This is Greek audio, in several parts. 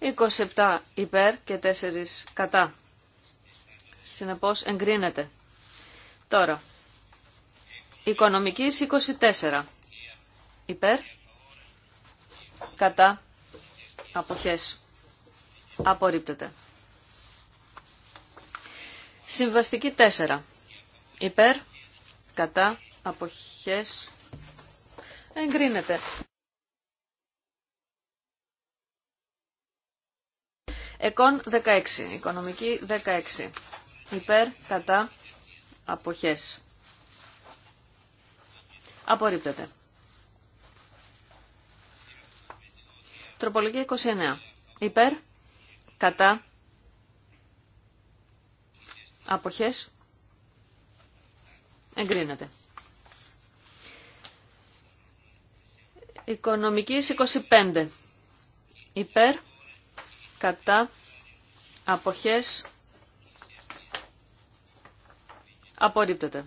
27 υπέρ και 4 κατά. Συνεπώς εγκρίνεται. Τώρα, οικονομικής 24 υπέρ, κατά, αποχές. Απορρίπτεται. Συμβαστική 4 υπέρ, κατά, αποχές. Εγκρίνεται. Εκόν 16, οικονομική 16. Υπέρ, κατά, αποχές. Απορρίπτεται. Τροπολογία 29. Υπέρ, κατά, αποχές, εγκρίνεται. Οικονομικής 25. Υπέρ, κατά αποχές απορρίπτεται.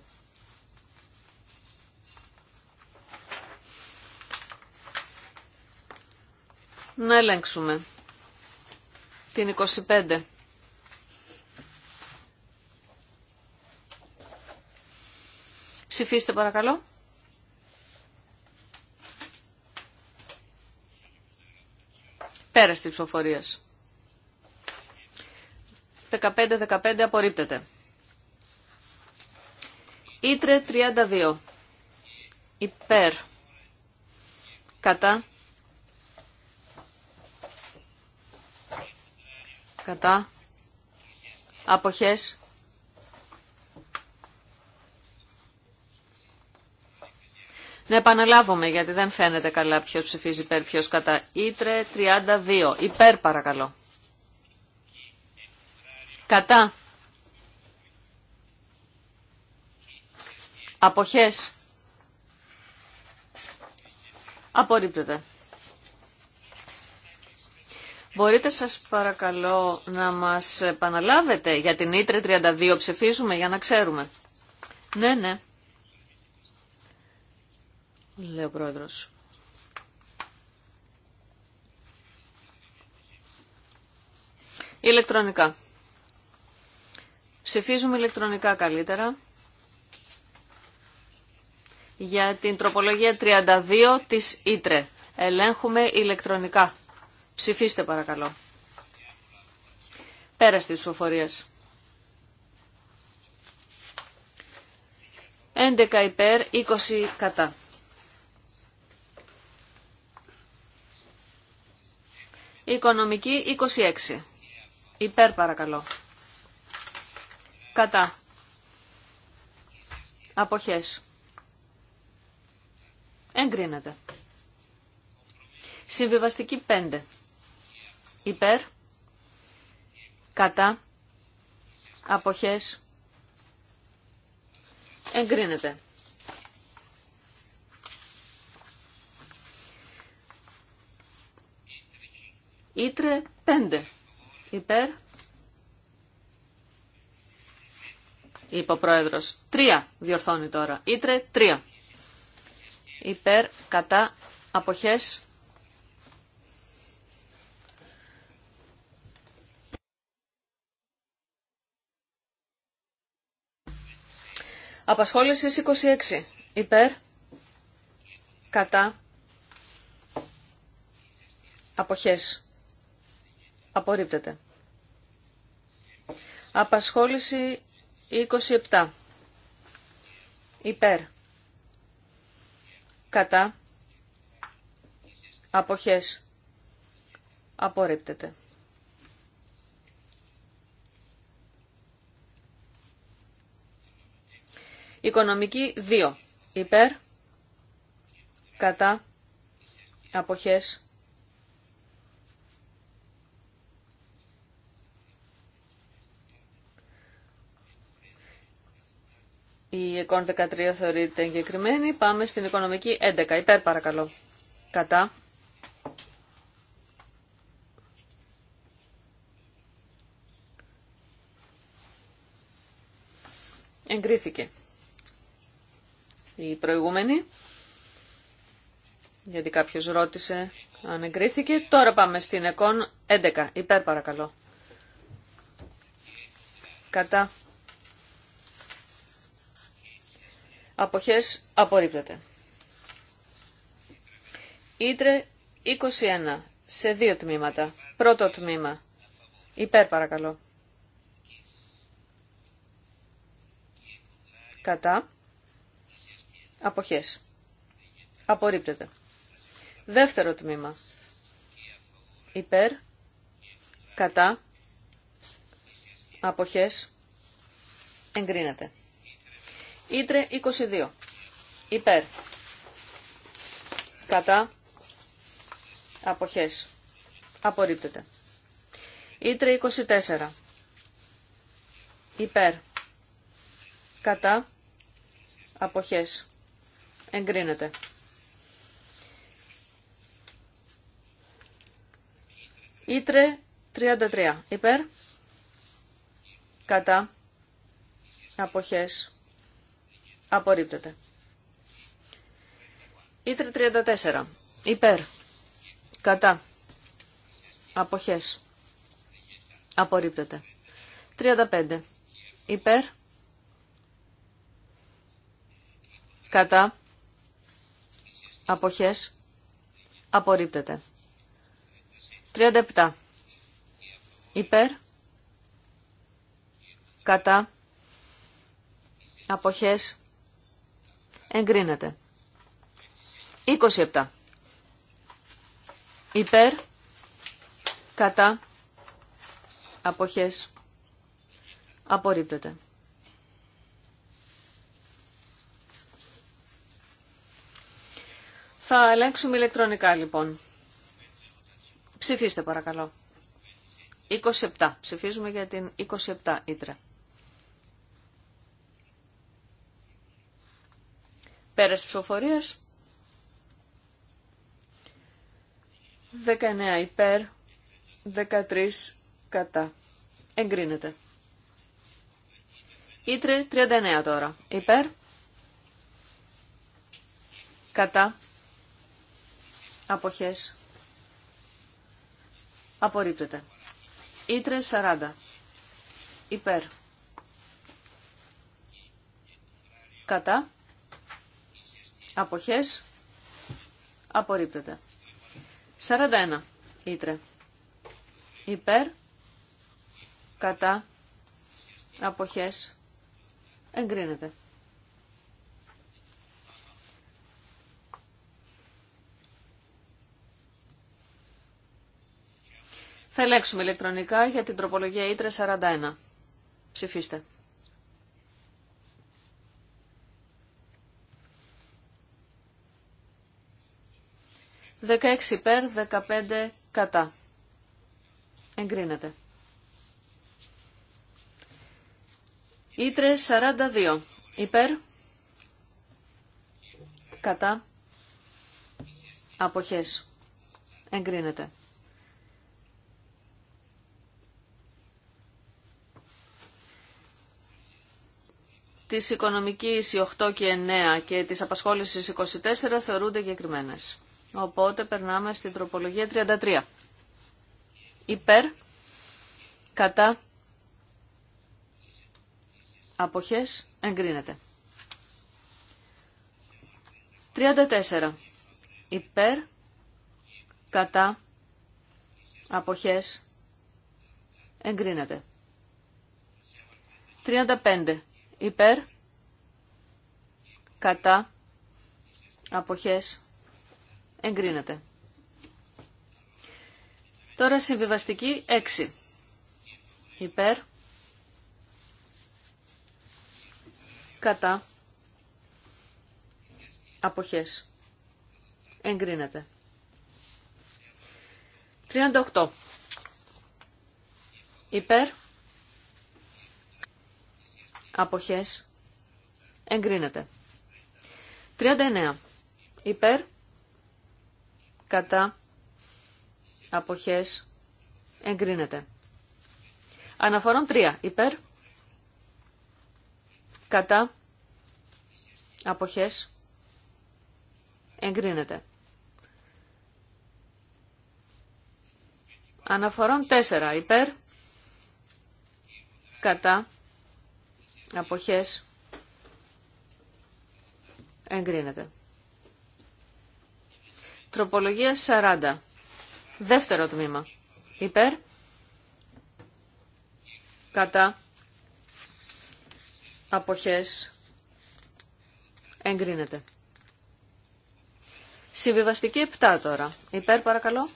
Να ελέγξουμε την 25. Ψηφίστε παρακαλώ. Πέρας της ψηφοφορίας. 15-15 απορρίπτεται. Ήτρε 32. Υπέρ. Κατά. Κατά. Αποχές. Να επαναλάβουμε γιατί δεν φαίνεται καλά ποιος ψηφίζει υπέρ, ποιος κατά. Ήτρε 32. Υπέρ παρακαλώ. Κατά. Αποχές. Απορρίπτεται. Μπορείτε σας παρακαλώ να μας επαναλάβετε για την Ήτρε 32 ψηφίζουμε για να ξέρουμε. Ναι, ναι. Λέω πρόεδρος. Ηλεκτρονικά. Ψηφίζουμε ηλεκτρονικά καλύτερα για την τροπολογία 32 της Ήτρε. Ελέγχουμε ηλεκτρονικά. Ψηφίστε παρακαλώ. Πέρα της ψηφοφορίας. 11 υπέρ, 20 κατά. Οικονομική 26. Υπέρ παρακαλώ. Κατά. Αποχές. Εγκρίνεται. Συμβιβαστική 5. Υπέρ. Κατά. Αποχές. Εγκρίνεται. Ήτρε 5. Υπέρ. είπε ο Τρία διορθώνει τώρα. Ήτρε τρία. Υπέρ, κατά, αποχές. Απασχόληση 26. Υπέρ, κατά, αποχές. Απορρίπτεται. Απασχόληση 27. Υπέρ. Κατά. Αποχές. Απορρίπτεται. Οικονομική 2. Υπέρ. Κατά. Αποχές. Η ΕΚΟΝ 13 θεωρείται εγκεκριμένη. Πάμε στην οικονομική 11. Υπέρ παρακαλώ. Κατά. Εγκρίθηκε. Η προηγούμενη. Γιατί κάποιος ρώτησε αν εγκρίθηκε. Τώρα πάμε στην ΕΚΟΝ 11. Υπέρ παρακαλώ. Κατά. Αποχές απορρίπτεται. Ήτρε 21 σε δύο τμήματα. Πρώτο τμήμα. Υπέρ παρακαλώ. Κατά. Αποχές. Απορρίπτεται. Δεύτερο τμήμα. Υπέρ. Κατά. Αποχές. Εγκρίνεται. Ήτρε 22. Υπέρ. Κατά. Αποχές. Απορρίπτεται. Ήτρε 24. Υπέρ. Κατά. Αποχές. Εγκρίνεται. Ήτρε 33. Υπέρ. Κατά. Αποχές. Απορρίπτεται. Ήτρε 34. Υπέρ. Κατά. Αποχές. Απορρίπτεται. 35. Υπέρ. Κατά. Αποχές. Απορρίπτεται. 37. Υπέρ. Κατά. Αποχές εγκρίνεται. 27. Υπέρ, κατά, αποχές, απορρίπτεται. Θα ελέγξουμε ηλεκτρονικά λοιπόν. Ψηφίστε παρακαλώ. 27. Ψηφίζουμε για την 27 Ήτρα. Πέρασε ψηφοφορία. 19 υπέρ, 13 κατά. Εγκρίνεται. Ήτρε 39 τώρα. Υπέρ. Κατά. Αποχές. Απορρίπτεται. Ήτρε 40. Υπέρ. Κατά. Αποχές. Απορρίπτεται. 41. Ήτρε. Υπέρ. Κατά. Αποχές. Εγκρίνεται. Θα ελέγξουμε ηλεκτρονικά για την τροπολογία Ήτρε 41. Ψηφίστε. 16 υπέρ, 15 κατά. Εγκρίνεται. Ήτρε 42 υπέρ, κατά, αποχές. Εγκρίνεται. της οικονομικής 8 και 9 και της απασχόλησης 24 θεωρούνται εγκεκριμένε. Οπότε περνάμε στην τροπολογία 33. Υπέρ, κατά, αποχές, εγκρίνεται. 34. Υπέρ, κατά, αποχές, εγκρίνεται. 35. Υπέρ, κατά, αποχές, Εγκρίνεται. Τώρα συμβιβαστική 6. Υπέρ. Κατά. Αποχές. Εγκρίνεται. 38. Υπέρ. Αποχές. Εγκρίνεται. 39. Υπέρ κατά αποχές εγκρίνεται. Αναφορών 3. Υπέρ, κατά, αποχές, εγκρίνεται. Αναφορών 4. Υπέρ, κατά, αποχές, εγκρίνεται. Τροπολογία 40. Δεύτερο τμήμα. Υπέρ. Κατά. Αποχές. Εγκρίνεται. Συμβιβαστική 7 τώρα. Υπέρ παρακαλώ.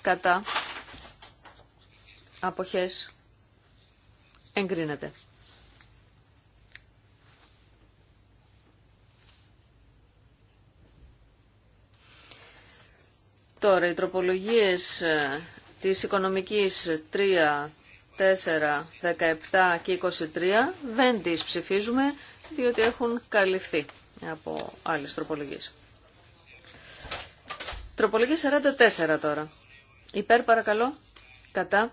Κατά. Αποχές. Εγκρίνεται. Τώρα, οι τροπολογίες ε, της οικονομικής 3, 4, 17 και 23 δεν τις ψηφίζουμε διότι έχουν καλυφθεί από άλλες τροπολογίες. Τροπολογία 44 τώρα. Υπέρ παρακαλώ, κατά,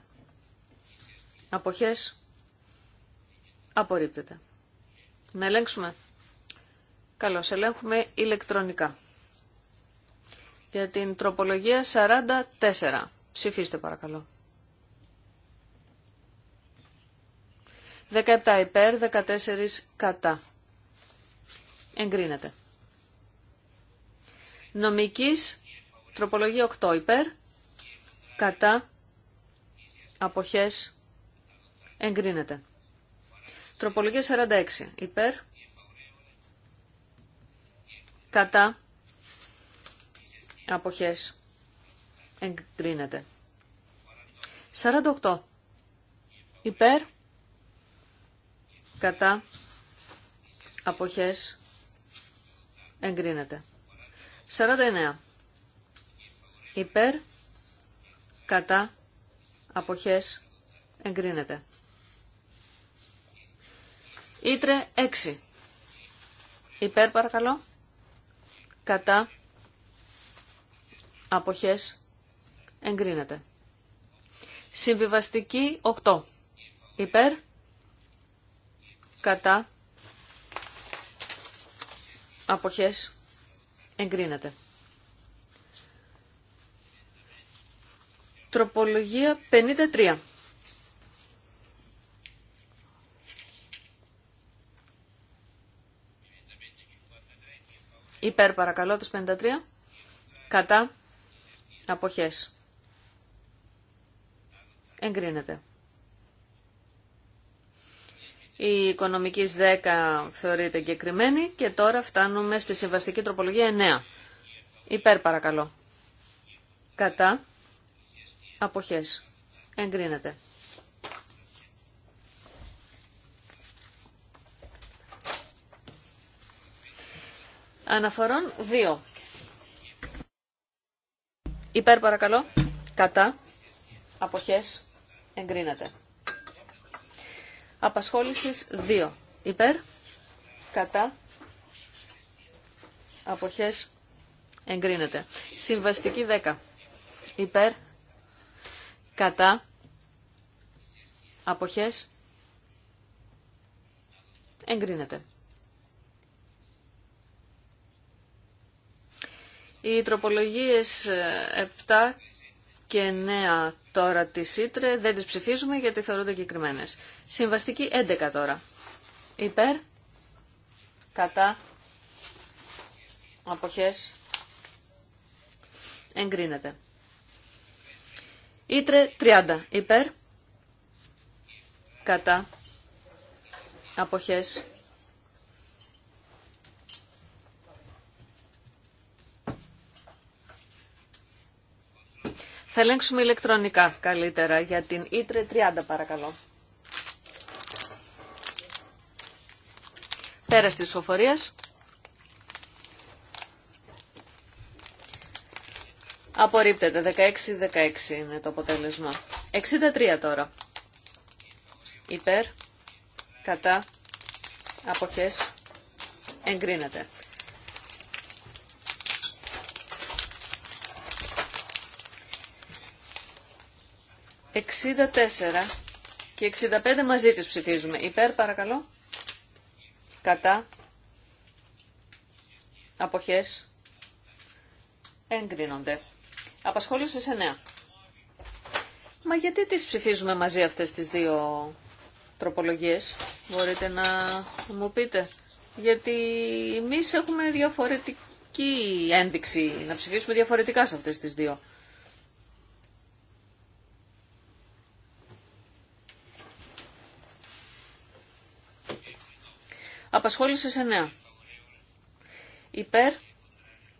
αποχές, απορρίπτεται. Να ελέγξουμε. Καλώς, ελέγχουμε ηλεκτρονικά για την τροπολογία 44. Ψηφίστε παρακαλώ. 17 υπέρ, 14 κατά. Εγκρίνεται. Νομικής, τροπολογία 8 υπέρ, κατά, αποχές, εγκρίνεται. Τροπολογία 46 υπέρ, κατά, Αποχές. Εγκρίνεται. 48. Υπέρ. Κατά. Αποχές. Εγκρίνεται. 49. Υπέρ. Κατά. Αποχές. Εγκρίνεται. Ήτρε 6. Υπέρ παρακαλώ. Κατά αποχές εγκρίνεται. Συμβιβαστική 8. Υπέρ, κατά, αποχές εγκρίνεται. Τροπολογία 53. Υπέρ παρακαλώ τους 53. Κατά. Αποχές. Εγκρίνεται. Η οικονομική 10 θεωρείται εγκεκριμένη και τώρα φτάνουμε στη συμβαστική τροπολογία 9. Υπέρ παρακαλώ. Κατά. Αποχές. Εγκρίνεται. Αναφορών 2. Υπέρ παρακαλώ. Κατά. Αποχές. Εγκρίνεται. Απασχόλησης 2. Υπέρ. Κατά. Αποχές. Εγκρίνεται. Συμβαστική 10. Υπέρ. Κατά. Αποχές. Εγκρίνεται. Οι τροπολογίες 7 ε, και 9 τώρα τη ΣΥΤΡΕ δεν τις ψηφίζουμε γιατί θεωρούνται εγκεκριμένε. Συμβαστική 11 τώρα. Υπέρ, κατά, αποχές, εγκρίνεται. Ήτρε 30. Υπέρ, κατά, αποχές, Θα ελέγξουμε ηλεκτρονικά καλύτερα για την Ήτρε 30 παρακαλώ. Πέρας της φοφορίας. Απορρίπτεται. 16-16 είναι το αποτέλεσμα. 63 τώρα. Υπέρ. Κατά. Αποχές. Εγκρίνεται. 64 και 65 μαζί τις ψηφίζουμε. Υπέρ παρακαλώ. Κατά. Αποχές. Εγκρίνονται. Απασχόληση σε Μα γιατί τις ψηφίζουμε μαζί αυτές τις δύο τροπολογίες. Μπορείτε να μου πείτε. Γιατί εμείς έχουμε διαφορετική ένδειξη. Να ψηφίσουμε διαφορετικά σε αυτές τις δύο. Απασχόληση σε νέα. Υπέρ,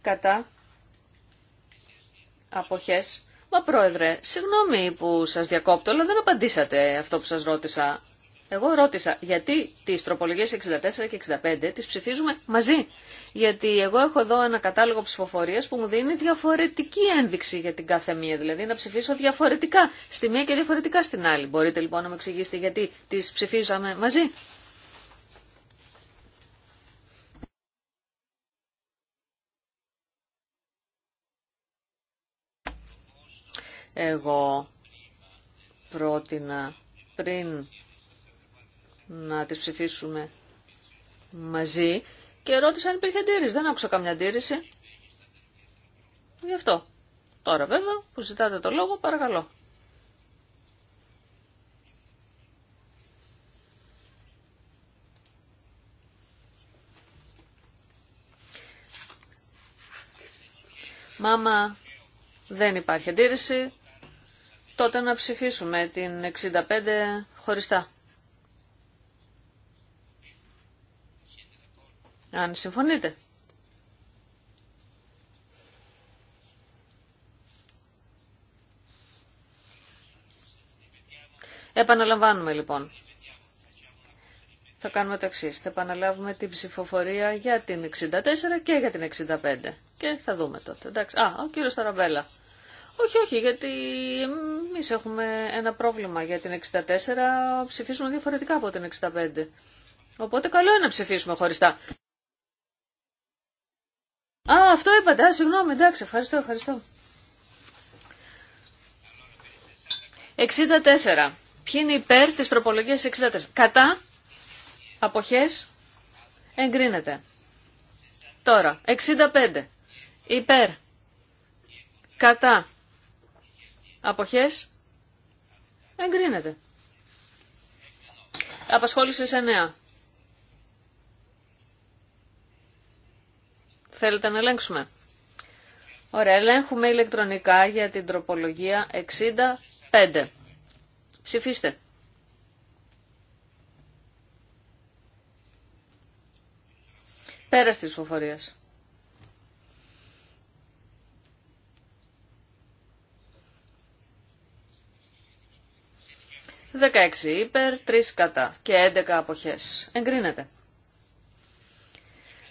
κατά, αποχές. Μα πρόεδρε, συγγνώμη που σας διακόπτω, αλλά δεν απαντήσατε αυτό που σας ρώτησα. Εγώ ρώτησα γιατί τις τροπολογίες 64 και 65 τις ψηφίζουμε μαζί. Γιατί εγώ έχω εδώ ένα κατάλογο ψηφοφορίας που μου δίνει διαφορετική ένδειξη για την κάθε μία. Δηλαδή να ψηφίσω διαφορετικά στη μία και διαφορετικά στην άλλη. Μπορείτε λοιπόν να μου εξηγήσετε γιατί τις ψηφίζαμε μαζί. Εγώ πρότεινα πριν να τις ψηφίσουμε μαζί και ρώτησα αν υπήρχε αντίρρηση. Δεν άκουσα καμιά αντίρρηση. Γι' αυτό. Τώρα βέβαια που ζητάτε το λόγο, παρακαλώ. Μάμα, δεν υπάρχει αντίρρηση τότε να ψηφίσουμε την 65 χωριστά. Αν συμφωνείτε. Επαναλαμβάνουμε λοιπόν. Θα κάνουμε το εξή. Θα επαναλάβουμε την ψηφοφορία για την 64 και για την 65. Και θα δούμε τότε. Εντάξει. Α, ο κύριος Ταραμπέλα. Όχι, όχι, γιατί εμεί έχουμε ένα πρόβλημα για την 64, ψηφίσουμε διαφορετικά από την 65. Οπότε καλό είναι να ψηφίσουμε χωριστά. Α, αυτό είπατε, α, συγγνώμη, εντάξει, ευχαριστώ, ευχαριστώ. 64. Ποιοι είναι υπέρ της τροπολογίας 64. Κατά, αποχές, εγκρίνεται. Τώρα, 65. Υπέρ, κατά, Αποχές. Εγκρίνεται. Απασχόληση σε νέα. Θέλετε να ελέγξουμε. Ωραία, ελέγχουμε ηλεκτρονικά για την τροπολογία 65. Ψηφίστε. Πέρα της ψηφοφορίας. 16 υπέρ, 3 κατά και 11 αποχές. Εγκρίνεται.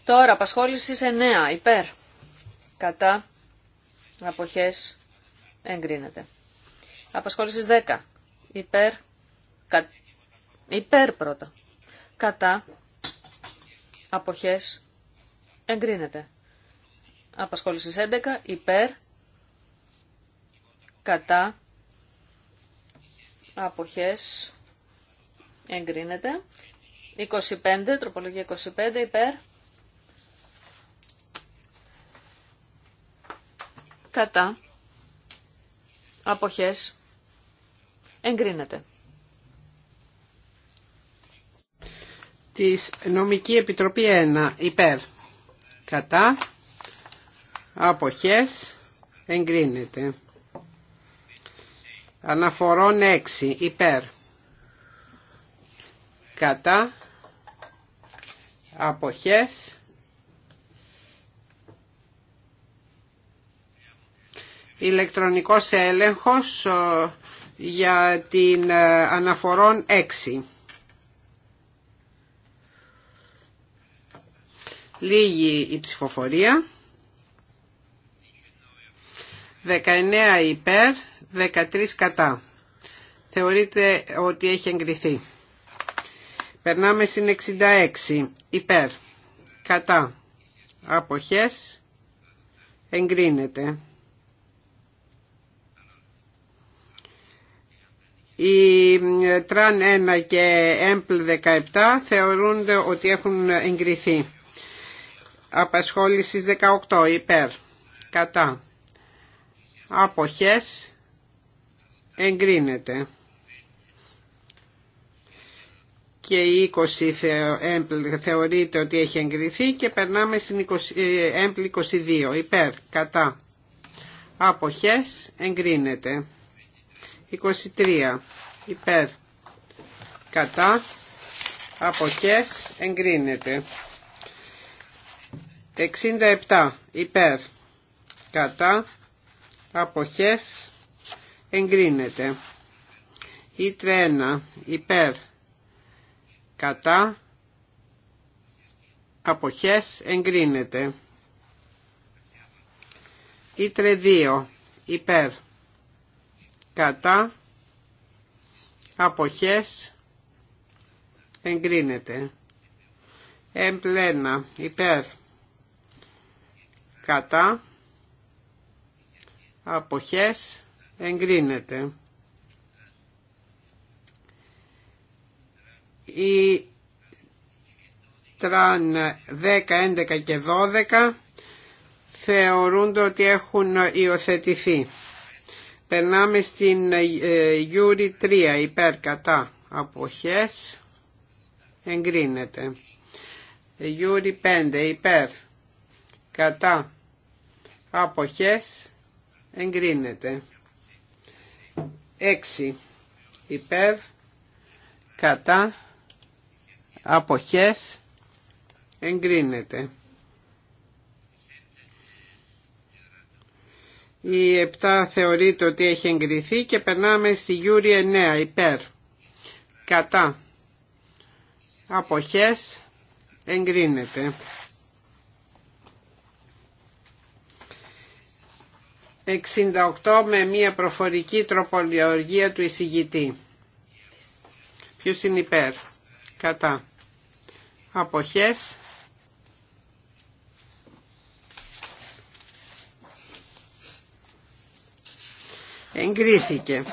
Τώρα, απασχόληση 9 υπέρ, κατά, αποχές, εγκρίνεται. Απασχόληση 10 υπέρ, κα, υπέρ πρώτα, κατά, αποχές, εγκρίνεται. Απασχόληση 11 υπέρ, κατά, αποχές εγκρίνεται. 25, τροπολογία 25 υπέρ. Κατά αποχές εγκρίνεται. Της Νομική Επιτροπή 1 υπέρ. Κατά αποχές εγκρίνεται. Αναφορών 6 υπέρ. Κατά αποχές ηλεκτρονικός έλεγχος για την ε, αναφορών 6. Λίγη η ψηφοφορία. 19 υπέρ, 13 κατά. Θεωρείται ότι έχει εγκριθεί. Περνάμε στην 66. Υπέρ. Κατά. Αποχές. Εγκρίνεται. Οι τραν 1 και έμπλ 17 θεωρούνται ότι έχουν εγκριθεί. Απασχόλησης 18. Υπέρ. Κατά. Αποχές εγκρίνεται. Και η 20 θεωρείται ότι έχει εγκριθεί και περνάμε στην 20, έμπλη 22. Υπέρ, κατά. Αποχές, εγκρίνεται. 23. Υπέρ, κατά. Αποχές, εγκρίνεται. 67. Υπέρ, κατά. Αποχές, εγκρίνεται. Ή 1 υπέρ κατά αποχές εγκρίνεται. Ή 2 υπέρ κατά αποχές εγκρίνεται. Εμπλένα υπέρ κατά αποχές εγκρίνεται. Οι τραν 10, 11 και 12 θεωρούνται ότι έχουν υιοθετηθεί. Περνάμε στην ε, Γιούρι 3 υπέρ κατά αποχές εγκρίνεται. Γιούρι 5 υπέρ κατά αποχές εγκρίνεται. 6 υπέρ κατά αποχές εγκρίνεται. Η 7 θεωρείται ότι έχει εγκριθεί και περνάμε στη Γιούρι 9 υπέρ κατά αποχές εγκρίνεται. 68 με μια προφορική τροπολογία του εισηγητή. Ποιος είναι υπέρ. Κατά. Αποχές. Εγκρίθηκε.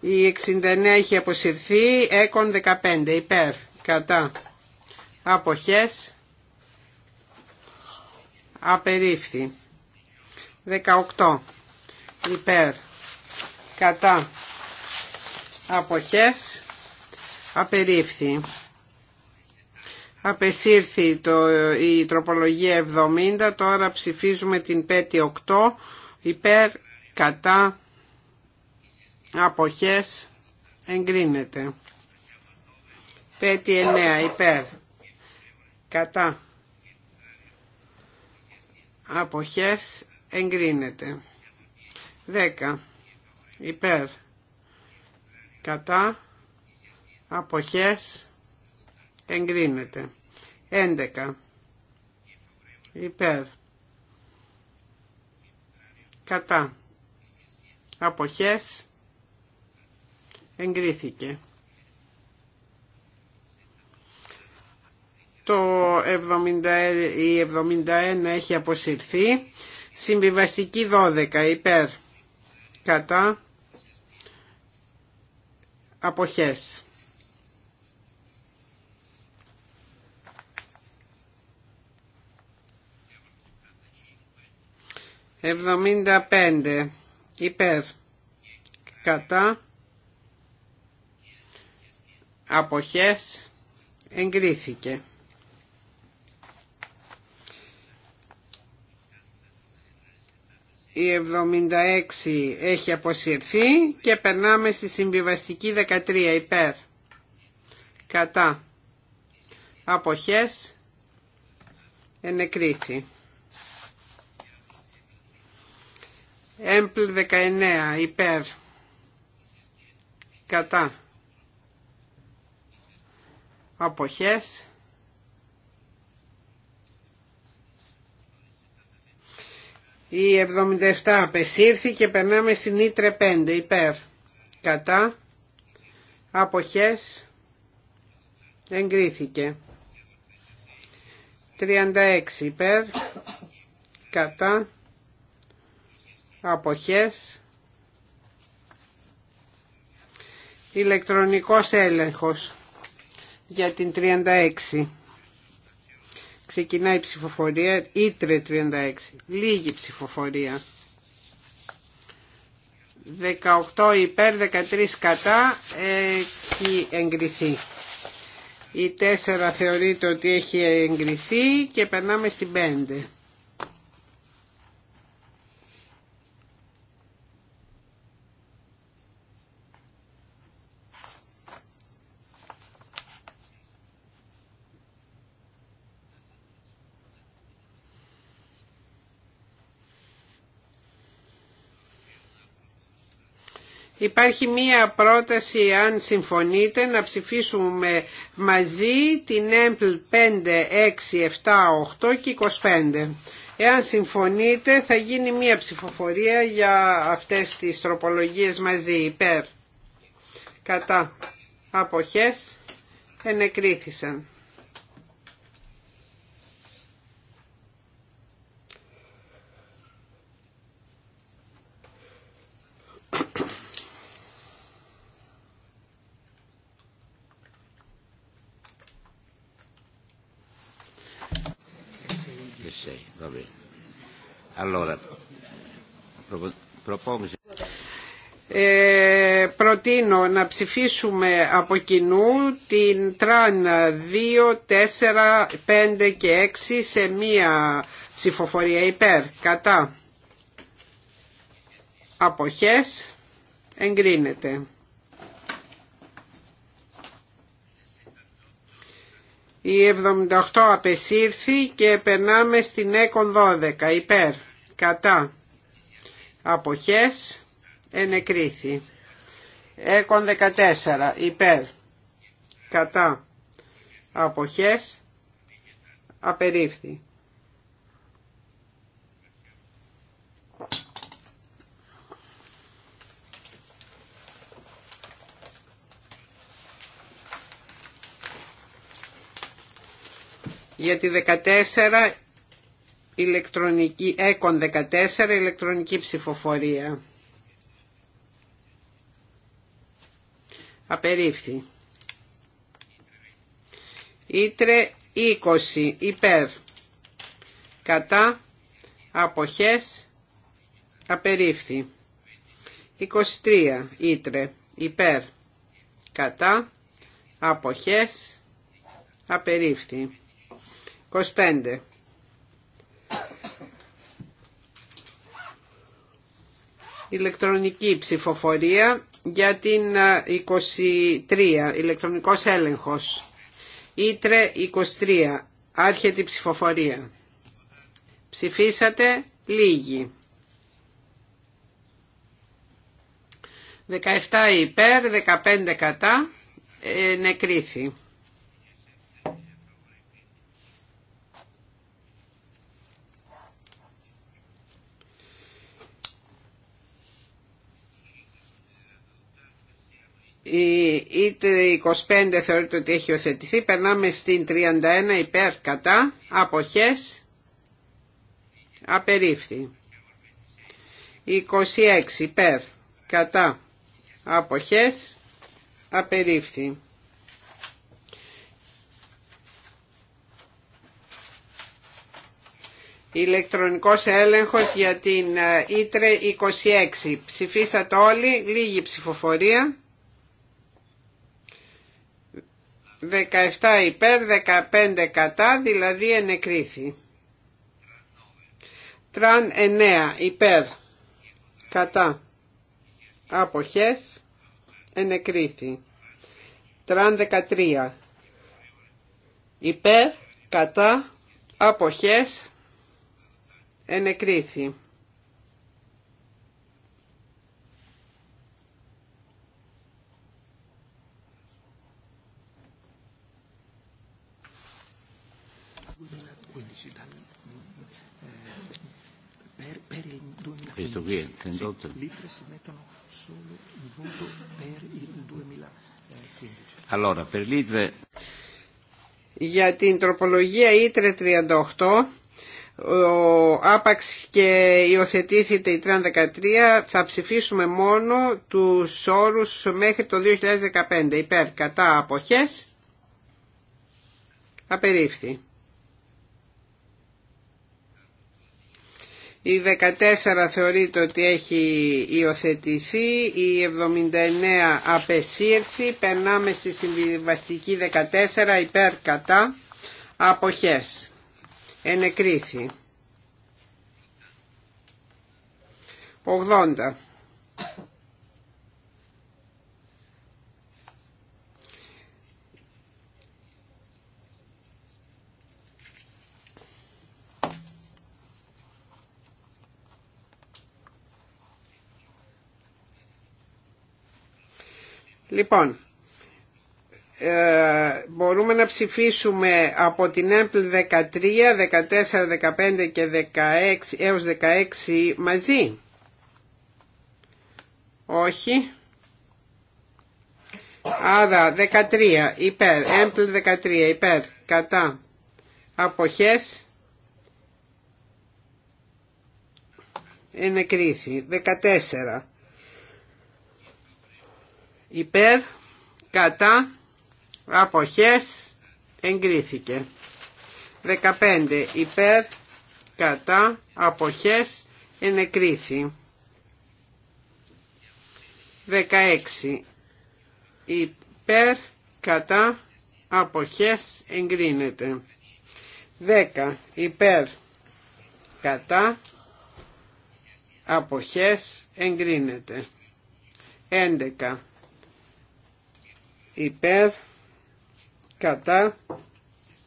Η 69 έχει αποσυρθεί. Έκον 15. Υπέρ. Κατά. Αποχές απερίφθη. 18 υπέρ κατά αποχές απερίφθη. Απεσύρθη το, η τροπολογία 70, τώρα ψηφίζουμε την 5 8 υπέρ κατά αποχές εγκρίνεται. 5 9 υπέρ κατά αποχές εγκρίνεται 10 υπέρ κατά αποχές εγκρίνεται 11 υπέρ κατά αποχές εγκρίθηκε Το 70, η 71 έχει αποσυρθεί. Συμβιβαστική 12 υπέρ κατά αποχές. Εβδομήντα πέντε υπέρ κατά αποχές εγκρίθηκε. η 76 έχει αποσυρθεί και περνάμε στη συμβιβαστική 13 υπέρ κατά αποχές ενεκρίθη έμπλ 19 υπέρ κατά αποχές Η 77 απεσύρθη και περνάμε στην Ήτρε 5 υπέρ. Κατά. Αποχές. Εγκρίθηκε. 36 υπέρ. Κατά. Αποχές. Ηλεκτρονικός έλεγχος για την 36. Ξεκινάει η ψηφοφορία, ήτρε 36, λίγη ψηφοφορία. 18 υπέρ, 13 κατά, έχει εγκριθεί. Η 4 θεωρείται ότι έχει εγκριθεί και περνάμε στην 5. Υπάρχει μία πρόταση, αν συμφωνείτε, να ψηφίσουμε μαζί την ΕΜΠΛ 5, 6, 7, 8 και 25. Εάν συμφωνείτε θα γίνει μία ψηφοφορία για αυτές τις τροπολογίες μαζί υπέρ. Κατά αποχές ενεκρίθησαν. Ε, προτείνω να ψηφίσουμε από κοινού την τραν 2, 4, 5 και 6 σε μία ψηφοφορία υπέρ, κατά αποχές εγκρίνεται. Η 78 απεσύρθη και περνάμε στην έκον 12 υπέρ, κατά αποχές ενεκρίθη. Έκον 14 υπέρ κατά αποχές απερίφθη. Για τη 14 ηλεκτρονική, έκον 14, ηλεκτρονική ψηφοφορία. Απερίφθη. Ήτρε 20 υπέρ. Κατά αποχές απερίφθη. 23 ήτρε υπέρ. Κατά αποχές απερίφθη. 25 ηλεκτρονική ψηφοφορία για την 23, ε, ηλεκτρονικός έλεγχος. Ήτρε 23, άρχεται η ψηφοφορία. Ψηφίσατε λίγοι. 17 υπέρ, 15 κατά, ε, νεκρήθη. είτε 25 θεωρείται ότι έχει οθετηθεί. Περνάμε στην 31 υπέρ κατά αποχές απερίφθη. 26 υπέρ κατά αποχές απερίφθη. Ηλεκτρονικός έλεγχος για την ΙΤΡΕ ε, 26. Ψηφίσατε όλοι, λίγη ψηφοφορία. 17 υπέρ, 15 κατά, δηλαδή ενεκρίθη. Τραν 9 υπέρ, κατά, αποχές, ενεκρίθη. Τραν 13 υπέρ, κατά, αποχές, ενεκρίθη. για την τροπολογία ήτρε 38 ο άπαξ και υιοθετήθηκε η Τραν θα ψηφίσουμε μόνο του όρου μέχρι το 2015 υπέρ κατά αποχές απερίφθη η 14 θεωρείται ότι έχει υιοθετηθεί, η 79 απεσύρθη, περνάμε στη συμβιβαστική 14 υπέρ κατά αποχές. Ενεκρίθη. 80. Λοιπόν, ε, μπορούμε να ψηφίσουμε από την έμπλη 13, 14, 15 και 16 έως 16 μαζί. Όχι. Άρα 13 υπέρ, έμπλη 13 υπέρ, κατά αποχές ενεκρίθη. 14 υπέρ κατά αποχές εγκρίθηκε 15 υπέρ κατά αποχές ενεκρίθη 16 υπέρ κατά αποχές εγκρίνεται 10 υπέρ κατά αποχές εγκρίνεται 11 υπέρ κατά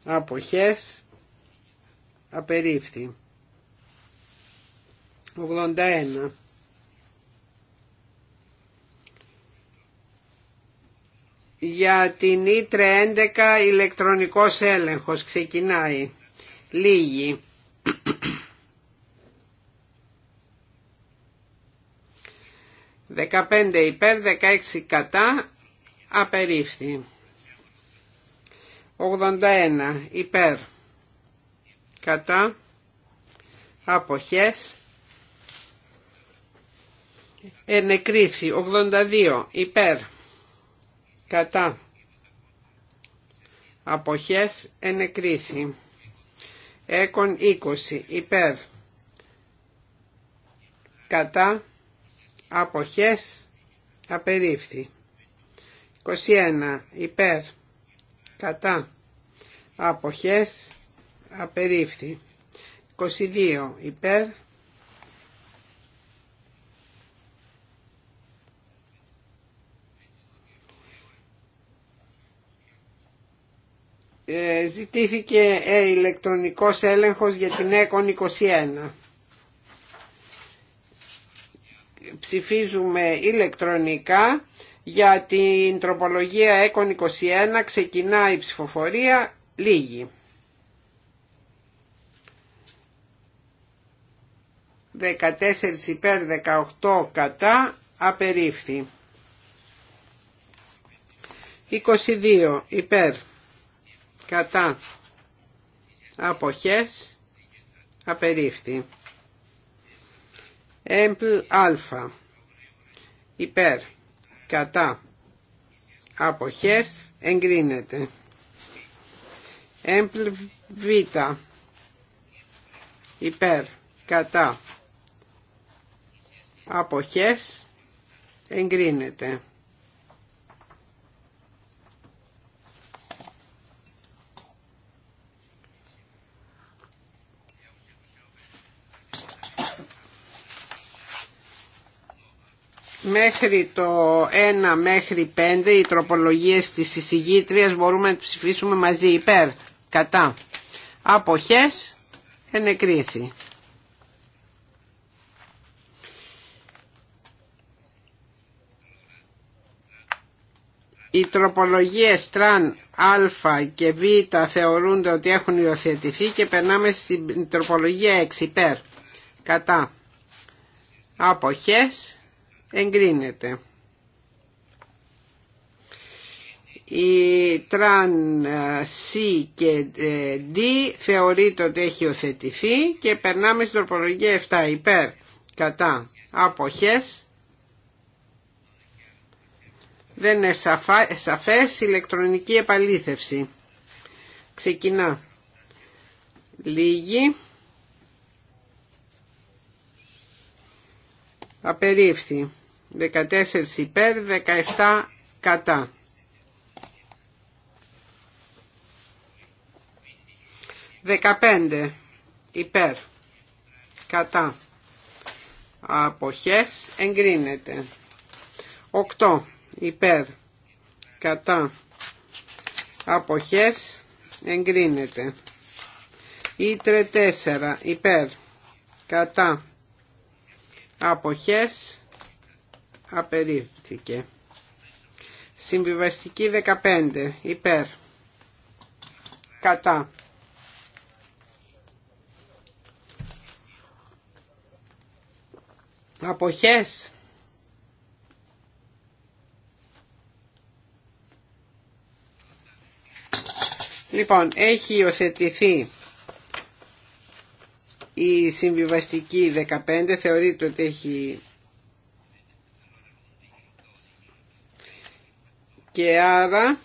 αποχές απερίφθη 81 για την Ήτρε 11 ηλεκτρονικός έλεγχος ξεκινάει λίγη 15 υπέρ, 16 κατά, απερίφθη. 81 υπέρ κατά αποχές ενεκρίθη 82 υπέρ κατά αποχές ενεκρίθη έκον 20 υπέρ κατά αποχές απερίφθη 21 υπέρ κατά αποχές απερίφθη 22 υπέρ ε, ζητήθηκε ε, ηλεκτρονικός έλεγχος για την ΕΚΟΝ 21 ψηφίζουμε ηλεκτρονικά για την τροπολογία έκον 21 ξεκινάει η ψηφοφορία λίγη. 14 υπέρ 18 κατά απερίφθη. 22 υπέρ κατά αποχές απερίφθη. Έμπλ αλφα υπέρ κατά αποχές εγκρίνεται έμπλ β υπέρ κατά αποχές εγκρίνεται μέχρι το 1 μέχρι 5 οι τροπολογίες της εισηγήτριας μπορούμε να ψηφίσουμε μαζί υπέρ, κατά. Αποχές ενεκρίθη. Οι τροπολογίες τραν α και β θεωρούνται ότι έχουν υιοθετηθεί και περνάμε στην τροπολογία 6 υπέρ. Κατά. Αποχές εγκρίνεται. Η τραν C ε, και D ε, θεωρείται ότι έχει οθετηθεί και περνάμε στην τροπολογία 7 υπέρ κατά αποχές. Δεν είναι σαφές ηλεκτρονική επαλήθευση. Ξεκινά. Λίγη. Απερίφθη. 14 υπέρ, 17 κατά. Δεκαπέντε υπέρ κατά αποχές εγκρίνεται. Οκτώ υπέρ κατά αποχές εγκρίνεται. Ήτρε τέσσερα υπέρ κατά αποχές απερίφθηκε. Συμβιβαστική 15 υπέρ κατά. Αποχές. Λοιπόν, έχει υιοθετηθεί η συμβιβαστική 15, θεωρείται ότι έχει Και άρα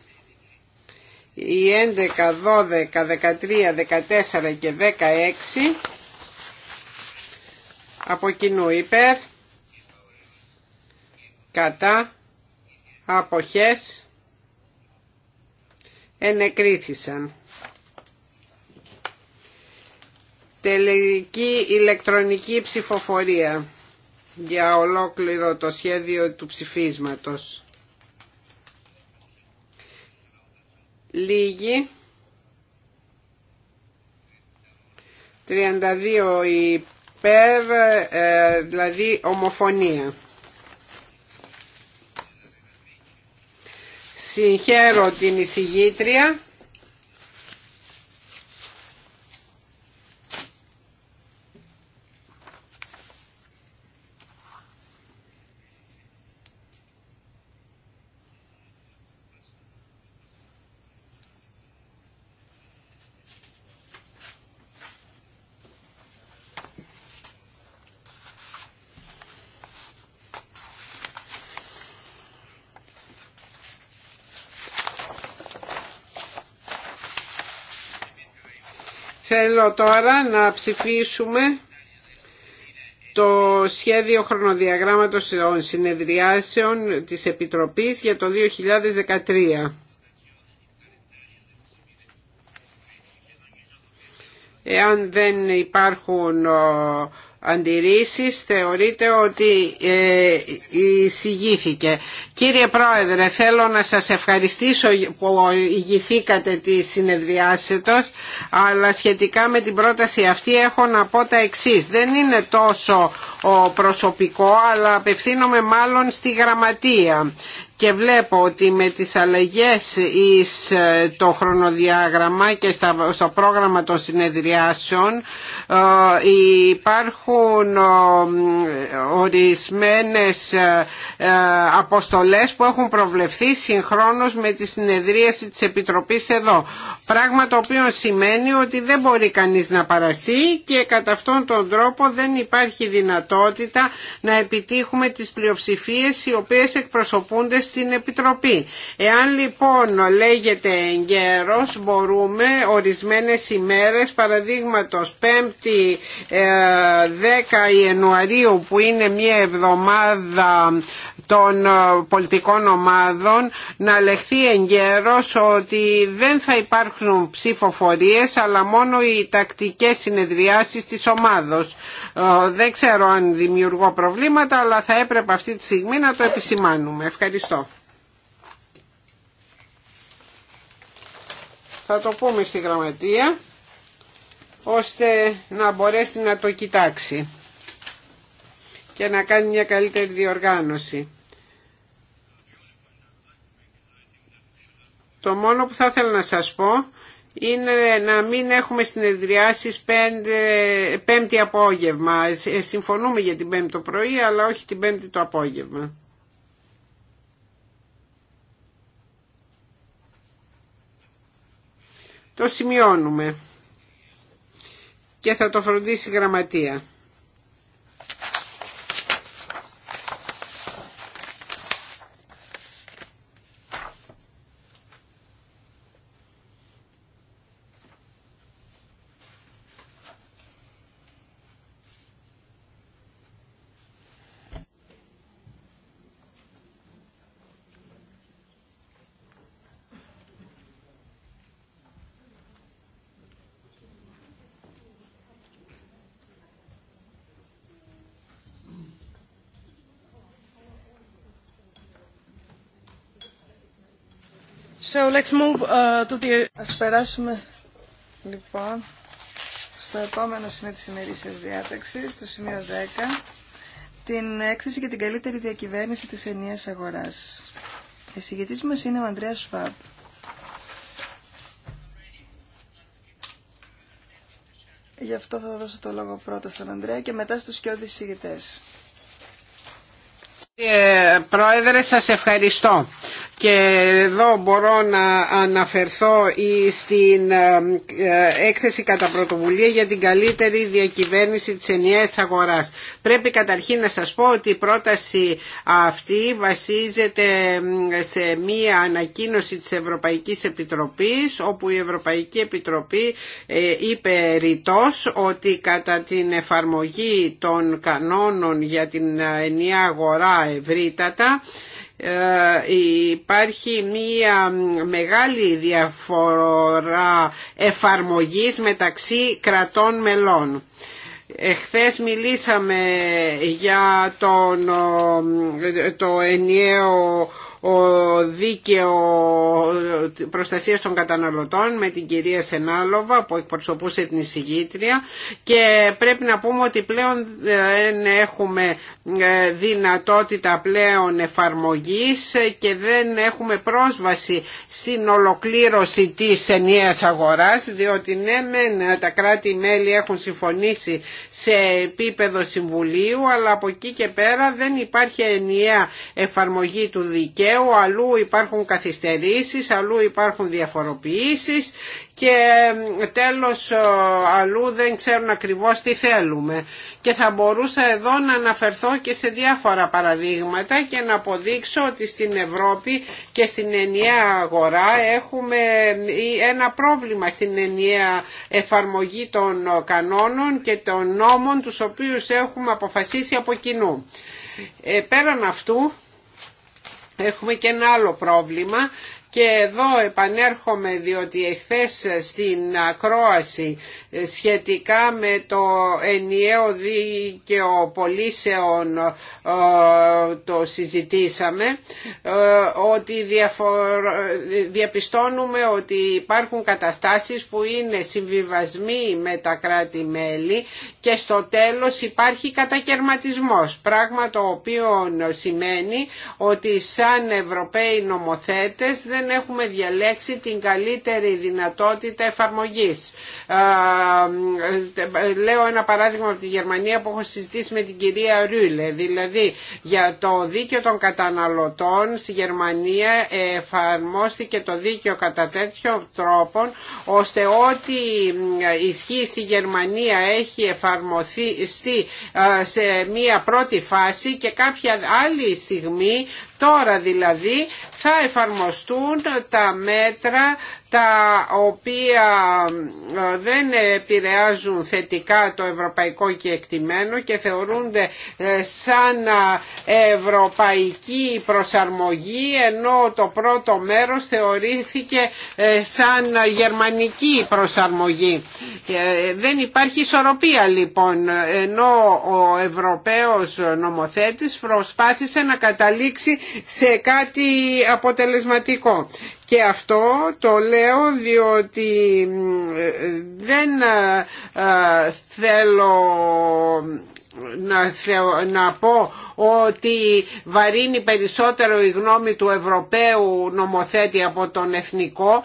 οι 11, 12, 13, 14 και 16 από κοινού υπέρ, κατά, αποχές, ενεκρίθησαν. Τελική ηλεκτρονική ψηφοφορία για ολόκληρο το σχέδιο του ψηφίσματος. Λίγοι. 32 υπέρ, ε, δηλαδή ομοφωνία. Συγχαίρω την εισηγήτρια. Θέλω τώρα να ψηφίσουμε το σχέδιο χρονοδιαγράμματος των συνεδριάσεων της Επιτροπής για το 2013. Εάν δεν υπάρχουν αντιρρήσεις θεωρείται ότι ε, εισηγήθηκε. Κύριε Πρόεδρε, θέλω να σας ευχαριστήσω που ηγηθήκατε τη συνεδριάσετος, αλλά σχετικά με την πρόταση αυτή έχω να πω τα εξής. Δεν είναι τόσο προσωπικό, αλλά απευθύνομαι μάλλον στη γραμματεία και βλέπω ότι με τις αλλαγές εις ε, το χρονοδιάγραμμα και στο πρόγραμμα των συνεδριάσεων ε, υπάρχουν ε, ορισμένες αποστολές που έχουν προβλεφθεί συγχρόνως με τη συνεδρίαση της Επιτροπής εδώ. Πράγμα το οποίο σημαίνει ότι δεν μπορεί κανείς να παραστεί και κατά αυτόν τον τρόπο δεν υπάρχει δυνατότητα να επιτύχουμε τις πλειοψηφίες οι οποίες εκπροσωπούνται στην Επιτροπή. Εάν λοιπόν λέγεται εγκαίρος μπορούμε ορισμένες ημέρες παραδείγματος 5η 10 ε, Ιανουαρίου που είναι μια εβδομάδα των ε, πολιτικών ομάδων να λεχθεί εγκαίρος ότι δεν θα υπάρχουν ψηφοφορίες αλλά μόνο οι τακτικές συνεδριάσεις της ομάδος. Ε, δεν ξέρω αν δημιουργώ προβλήματα αλλά θα έπρεπε αυτή τη στιγμή να το επισημάνουμε. Ευχαριστώ. Θα το πούμε στη γραμματεία ώστε να μπορέσει να το κοιτάξει και να κάνει μια καλύτερη διοργάνωση. Το μόνο που θα ήθελα να σας πω είναι να μην έχουμε συνεδριάσεις πέμπτη απόγευμα. Ε, συμφωνούμε για την πέμπτη το πρωί, αλλά όχι την πέμπτη το απόγευμα. Το σημειώνουμε και θα το φροντίσει η γραμματεία. So let's move, uh, to the... Ας περάσουμε λοιπόν στο επόμενο σημείο της ημερήσιας διάταξης, στο σημείο 10, την έκθεση για την καλύτερη διακυβέρνηση της ενίας αγοράς. Η συγγετής μας είναι ο Ανδρέας Σφάμπ. Γι' αυτό θα δώσω το λόγο πρώτα στον Ανδρέα και μετά στους σκιώδεις συγγετές. Κύριε Πρόεδρε, σας ευχαριστώ και εδώ μπορώ να αναφερθώ στην ε, ε, έκθεση κατά πρωτοβουλία για την καλύτερη διακυβέρνηση της ενιαίας αγοράς. Πρέπει καταρχήν να σας πω ότι η πρόταση αυτή βασίζεται σε μία ανακοίνωση της Ευρωπαϊκής Επιτροπής όπου η Ευρωπαϊκή Επιτροπή ε, είπε ρητός ότι κατά την εφαρμογή των κανόνων για την ενιαία αγορά ευρύτατα ε, υπάρχει μία μεγάλη διαφορά εφαρμογής μεταξύ κρατών μελών. Εχθές μιλήσαμε για τον, το ενιαίο ο δίκαιο προστασίας των καταναλωτών με την κυρία Σενάλοβα που εκπροσωπούσε την εισηγήτρια και πρέπει να πούμε ότι πλέον δεν έχουμε ε, δυνατότητα πλέον εφαρμογής και δεν έχουμε πρόσβαση στην ολοκλήρωση της ενιαίας αγοράς διότι ναι μεν τα κράτη-μέλη έχουν συμφωνήσει σε επίπεδο συμβουλίου αλλά από εκεί και πέρα δεν υπάρχει ενιαία εφαρμογή του δικαίου αλλού υπάρχουν καθυστερήσεις, αλλού υπάρχουν διαφοροποιήσεις και τέλος αλλού δεν ξέρουν ακριβώς τι θέλουμε. Και θα μπορούσα εδώ να αναφερθώ και σε διάφορα παραδείγματα και να αποδείξω ότι στην Ευρώπη και στην ενιαία αγορά έχουμε ένα πρόβλημα στην ενιαία εφαρμογή των κανόνων και των νόμων τους οποίους έχουμε αποφασίσει από κοινού. Ε, πέραν αυτού Έχουμε και ένα άλλο πρόβλημα και εδώ επανέρχομαι διότι εχθές στην ακρόαση σχετικά με το ενιαίο δίκαιο πολίσεων ε, το συζητήσαμε ε, ότι διαπιστώνουμε ότι υπάρχουν καταστάσεις που είναι συμβιβασμοί με τα κράτη-μέλη και στο τέλος υπάρχει κατακαιρματισμός πράγμα το οποίο σημαίνει ότι σαν Ευρωπαίοι νομοθέτες δεν έχουμε διαλέξει την καλύτερη δυνατότητα εφαρμογής. Λέω ένα παράδειγμα από τη Γερμανία που έχω συζητήσει με την κυρία Ρούλε. Δηλαδή για το δίκαιο των καταναλωτών στη Γερμανία εφαρμόστηκε το δίκαιο κατά τέτοιο τρόπο ώστε ό,τι ισχύει στη Γερμανία έχει εφαρμοθεί σε μία πρώτη φάση και κάποια άλλη στιγμή Τώρα δηλαδή θα εφαρμοστούν τα μέτρα τα οποία ε, δεν επηρεάζουν θετικά το ευρωπαϊκό κεκτημένο και θεωρούνται ε, σαν ευρωπαϊκή προσαρμογή ενώ το πρώτο μέρος θεωρήθηκε ε, σαν γερμανική προσαρμογή. Δεν υπάρχει ισορροπία λοιπόν ενώ ο Ευρωπαίος νομοθέτης προσπάθησε να καταλήξει σε κάτι αποτελεσματικό και αυτό το λέω διότι δεν ε, ε, θέλω να, να πω ότι βαρύνει περισσότερο η γνώμη του Ευρωπαίου νομοθέτη από τον εθνικό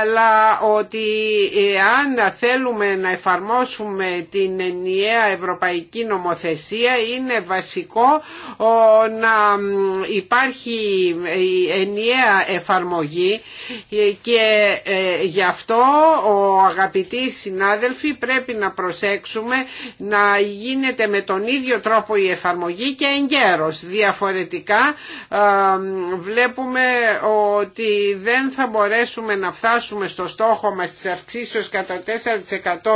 αλλά ότι αν θέλουμε να εφαρμόσουμε την ενιαία ευρωπαϊκή νομοθεσία είναι βασικό να υπάρχει ενιαία εφαρμογή και ε, γι' αυτό ο αγαπητοί συνάδελφοι πρέπει να προσέξουμε να γίνεται με τον ίδιο τρόπο η εφαρμογή και γέρος Διαφορετικά βλέπουμε ότι δεν θα μπορέσουμε να φτάσουμε στο στόχο μας της αυξήσεως κατά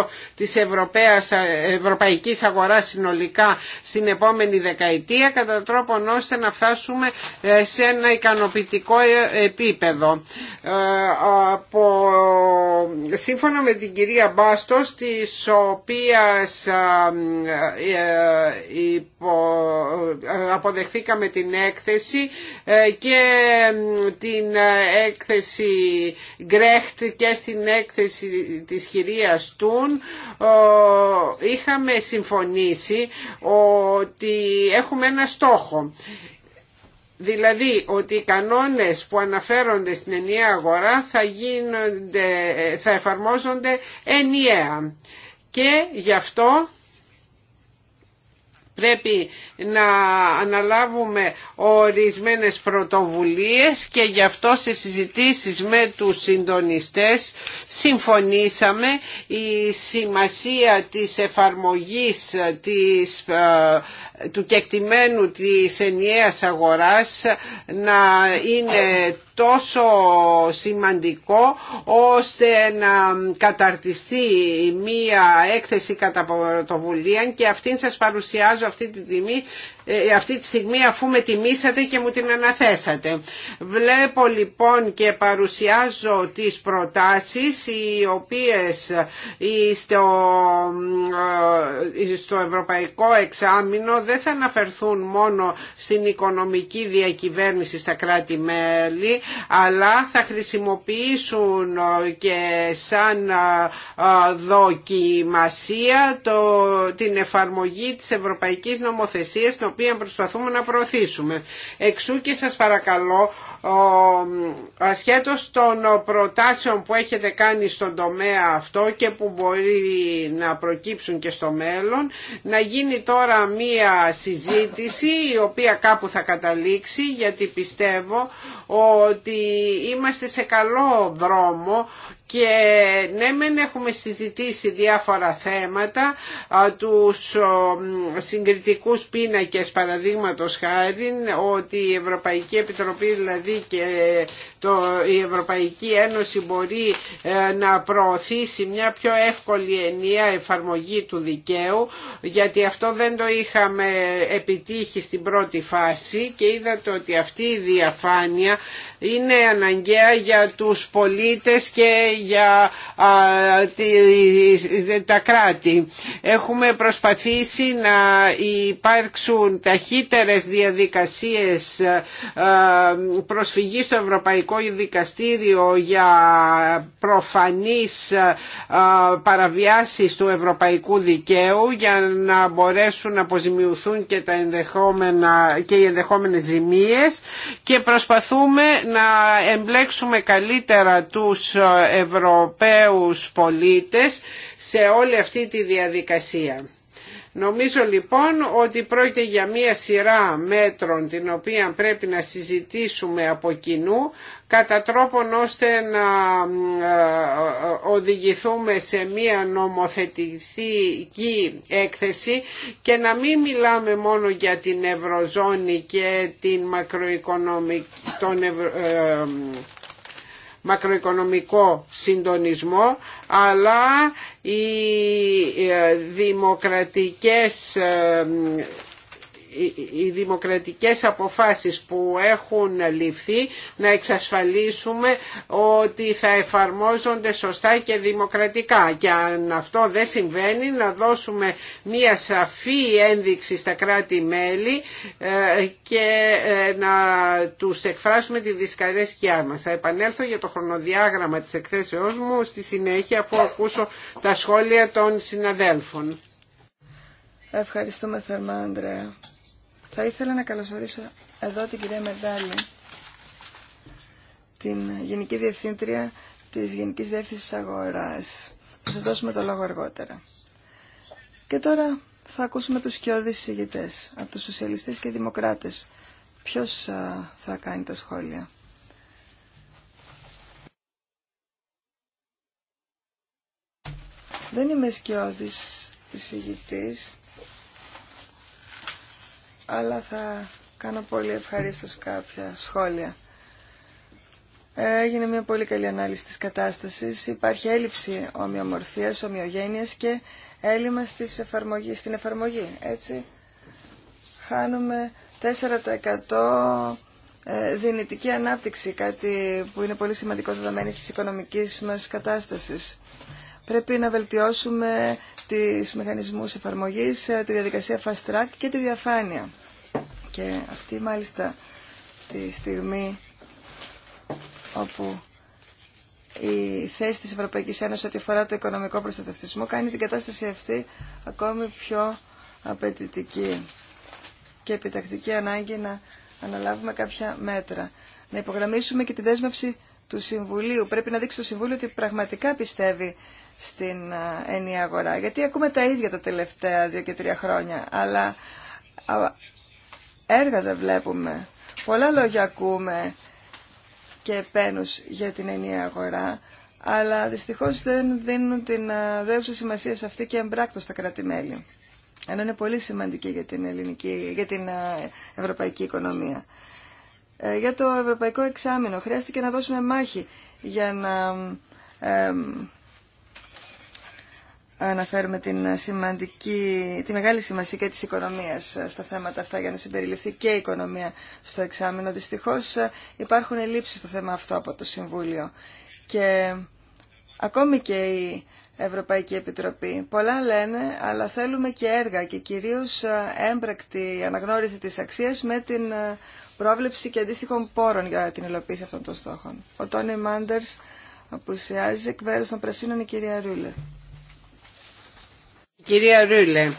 4% της Ευρωπαίας, ευρωπαϊκής αγοράς συνολικά στην επόμενη δεκαετία κατά τρόπον ώστε να φτάσουμε ε, σε ένα ικανοποιητικό ε, επίπεδο. Ε, σύμφωνα με την κυρία Μπάστος της οποίας αποδεχθήκαμε την έκθεση ε, και την ε, έκθεση Γκρέχτ και στην έκθεση της κυρίας Τούν είχαμε συμφωνήσει ότι έχουμε ένα στόχο Δηλαδή ότι οι κανόνες που αναφέρονται στην ενιαία αγορά θα, γίνονται, ε, θα εφαρμόζονται ενιαία. Και γι' αυτό πρέπει να αναλάβουμε ορισμένες πρωτοβουλίες και γι' αυτό σε συζητήσεις με τους συντονιστές συμφωνήσαμε η σημασία της εφαρμογής της ε, του κεκτημένου της ενιαίας αγοράς να είναι τόσο σημαντικό ώστε να καταρτιστεί μία έκθεση κατά πρωτοβουλία και αυτήν σας παρουσιάζω αυτή τη τιμή ε, αυτή τη στιγμή αφού με τιμήσατε και μου την αναθέσατε. Βλέπω λοιπόν και παρουσιάζω τις προτάσεις οι οποίες στο, ε, στο Ευρωπαϊκό Εξάμεινο δεν θα αναφερθούν μόνο στην οικονομική διακυβέρνηση στα κράτη-μέλη αλλά θα χρησιμοποιήσουν ε, και σαν δοκιμασία το, την εφαρμογή της Ευρωπαϊκής Νομοθεσίας οποία προσπαθούμε να προωθήσουμε. Εξού και σας παρακαλώ ασχέτως των προτάσεων που έχετε κάνει στον τομέα αυτό και που μπορεί να προκύψουν και στο μέλλον να γίνει τώρα μία συζήτηση η οποία κάπου θα καταλήξει γιατί πιστεύω ότι είμαστε σε καλό δρόμο και ναι έχουμε συζητήσει διάφορα θέματα τους συγκριτικούς πίνακες παραδείγματος χάρη ότι η Ευρωπαϊκή Επιτροπή δηλαδή και το, η Ευρωπαϊκή Ένωση μπορεί ε, να προωθήσει μια πιο εύκολη ενία εφαρμογή του δικαίου γιατί αυτό δεν το είχαμε επιτύχει στην πρώτη φάση και είδατε ότι αυτή η διαφάνεια είναι αναγκαία για τους πολίτες και για τη, τα κράτη. Έχουμε προσπαθήσει να υπάρξουν ταχύτερες διαδικασίες α, ε, προσφυγής στο Ευρωπαϊκό Ευρωπαϊκό Δικαστήριο για προφανείς ε, παραβιάσεις του ευρωπαϊκού δικαίου για να μπορέσουν να αποζημιωθούν και, τα ενδεχόμενα, και οι ενδεχόμενες ζημίες και προσπαθούμε να εμπλέξουμε καλύτερα τους ε, Ευρωπαίους πολίτες σε όλη αυτή τη διαδικασία. Νομίζω λοιπόν ότι πρόκειται για μία σειρά μέτρων την οποία πρέπει να συζητήσουμε από κοινού κατά τρόπον ώστε να ε, ε, οδηγηθούμε σε μία νομοθετική έκθεση και να μην μιλάμε μόνο για την Ευρωζώνη και την μακροοικονομική, τον ε, μακροοικονομικό συντονισμό αλλά οι δημοκρατικές οι δημοκρατικές αποφάσεις που έχουν ληφθεί να εξασφαλίσουμε ότι θα εφαρμόζονται σωστά και δημοκρατικά και αν αυτό δεν συμβαίνει να δώσουμε μία σαφή ένδειξη στα κράτη-μέλη ε, και ε, να τους εκφράσουμε τη δυσκαρέσκειά μας. Θα επανέλθω για το χρονοδιάγραμμα της εκθέσεώς μου στη συνέχεια αφού ακούσω τα σχόλια των συναδέλφων. Ευχαριστούμε θερμά, Ανδρέα. Θα ήθελα να καλωσορίσω εδώ την κυρία Μερδάλη, την Γενική Διευθύντρια της Γενικής Διεύθυνσης Αγοράς. Θα σας δώσουμε το λόγο αργότερα. Και τώρα θα ακούσουμε τους σκιώδεις συγητές, από τους σοσιαλιστές και δημοκράτες. Ποιος θα κάνει τα σχόλια. Δεν είμαι σκιώδης αλλά θα κάνω πολύ ευχαρίστως κάποια σχόλια. Έγινε μια πολύ καλή ανάλυση της κατάστασης. Υπάρχει έλλειψη ομοιομορφίας, ομοιογένειας και έλλειμμα στις στην εφαρμογή. Έτσι, χάνουμε 4% ε, δυνητική ανάπτυξη, κάτι που είναι πολύ σημαντικό δεδομένη της οικονομικής μας κατάστασης. Πρέπει να βελτιώσουμε τις μηχανισμούς εφαρμογής, ε, τη διαδικασία fast track και τη διαφάνεια. Και αυτή μάλιστα τη στιγμή όπου η θέση της Ευρωπαϊκής Ένωσης ό,τι αφορά το οικονομικό προστατευτισμό κάνει την κατάσταση αυτή ακόμη πιο απαιτητική και επιτακτική ανάγκη να αναλάβουμε κάποια μέτρα. Να υπογραμμίσουμε και τη δέσμευση του Συμβουλίου. Πρέπει να δείξει το Συμβούλιο ότι πραγματικά πιστεύει στην ε, ενιαία αγορά. Γιατί ακούμε τα ίδια τα τελευταία δύο και τρία χρόνια, αλλά έργα δεν βλέπουμε. Πολλά λόγια ακούμε και επένους για την ενιαία αγορά, αλλά δυστυχώς δεν δίνουν την ε, δέουσα σημασία σε αυτή και εμπράκτο στα κράτη-μέλη. Ενώ είναι πολύ σημαντική για την, ελληνική, για την ε, ευρωπαϊκή οικονομία. Ε, για το ευρωπαϊκό εξάμεινο. Χρειάστηκε να δώσουμε μάχη για να ε, αναφέρουμε την σημαντική, τη μεγάλη σημασία και της οικονομίας ε, στα θέματα αυτά για να συμπεριληφθεί και η οικονομία στο εξάμεινο. Δυστυχώς ε, υπάρχουν ελλείψεις στο θέμα αυτό από το Συμβούλιο. Και ακόμη και η Ευρωπαϊκή Επιτροπή. Πολλά λένε, αλλά θέλουμε και έργα και κυρίως ε, έμπρακτη αναγνώριση της αξίας με την ε, πρόβλεψη και αντίστοιχων πόρων για την υλοποίηση αυτών των στόχων. Ο Τόνι Μάντερς απουσιάζει εκ μέρους των Πρασίνων η κυρία Ρούλε. Κυρία Ρούλε,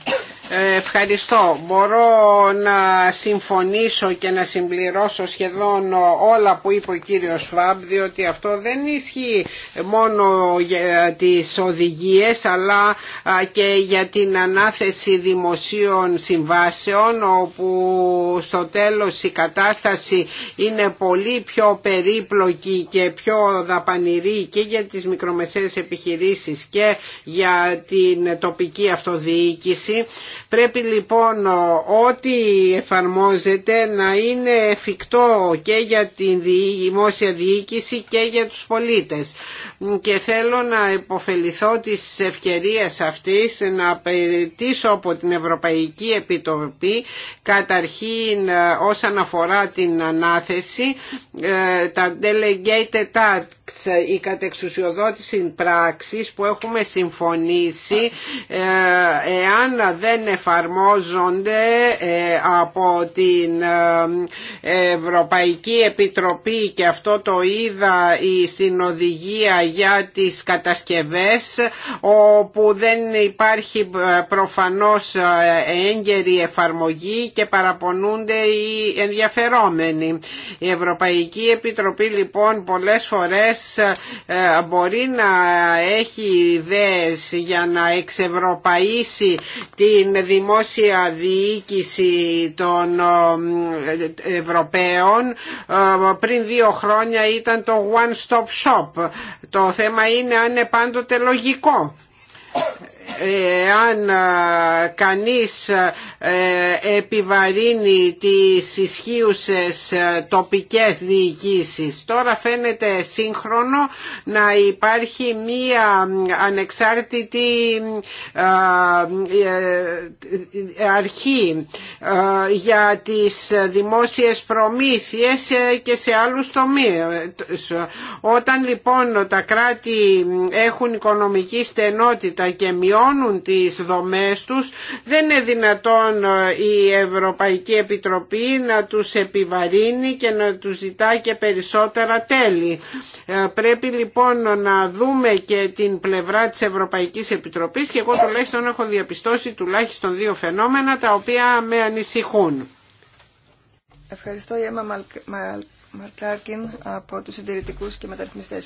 Ευχαριστώ. Μπορώ να συμφωνήσω και να συμπληρώσω σχεδόν όλα που είπε ο κύριος Σφάμπ διότι αυτό δεν ισχύει μόνο για τις οδηγίες αλλά και για την ανάθεση δημοσίων συμβάσεων όπου στο τέλος η κατάσταση είναι πολύ πιο περίπλοκη και πιο δαπανηρή και για τις μικρομεσαίες επιχειρήσεις και για την τοπική αυτοδιοίκηση Πρέπει λοιπόν ό,τι εφαρμόζεται να είναι εφικτό και για την δημόσια διοίκηση και για τους πολίτες. Και θέλω να υποφεληθώ της ευκαιρίας αυτής να απαιτήσω από την Ευρωπαϊκή Επιτροπή καταρχήν ε, όσον αφορά την ανάθεση ε, τα delegated η κατεξουσιοδότηση πράξης που έχουμε συμφωνήσει ε, εάν δεν εφαρμόζονται ε, από την ε, Ευρωπαϊκή Επιτροπή και αυτό το είδα η οδηγία για τις κατασκευές όπου δεν υπάρχει προφανώς έγκαιρη εφαρμογή και παραπονούνται οι ενδιαφερόμενοι. Η Ευρωπαϊκή Επιτροπή λοιπόν πολλές φορές ε, ε, μπορεί να έχει ιδέες για να εξευρωπαίσει την δημόσια διοίκηση των ε, Ευρωπαίων. Πριν δύο χρόνια ήταν το one-stop shop. Το θέμα είναι αν είναι πάντοτε λογικό αν ε, ε, κανείς ε, επιβαρύνει τις ισχύουσες τοπικές διοικήσεις. Τώρα φαίνεται σύγχρονο να υπάρχει μία ανεξάρτητη αρχή για τις δημόσιες προμήθειες και σε άλλους τομείς. Όταν λοιπόν τα κράτη έχουν οικονομική στενότητα και μειώνουν βελτιώνουν τις δομές τους δεν είναι δυνατόν ε, η Ευρωπαϊκή Επιτροπή να τους επιβαρύνει και να τους ζητάει και περισσότερα τέλη. Ε, πρέπει λοιπόν να δούμε και την πλευρά της Ευρωπαϊκής Επιτροπής και εγώ τουλάχιστον έχω διαπιστώσει τουλάχιστον δύο φαινόμενα τα οποία με ανησυχούν. Ευχαριστώ, Ιέμα Μαλ... Μαλ... Μαρκάρκιν από του συντηρητικού και μεταρρυθμιστέ.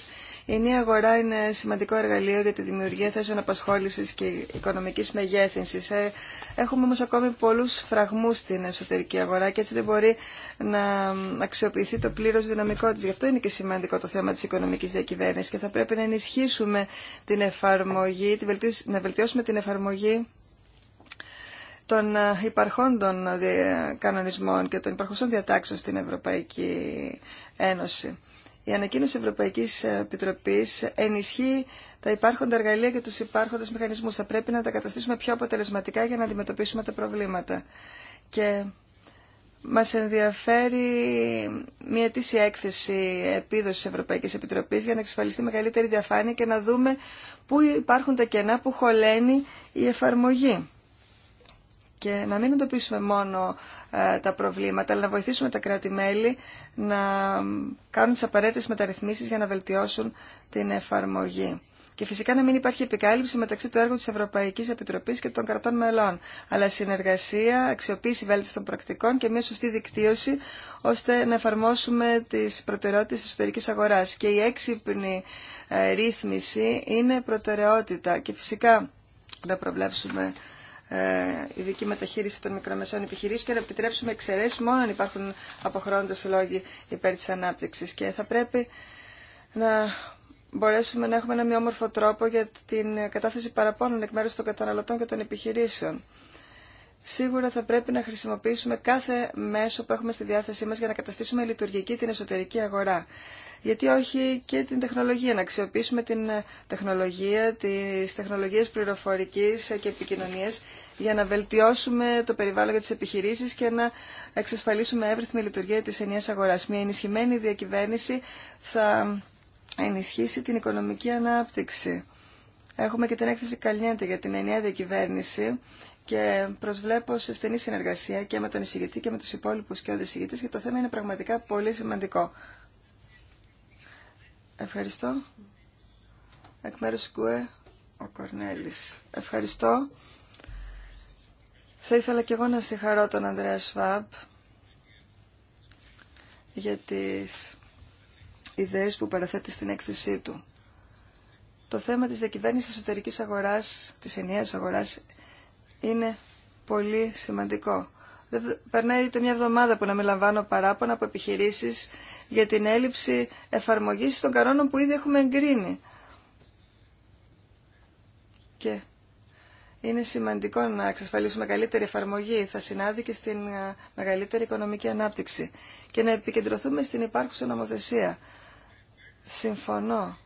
Η νέα αγορά είναι σημαντικό εργαλείο για τη δημιουργία θέσεων απασχόληση και οικονομική μεγέθυνση. Ε, έχουμε όμω ακόμη πολλού φραγμού στην εσωτερική αγορά και έτσι δεν μπορεί να αξιοποιηθεί το πλήρω δυναμικό τη. Γι' αυτό είναι και σημαντικό το θέμα τη οικονομική διακυβέρνηση και θα πρέπει να ενισχύσουμε την εφαρμογή, να βελτιώσουμε την εφαρμογή των ε, υπαρχόντων ε, κανονισμών και των υπαρχόντων διατάξεων στην Ευρωπαϊκή Ένωση. Η ανακοίνωση Ευρωπαϊκής Επιτροπής ενισχύει τα υπάρχοντα εργαλεία και τους υπάρχοντες μηχανισμούς. Θα πρέπει να τα καταστήσουμε πιο αποτελεσματικά για να αντιμετωπίσουμε τα προβλήματα. Και μας ενδιαφέρει μια αιτήσια έκθεση επίδοσης Ευρωπαϊκής Επιτροπής για να εξασφαλιστεί μεγαλύτερη διαφάνεια και να δούμε πού υπάρχουν τα κενά που χωλαίνει η εφαρμογή και να μην εντοπίσουμε μόνο ε, τα προβλήματα, αλλά να βοηθήσουμε τα κράτη-μέλη να κάνουν τις απαραίτητες μεταρρυθμίσεις για να βελτιώσουν την εφαρμογή. Και φυσικά να μην υπάρχει επικάλυψη μεταξύ του έργου της Ευρωπαϊκής Επιτροπής και των κρατών μελών, αλλά συνεργασία, αξιοποίηση βέλτιστων των πρακτικών και μια σωστή δικτύωση, ώστε να εφαρμόσουμε τις προτεραιότητες της εσωτερικής αγοράς. Και η έξυπνη ε, ρύθμιση είναι προτεραιότητα και φυσικά να προβλέψουμε ε, ειδική μεταχείριση των μικρομεσαίων επιχειρήσεων και να επιτρέψουμε εξαιρέσει μόνο αν υπάρχουν αποχρόνοντε λόγοι υπέρ τη ανάπτυξη. Και θα πρέπει να μπορέσουμε να έχουμε ένα μειόμορφο τρόπο για την κατάθεση παραπώνων εκ μέρου των καταναλωτών και των επιχειρήσεων. Σίγουρα θα πρέπει να χρησιμοποιήσουμε κάθε μέσο που έχουμε στη διάθεσή μας για να καταστήσουμε λειτουργική την εσωτερική αγορά. Γιατί όχι και την τεχνολογία, να αξιοποιήσουμε την τεχνολογία, τις τεχνολογίες πληροφορικής και επικοινωνίας για να βελτιώσουμε το περιβάλλον για τις επιχειρήσεις και να εξασφαλίσουμε εύρυθμη λειτουργία της ενιαίας αγοράς. Μια ενισχυμένη διακυβέρνηση θα ενισχύσει την οικονομική ανάπτυξη. Έχουμε και την έκθεση για την ενιαία διακυβέρνηση και προσβλέπω σε στενή συνεργασία και με τον εισηγητή και με τους υπόλοιπους και ο εισηγητές γιατί το θέμα είναι πραγματικά πολύ σημαντικό. Ευχαριστώ. Εκ μέρους ΚΟΕ, ο Κορνέλης. Ευχαριστώ. Θα ήθελα και εγώ να συγχαρώ τον Ανδρέα Σφάμπ για τις ιδέες που παραθέτει στην έκθεσή του. Το θέμα της διακυβέρνησης εσωτερικής αγοράς, της ενιαίας αγοράς, είναι πολύ σημαντικό. Δεν περνάει ούτε μια εβδομάδα που να μην λαμβάνω παράπονα από επιχειρήσει για την έλλειψη εφαρμογή των κανόνων που ήδη έχουμε εγκρίνει. Και είναι σημαντικό να εξασφαλίσουμε καλύτερη εφαρμογή, θα συνάδει και στην ε, μεγαλύτερη οικονομική ανάπτυξη και να επικεντρωθούμε στην υπάρχουσα νομοθεσία. Συμφωνώ.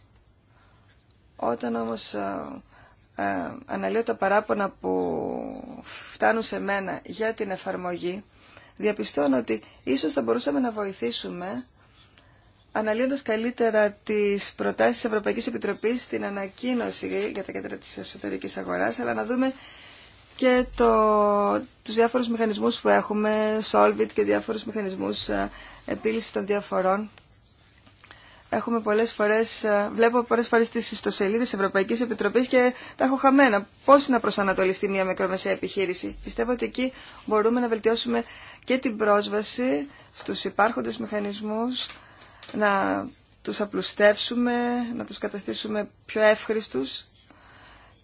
Όταν όμως ε, ε, αναλύω τα παράπονα που φτάνουν σε μένα για την εφαρμογή, διαπιστώνω ότι ίσως θα μπορούσαμε να βοηθήσουμε αναλύοντας καλύτερα τις προτάσεις της Ευρωπαϊκής Επιτροπής στην ανακοίνωση για τα κέντρα της εσωτερικής αγοράς, αλλά να δούμε και το, τους διάφορους μηχανισμούς που έχουμε, Solvit και διάφορους μηχανισμούς ε, επίλυσης των διαφορών Έχουμε πολλές φορές, ε, βλέπω πολλές φορές τις ιστοσελίδες της Ευρωπαϊκής Επιτροπής και τα έχω χαμένα. Πώς να προσανατολιστεί μια μικρομεσαία επιχείρηση. Πιστεύω ότι εκεί μπορούμε να βελτιώσουμε και την πρόσβαση στους υπάρχοντες μηχανισμούς, να τους απλουστεύσουμε, να τους καταστήσουμε πιο εύχριστους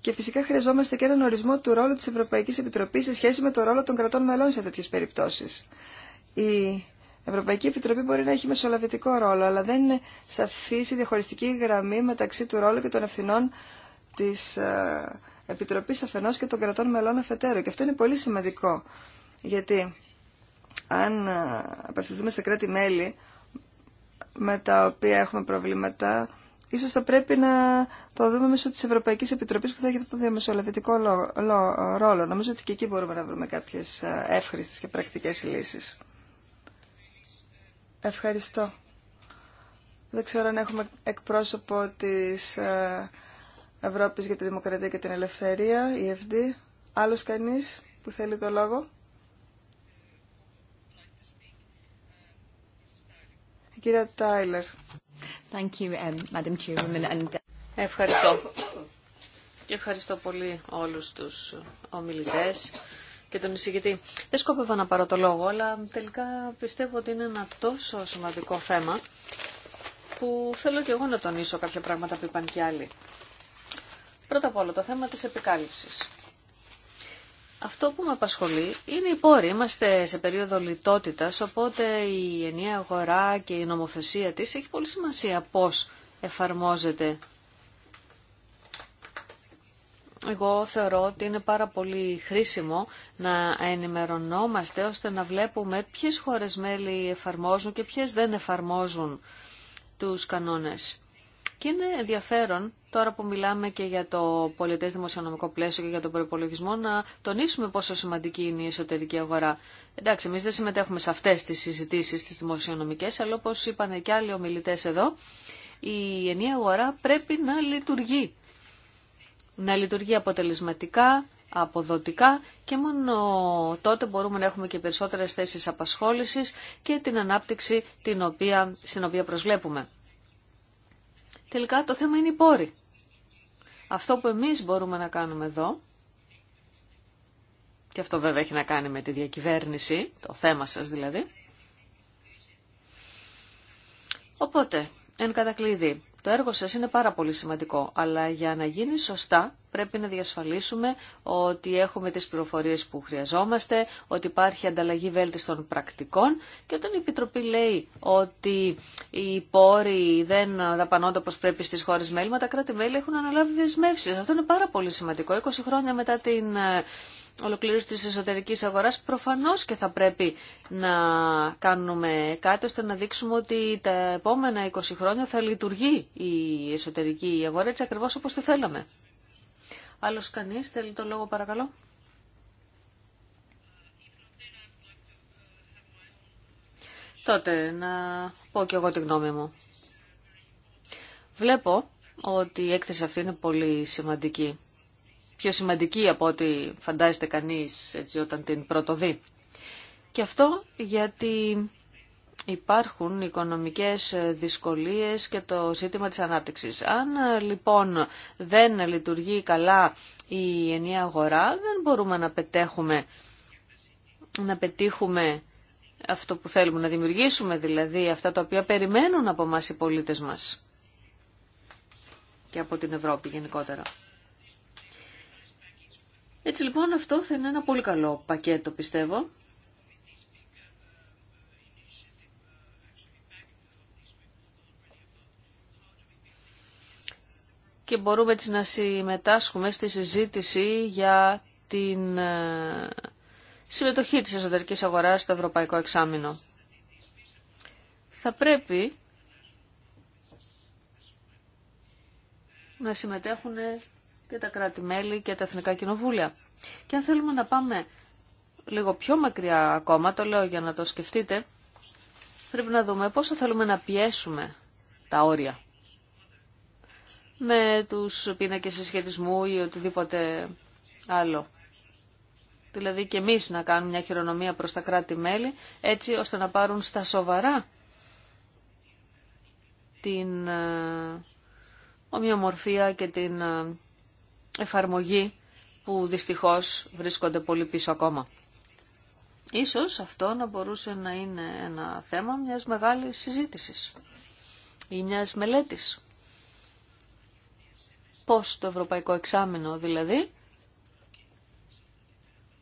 και φυσικά χρειαζόμαστε και έναν ορισμό του ρόλου της Ευρωπαϊκής Επιτροπής σε σχέση με το ρόλο των κρατών μελών σε τέτοιες περιπτώσεις. Η Ευρωπαϊκή Επιτροπή μπορεί να έχει μεσολαβητικό ρόλο, αλλά δεν είναι σαφή η διαχωριστική γραμμή μεταξύ του ρόλου και των ευθυνών της ε, Επιτροπής αφενός και των κρατών μελών αφετέρου. Και αυτό είναι πολύ σημαντικό, γιατί αν ε, απευθυνθούμε στα κράτη-μέλη με τα οποία έχουμε προβλήματα, ίσω θα πρέπει να το δούμε μέσω τη Ευρωπαϊκή Επιτροπή που θα έχει αυτό το διαμεσολαβητικό ρόλο. Νομίζω ότι και εκεί μπορούμε να βρούμε κάποιε εύχριστε και πρακτικέ λύσει. Ευχαριστώ. Δεν ξέρω αν έχουμε εκπρόσωπο της ε, Ευρώπης για τη Δημοκρατία και την Ελευθερία, η ΕΦΔ. Άλλος κανείς που θέλει το λόγο. Η κυρία Τάιλερ. Um, uh, ευχαριστώ. Και ευχαριστώ πολύ όλους τους ομιλητές και τον εισηγητή. Δεν σκόπευα να πάρω το λόγο, αλλά τελικά πιστεύω ότι είναι ένα τόσο σημαντικό θέμα που θέλω και εγώ να τονίσω κάποια πράγματα που είπαν και άλλοι. Πρώτα απ' όλα το θέμα της επικάλυψης. Αυτό που με απασχολεί είναι η πόροι. Είμαστε σε περίοδο λιτότητας, οπότε η ενιαία αγορά και η νομοθεσία της έχει πολύ σημασία πώς εφαρμόζεται εγώ θεωρώ ότι είναι πάρα πολύ χρήσιμο να ενημερωνόμαστε ώστε να βλέπουμε ποιες χώρες μέλη εφαρμόζουν και ποιες δεν εφαρμόζουν τους κανόνες. Και είναι ενδιαφέρον, τώρα που μιλάμε και για το πολιτέ δημοσιονομικό πλαίσιο και για τον προπολογισμό, να τονίσουμε πόσο σημαντική είναι η εσωτερική αγορά. Εντάξει, εμεί δεν συμμετέχουμε σε αυτές τις συζητήσεις τις δημοσιονομικές αλλά όπω είπαν και άλλοι ομιλητέ εδώ, η ενιαία αγορά πρέπει να λειτουργεί να λειτουργεί αποτελεσματικά, αποδοτικά και μόνο τότε μπορούμε να έχουμε και περισσότερες θέσεις απασχόλησης και την ανάπτυξη την οποία, στην οποία προσβλέπουμε. Τελικά το θέμα είναι οι πόροι. Αυτό που εμείς μπορούμε να κάνουμε εδώ, και αυτό βέβαια έχει να κάνει με τη διακυβέρνηση, το θέμα σας δηλαδή. Οπότε, εν κατακλείδη, το έργο σας είναι πάρα πολύ σημαντικό, αλλά για να γίνει σωστά πρέπει να διασφαλίσουμε ότι έχουμε τις πληροφορίες που χρειαζόμαστε, ότι υπάρχει ανταλλαγή βέλτιστων πρακτικών και όταν η Επιτροπή λέει ότι οι πόροι δεν δαπανώνται όπως πρέπει στις χώρες μέλη, μα τα κράτη-μέλη έχουν αναλάβει δεσμεύσεις. Αυτό είναι πάρα πολύ σημαντικό. 20 χρόνια μετά την ε, ολοκλήρωση της εσωτερικής αγοράς, προφανώς και θα πρέπει να κάνουμε κάτι ώστε να δείξουμε ότι τα επόμενα 20 χρόνια θα λειτουργεί η εσωτερική αγορά έτσι ακριβώς όπως τη θέλαμε. Άλλος κανείς θέλει το λόγο παρακαλώ. Τότε να πω και εγώ τη γνώμη μου. Βλέπω ότι η έκθεση αυτή είναι πολύ σημαντική πιο σημαντική από ό,τι φαντάζεται κανείς έτσι, όταν την πρωτοδεί. Και αυτό γιατί υπάρχουν οικονομικές δυσκολίες και το ζήτημα της ανάπτυξης. Αν λοιπόν δεν λειτουργεί καλά η ενιαία αγορά, δεν μπορούμε να πετέχουμε να πετύχουμε αυτό που θέλουμε να δημιουργήσουμε, δηλαδή αυτά τα οποία περιμένουν από μας οι πολίτες μας και από την Ευρώπη γενικότερα. Έτσι λοιπόν αυτό θα είναι ένα πολύ καλό πακέτο πιστεύω. Και μπορούμε έτσι να συμμετάσχουμε στη συζήτηση για την ε, συμμετοχή της εσωτερικής αγοράς στο Ευρωπαϊκό Εξάμεινο. Θα πρέπει να συμμετέχουν και τα κράτη-μέλη και τα εθνικά κοινοβούλια. Και αν θέλουμε να πάμε λίγο πιο μακριά ακόμα, το λέω για να το σκεφτείτε, πρέπει να δούμε πόσο θέλουμε να πιέσουμε τα όρια με τους πίνακες συσχετισμού ή οτιδήποτε άλλο. Δηλαδή και εμείς να κάνουμε μια χειρονομία προς τα κράτη-μέλη, έτσι ώστε να πάρουν στα σοβαρά την ε, ομοιομορφία και την ε, εφαρμογή που δυστυχώς βρίσκονται πολύ πίσω ακόμα. Ίσως αυτό να μπορούσε να είναι ένα θέμα μιας μεγάλης συζήτησης ή μιας μελέτης. Πώς το ευρωπαϊκό εξάμεινο δηλαδή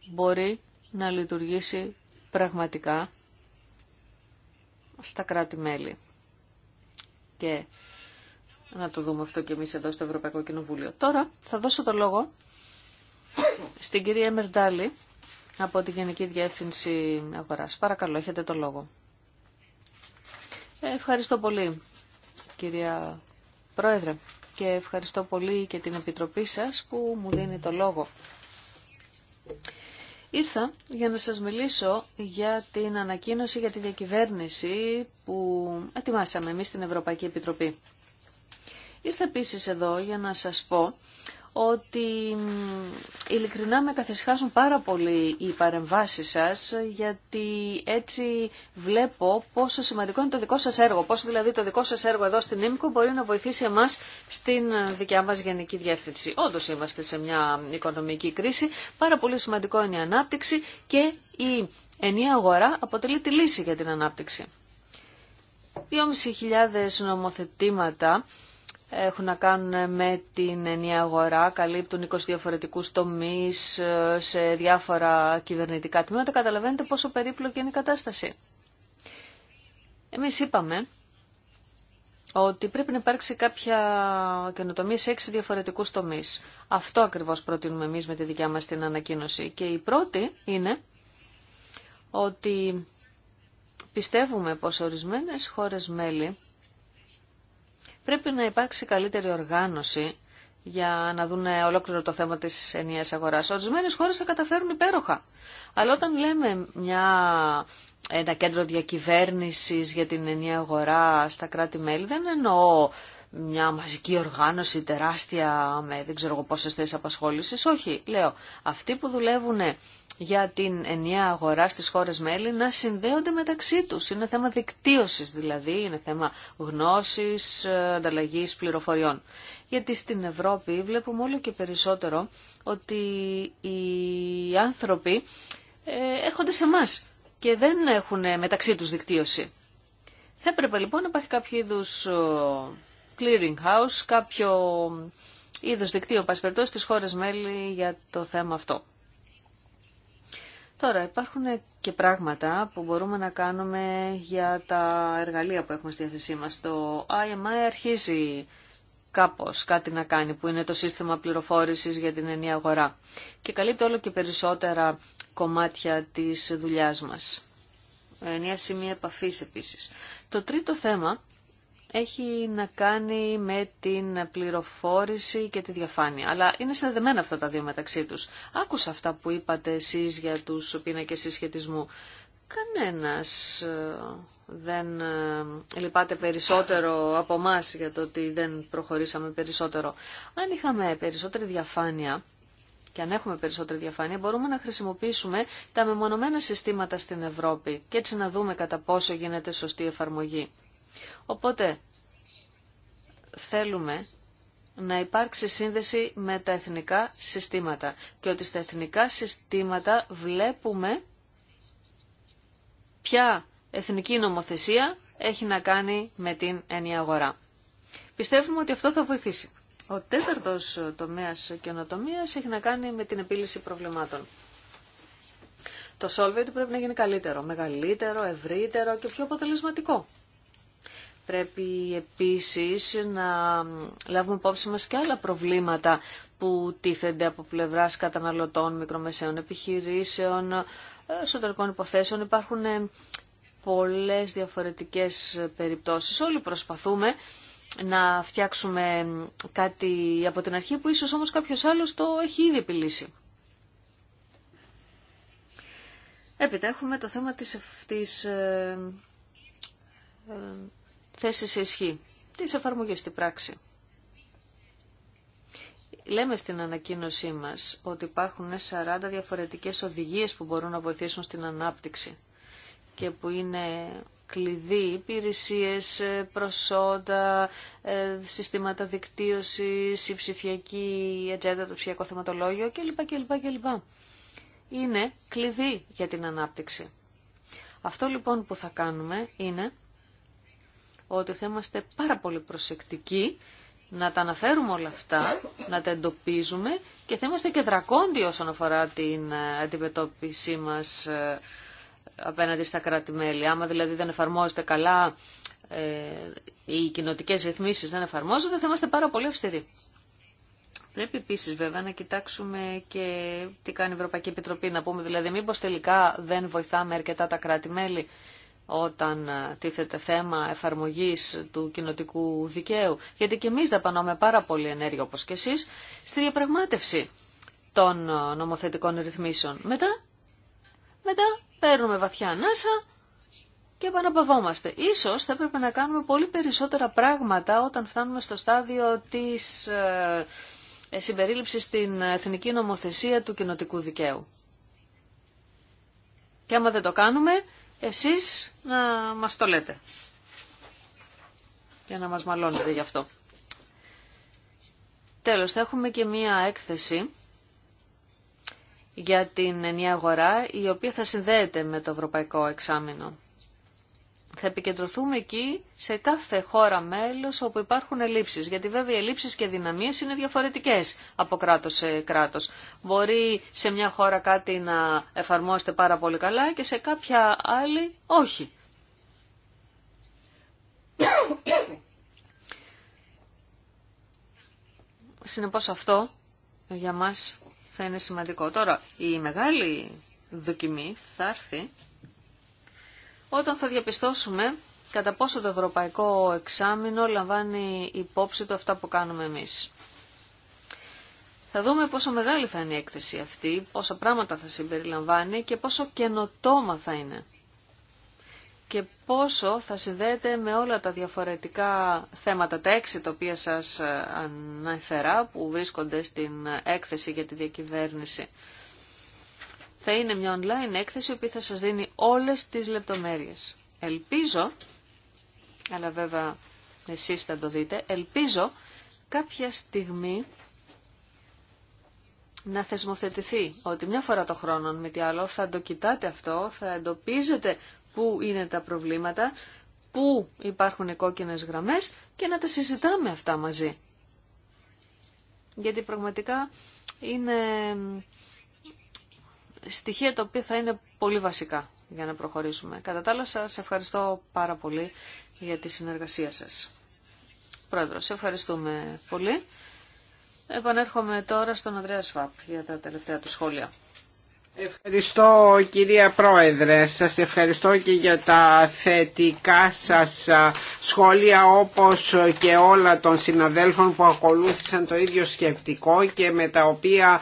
μπορεί να λειτουργήσει πραγματικά στα κράτη-μέλη. Και να το δούμε αυτό και εμείς εδώ στο Ευρωπαϊκό Κοινοβούλιο. Τώρα θα δώσω το λόγο στην κυρία Μερντάλη από τη Γενική Διεύθυνση Αγοράς. Παρακαλώ, έχετε το λόγο. Ε, ευχαριστώ πολύ, κυρία Πρόεδρε, και ευχαριστώ πολύ και την Επιτροπή σας που μου δίνει το λόγο. Ήρθα για να σας μιλήσω για την ανακοίνωση για τη διακυβέρνηση που ετοιμάσαμε εμείς στην Ευρωπαϊκή Επιτροπή. Ήρθα επίσης εδώ για να σας πω ότι ειλικρινά με καθισχάσουν πάρα πολύ οι παρεμβάσεις σας, γιατί έτσι βλέπω πόσο σημαντικό είναι το δικό σας έργο, πόσο δηλαδή το δικό σας έργο εδώ στην ΕΜΚΟ μπορεί να βοηθήσει εμάς στην δικιά μας γενική διεύθυνση. Όντως είμαστε σε μια οικονομική κρίση, πάρα πολύ σημαντικό είναι η ανάπτυξη και η ενιαία αγορά αποτελεί τη λύση για την ανάπτυξη. 2.500 νομοθετήματα έχουν να κάνουν με την ενιαία αγορά, καλύπτουν 20 διαφορετικού τομεί ε, σε διάφορα κυβερνητικά τμήματα. Καταλαβαίνετε πόσο περίπλοκη είναι η κατάσταση. Εμεί είπαμε ότι πρέπει να υπάρξει κάποια καινοτομία σε έξι διαφορετικού τομεί. Αυτό ακριβώ προτείνουμε εμεί με τη δικιά μα την ανακοίνωση. Και η πρώτη είναι ότι πιστεύουμε πως ορισμένες χώρες μέλη Πρέπει να υπάρξει καλύτερη οργάνωση για να δουν ολόκληρο το θέμα της ενιαίας αγοράς. Ορισμένες χώρες θα καταφέρουν υπέροχα. Αλλά όταν λέμε μια, ένα κέντρο διακυβέρνησης για την ενιαία αγορά στα κράτη-μέλη, δεν εννοώ μια μαζική οργάνωση τεράστια με δεν ξέρω πόσες θέσεις απασχόλησης. Όχι, λέω, αυτοί που δουλεύουν για την ενιαία αγορά στις χώρες μέλη να συνδέονται μεταξύ τους. Είναι θέμα δικτύωσης δηλαδή, είναι θέμα γνώσης, ε, ανταλλαγή πληροφοριών. Γιατί στην Ευρώπη βλέπουμε όλο και περισσότερο ότι οι άνθρωποι ε, έρχονται σε εμά και δεν έχουν μεταξύ τους δικτύωση. Θα έπρεπε λοιπόν να υπάρχει κάποιο είδου ε, clearing house, κάποιο είδος δικτύου πας περιπτώσει στις χώρες μέλη για το θέμα αυτό. Τώρα υπάρχουν και πράγματα που μπορούμε να κάνουμε για τα εργαλεία που έχουμε στη διάθεσή μας. Το IMI αρχίζει κάπως κάτι να κάνει που είναι το σύστημα πληροφόρησης για την ενιαία αγορά και καλύπτει όλο και περισσότερα κομμάτια της δουλειάς μας. Ενιαία σημεία επαφής επίσης. Το τρίτο θέμα έχει να κάνει με την πληροφόρηση και τη διαφάνεια. Αλλά είναι συνδεδεμένα αυτά τα δύο μεταξύ τους. Άκουσα αυτά που είπατε εσείς για τους πίνακες συσχετισμού. Κανένας ε, δεν ε, λυπάται περισσότερο από εμά για το ότι δεν προχωρήσαμε περισσότερο. Αν είχαμε περισσότερη διαφάνεια και αν έχουμε περισσότερη διαφάνεια, μπορούμε να χρησιμοποιήσουμε τα μεμονωμένα συστήματα στην Ευρώπη και έτσι να δούμε κατά πόσο γίνεται σωστή εφαρμογή. Οπότε θέλουμε να υπάρξει σύνδεση με τα εθνικά συστήματα και ότι στα εθνικά συστήματα βλέπουμε ποια εθνική νομοθεσία έχει να κάνει με την ενιαγορά. αγορά. Πιστεύουμε ότι αυτό θα βοηθήσει. Ο τέταρτος τομέας καινοτομίας έχει να κάνει με την επίλυση προβλημάτων. Το solve πρέπει να γίνει καλύτερο, μεγαλύτερο, ευρύτερο και πιο αποτελεσματικό. Πρέπει επίσης να λάβουμε υπόψη μας και άλλα προβλήματα που τίθενται από πλευράς καταναλωτών, μικρομεσαίων επιχειρήσεων, εσωτερικών υποθέσεων. Υπάρχουν πολλές διαφορετικές περιπτώσεις. Όλοι προσπαθούμε να φτιάξουμε κάτι από την αρχή που ίσως όμως κάποιος άλλος το έχει ήδη επιλύσει. Έπειτα έχουμε το θέμα της, ε, ε, θέσει σε ισχύ, τις εφαρμογές στην πράξη. Λέμε στην ανακοίνωσή μας ότι υπάρχουν 40 διαφορετικές οδηγίες που μπορούν να βοηθήσουν στην ανάπτυξη και που είναι κλειδί, υπηρεσίε, ε, προσόντα, ε, συστήματα δικτύωσης, η ψηφιακή ατζέντα, το ψηφιακό θεματολόγιο κλπ. κλπ, κλπ. Είναι κλειδί για την ανάπτυξη. Αυτό λοιπόν που θα κάνουμε είναι ότι θα είμαστε πάρα πολύ προσεκτικοί να τα αναφέρουμε όλα αυτά, να τα εντοπίζουμε και θα είμαστε και δρακόντιοι όσον αφορά την ε, αντιμετώπιση μας ε, απέναντι στα κράτη-μέλη. Άμα δηλαδή δεν εφαρμόζεται καλά ε, οι κοινοτικέ ρυθμίσει δεν εφαρμόζονται, θα είμαστε πάρα πολύ αυστηροί. Πρέπει επίση βέβαια να κοιτάξουμε και τι κάνει η Ευρωπαϊκή Επιτροπή, να πούμε δηλαδή μήπως τελικά δεν βοηθάμε αρκετά τα κράτη-μέλη όταν ε, τίθεται θέμα εφαρμογής του κοινοτικού δικαίου, γιατί και εμείς δαπανάμε πάρα πολύ ενέργεια όπως και εσείς, στη διαπραγμάτευση των ε, νομοθετικών ρυθμίσεων. Μετά, μετά παίρνουμε βαθιά ανάσα και επαναπαυόμαστε. Ίσως θα έπρεπε να κάνουμε πολύ περισσότερα πράγματα όταν φτάνουμε στο στάδιο της ε, συμπερίληψης στην εθνική νομοθεσία του κοινοτικού δικαίου. Και άμα δεν το κάνουμε, εσείς να μας το λέτε. Για να μας μαλώνετε γι' αυτό. Τέλος, θα έχουμε και μία έκθεση για την ενιαία αγορά, η οποία θα συνδέεται με το Ευρωπαϊκό Εξάμεινο θα επικεντρωθούμε εκεί σε κάθε χώρα μέλος όπου υπάρχουν ελλείψεις. Γιατί βέβαια οι ελλείψεις και δυναμίες είναι διαφορετικές από κράτος σε κράτος. Μπορεί σε μια χώρα κάτι να εφαρμόσετε πάρα πολύ καλά και σε κάποια άλλη όχι. Συνεπώς αυτό για μας θα είναι σημαντικό. Τώρα η μεγάλη δοκιμή θα έρθει όταν θα διαπιστώσουμε κατά πόσο το ευρωπαϊκό εξάμεινο λαμβάνει υπόψη το αυτά που κάνουμε εμείς. Θα δούμε πόσο μεγάλη θα είναι η έκθεση αυτή, πόσα πράγματα θα συμπεριλαμβάνει και πόσο καινοτόμα θα είναι. Και πόσο θα συνδέεται με όλα τα διαφορετικά θέματα, τα έξι τα οποία σας ε, αναφερά που βρίσκονται στην έκθεση για τη διακυβέρνηση θα είναι μια online έκθεση που θα σας δίνει όλες τις λεπτομέρειες. Ελπίζω, αλλά βέβαια εσείς θα το δείτε, ελπίζω κάποια στιγμή να θεσμοθετηθεί ότι μια φορά το χρόνο με τι άλλο θα το κοιτάτε αυτό, θα εντοπίζετε πού είναι τα προβλήματα, πού υπάρχουν οι κόκκινες γραμμές και να τα συζητάμε αυτά μαζί. Γιατί πραγματικά είναι στοιχεία τα οποία θα είναι πολύ βασικά για να προχωρήσουμε. Κατά τα άλλα ευχαριστώ πάρα πολύ για τη συνεργασία σας. Πρόεδρο, σε ευχαριστούμε πολύ. Επανέρχομαι τώρα στον Ανδρέα Σφάπ για τα τελευταία του σχόλια. Ευχαριστώ κυρία Πρόεδρε, σας ευχαριστώ και για τα θετικά σας σχόλια όπως και όλα των συναδέλφων που ακολούθησαν το ίδιο σκεπτικό και με τα οποία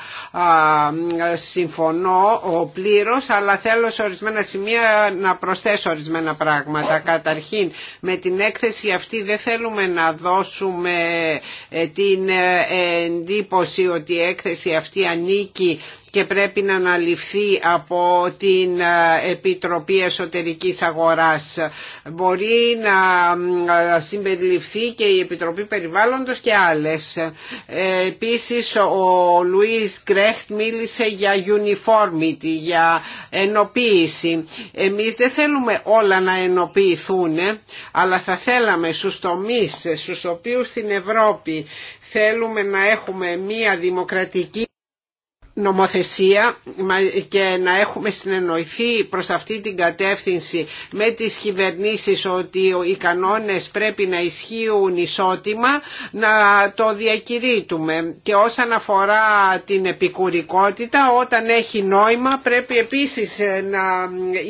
συμφωνώ ο πλήρως αλλά θέλω σε ορισμένα σημεία να προσθέσω ορισμένα πράγματα. Καταρχήν με την έκθεση αυτή δεν θέλουμε να δώσουμε ε, την ε, εντύπωση ότι η έκθεση αυτή ανήκει και πρέπει να αναλυφθεί από την ε, Επιτροπή Εσωτερικής Αγοράς. Μπορεί να ε, συμπεριληφθεί και η Επιτροπή Περιβάλλοντος και άλλες. Ε, επίσης ο Λουίς Κρέχτ μίλησε για uniformity, για ενοποίηση. Εμείς δεν θέλουμε όλα να ενοποιηθούν, αλλά θα θέλαμε στους τομείς στους οποίους στην Ευρώπη θέλουμε να έχουμε μία δημοκρατική νομοθεσία και να έχουμε συνεννοηθεί προς αυτή την κατεύθυνση με τις κυβερνήσεις ότι οι κανόνες πρέπει να ισχύουν ισότιμα να το διακηρύττουμε και όσον αφορά την επικουρικότητα όταν έχει νόημα πρέπει επίσης ε, να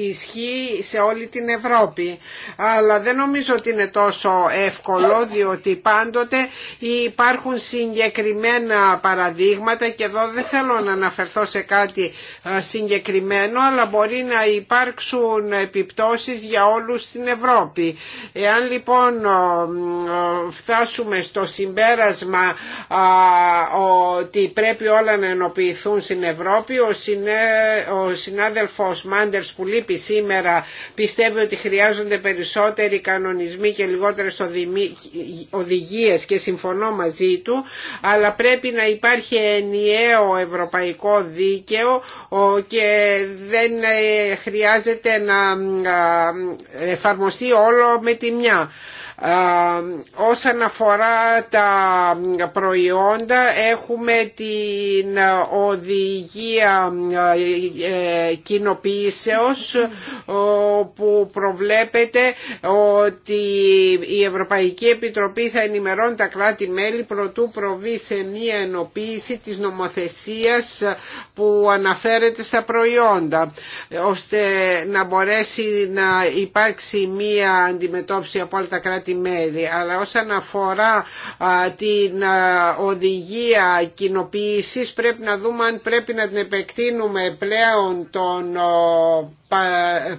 ισχύει σε όλη την Ευρώπη αλλά δεν νομίζω ότι είναι τόσο εύκολο διότι πάντοτε υπάρχουν συγκεκριμένα παραδείγματα και εδώ δεν θέλω να αναφερθώ σε κάτι συγκεκριμένο αλλά μπορεί να υπάρξουν επιπτώσεις για όλους στην Ευρώπη. Εάν λοιπόν φτάσουμε στο συμπέρασμα ότι πρέπει όλα να ενοποιηθούν στην Ευρώπη ο συνάδελφος Μάντερς που λείπει σήμερα πιστεύει ότι χρειάζονται περισσότεροι κανονισμοί και λιγότερες οδηγίες και συμφωνώ μαζί του αλλά πρέπει να υπάρχει ενιαίο ευρωπαϊκό ευρωπαϊκό δίκαιο και δεν ε, χρειάζεται να ε, εφαρμοστεί όλο με τη μια. Ε, όσον αφορά τα προϊόντα έχουμε την οδηγία ε, κοινοποιήσεως που προβλέπεται ότι η Ευρωπαϊκή Επιτροπή θα ενημερώνει τα κράτη-μέλη προτού προβεί σε μία ενοποίηση της νομοθεσίας που αναφέρεται στα προϊόντα ώστε να μπορέσει να υπάρξει μία αντιμετώπιση από όλα τα κράτη τη μελη Αλλά όσον αφορά την οδηγία κοινοποίησης πρέπει να δούμε αν πρέπει να την επεκτείνουμε πλέον των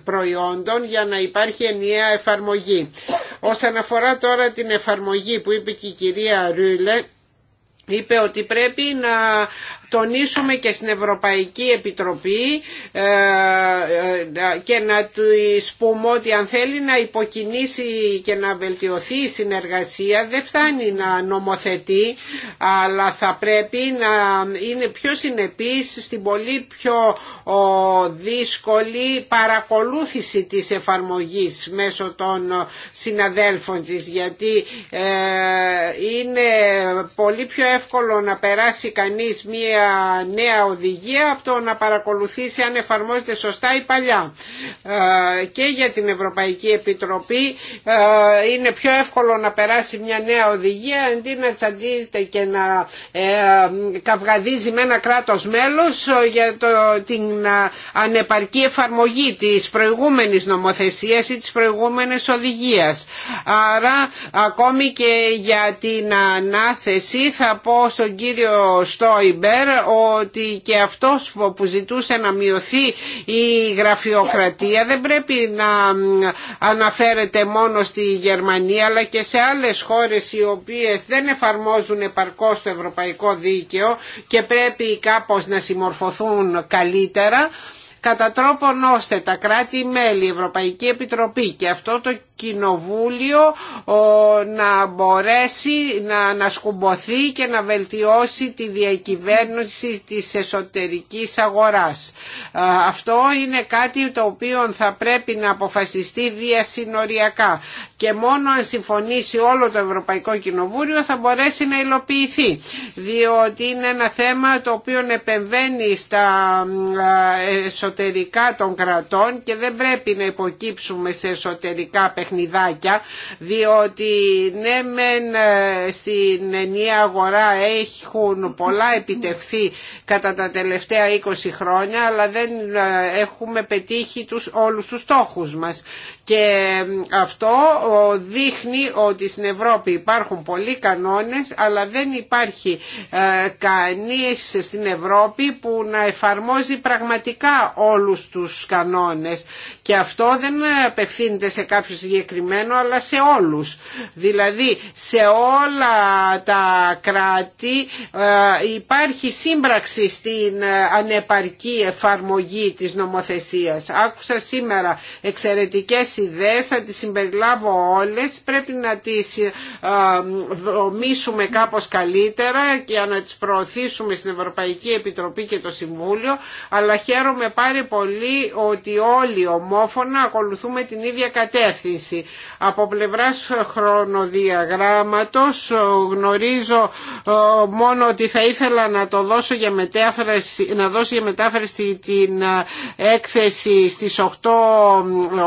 προϊόντων για να υπάρχει ενιαία εφαρμογή. Όσον αφορά τώρα την εφαρμογή που είπε και η κυρία Ρούλε, είπε ότι πρέπει να τονίσουμε και στην Ευρωπαϊκή Επιτροπή ε, ε, και να του πούμε ότι αν θέλει να υποκινήσει και να βελτιωθεί η συνεργασία δεν φτάνει να νομοθετεί αλλά θα πρέπει να είναι πιο συνεπής στην πολύ πιο δύσκολη παρακολούθηση της εφαρμογής μέσω των συναδέλφων της γιατί ε, είναι πολύ πιο εύκολο να περάσει κανείς μία νέα οδηγία από το να παρακολουθήσει αν εφαρμόζεται σωστά η παλιά. Ε, και για την Ευρωπαϊκή Επιτροπή ε, είναι πιο εύκολο να περάσει μια νέα οδηγία αντί να τσαντίζεται και να ε, καυγαδίζει με ένα κράτος μέλος για το, την ανεπαρκή εφαρμογή της προηγούμενης νομοθεσίας ή της προηγούμενης οδηγίας. Άρα ακόμη και για την ανάθεση θα πω στον κύριο Στόιμπερ ότι και αυτός που ζητούσε να μειωθεί η γραφειοκρατία δεν πρέπει να αναφέρεται μόνο στη Γερμανία αλλά και σε άλλες χώρες οι οποίες δεν εφαρμόζουν επαρκώς το ευρωπαϊκό δίκαιο και πρέπει κάπως να συμμορφωθούν καλύτερα κατά τρόπον ώστε τα κράτη-μέλη, η Ευρωπαϊκή Επιτροπή και αυτό το Κοινοβούλιο να μπορέσει να, να σκουμποθεί και να βελτιώσει τη διακυβέρνηση της εσωτερικής αγοράς. Αυτό είναι κάτι το οποίο θα πρέπει να αποφασιστεί διασυνοριακά και μόνο αν συμφωνήσει όλο το Ευρωπαϊκό Κοινοβούλιο θα μπορέσει να υλοποιηθεί διότι είναι ένα θέμα το οποίο επεμβαίνει στα εσωτερικά εσωτερικά των κρατών και δεν πρέπει να υποκύψουμε σε εσωτερικά παιχνιδάκια διότι ναι μεν ε, στην ενιαία αγορά έχουν πολλά επιτευχθεί κατά τα τελευταία 20 χρόνια αλλά δεν ε, έχουμε πετύχει τους, όλους τους στόχους μας και αυτό δείχνει ότι στην Ευρώπη υπάρχουν πολλοί κανόνες αλλά δεν υπάρχει ε, κανείς στην Ευρώπη που να εφαρμόζει πραγματικά όλους τους κανόνες και αυτό δεν απευθύνεται σε κάποιο συγκεκριμένο αλλά σε όλους. Δηλαδή σε όλα τα κράτη ε, υπάρχει σύμπραξη στην ε, ανεπαρκή εφαρμογή της νομοθεσίας. Άκουσα σήμερα εξαιρετικές ιδέες, θα τις συμπεριλάβω όλες, πρέπει να τις ε, δομήσουμε κάπως καλύτερα και να τις προωθήσουμε στην Ευρωπαϊκή Επιτροπή και το Συμβούλιο, αλλά χαίρομαι πάρα χάρη πολύ ότι όλοι ομόφωνα ακολουθούμε την ίδια κατεύθυνση. Από πλευράς χρονοδιαγράμματος ε, γνωρίζω ε, μόνο ότι θα ήθελα να το δώσω για μετάφραση, να δώσω για μετάφραση την ε, έκθεση στις 8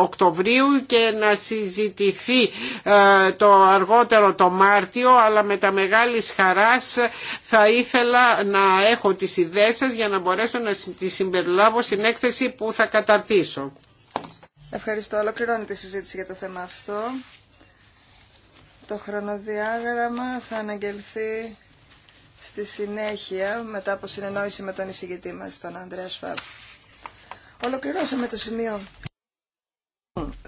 Οκτωβρίου και να συζητηθεί το αργότερο το Μάρτιο αλλά με τα μεγάλης χαράς θα ήθελα να έχω τις ιδέες σας για να μπορέσω να τις συμπεριλάβω στην έκθεση που θα καταρτήσω. Ευχαριστώ. Ολοκληρώνει τη συζήτηση για το θέμα αυτό. Το χρονοδιάγραμμα θα αναγγελθεί στη συνέχεια μετά από συνεννόηση με τον εισηγητή μας, τον Ανδρέα Σφαβ. Ολοκληρώσαμε το σημείο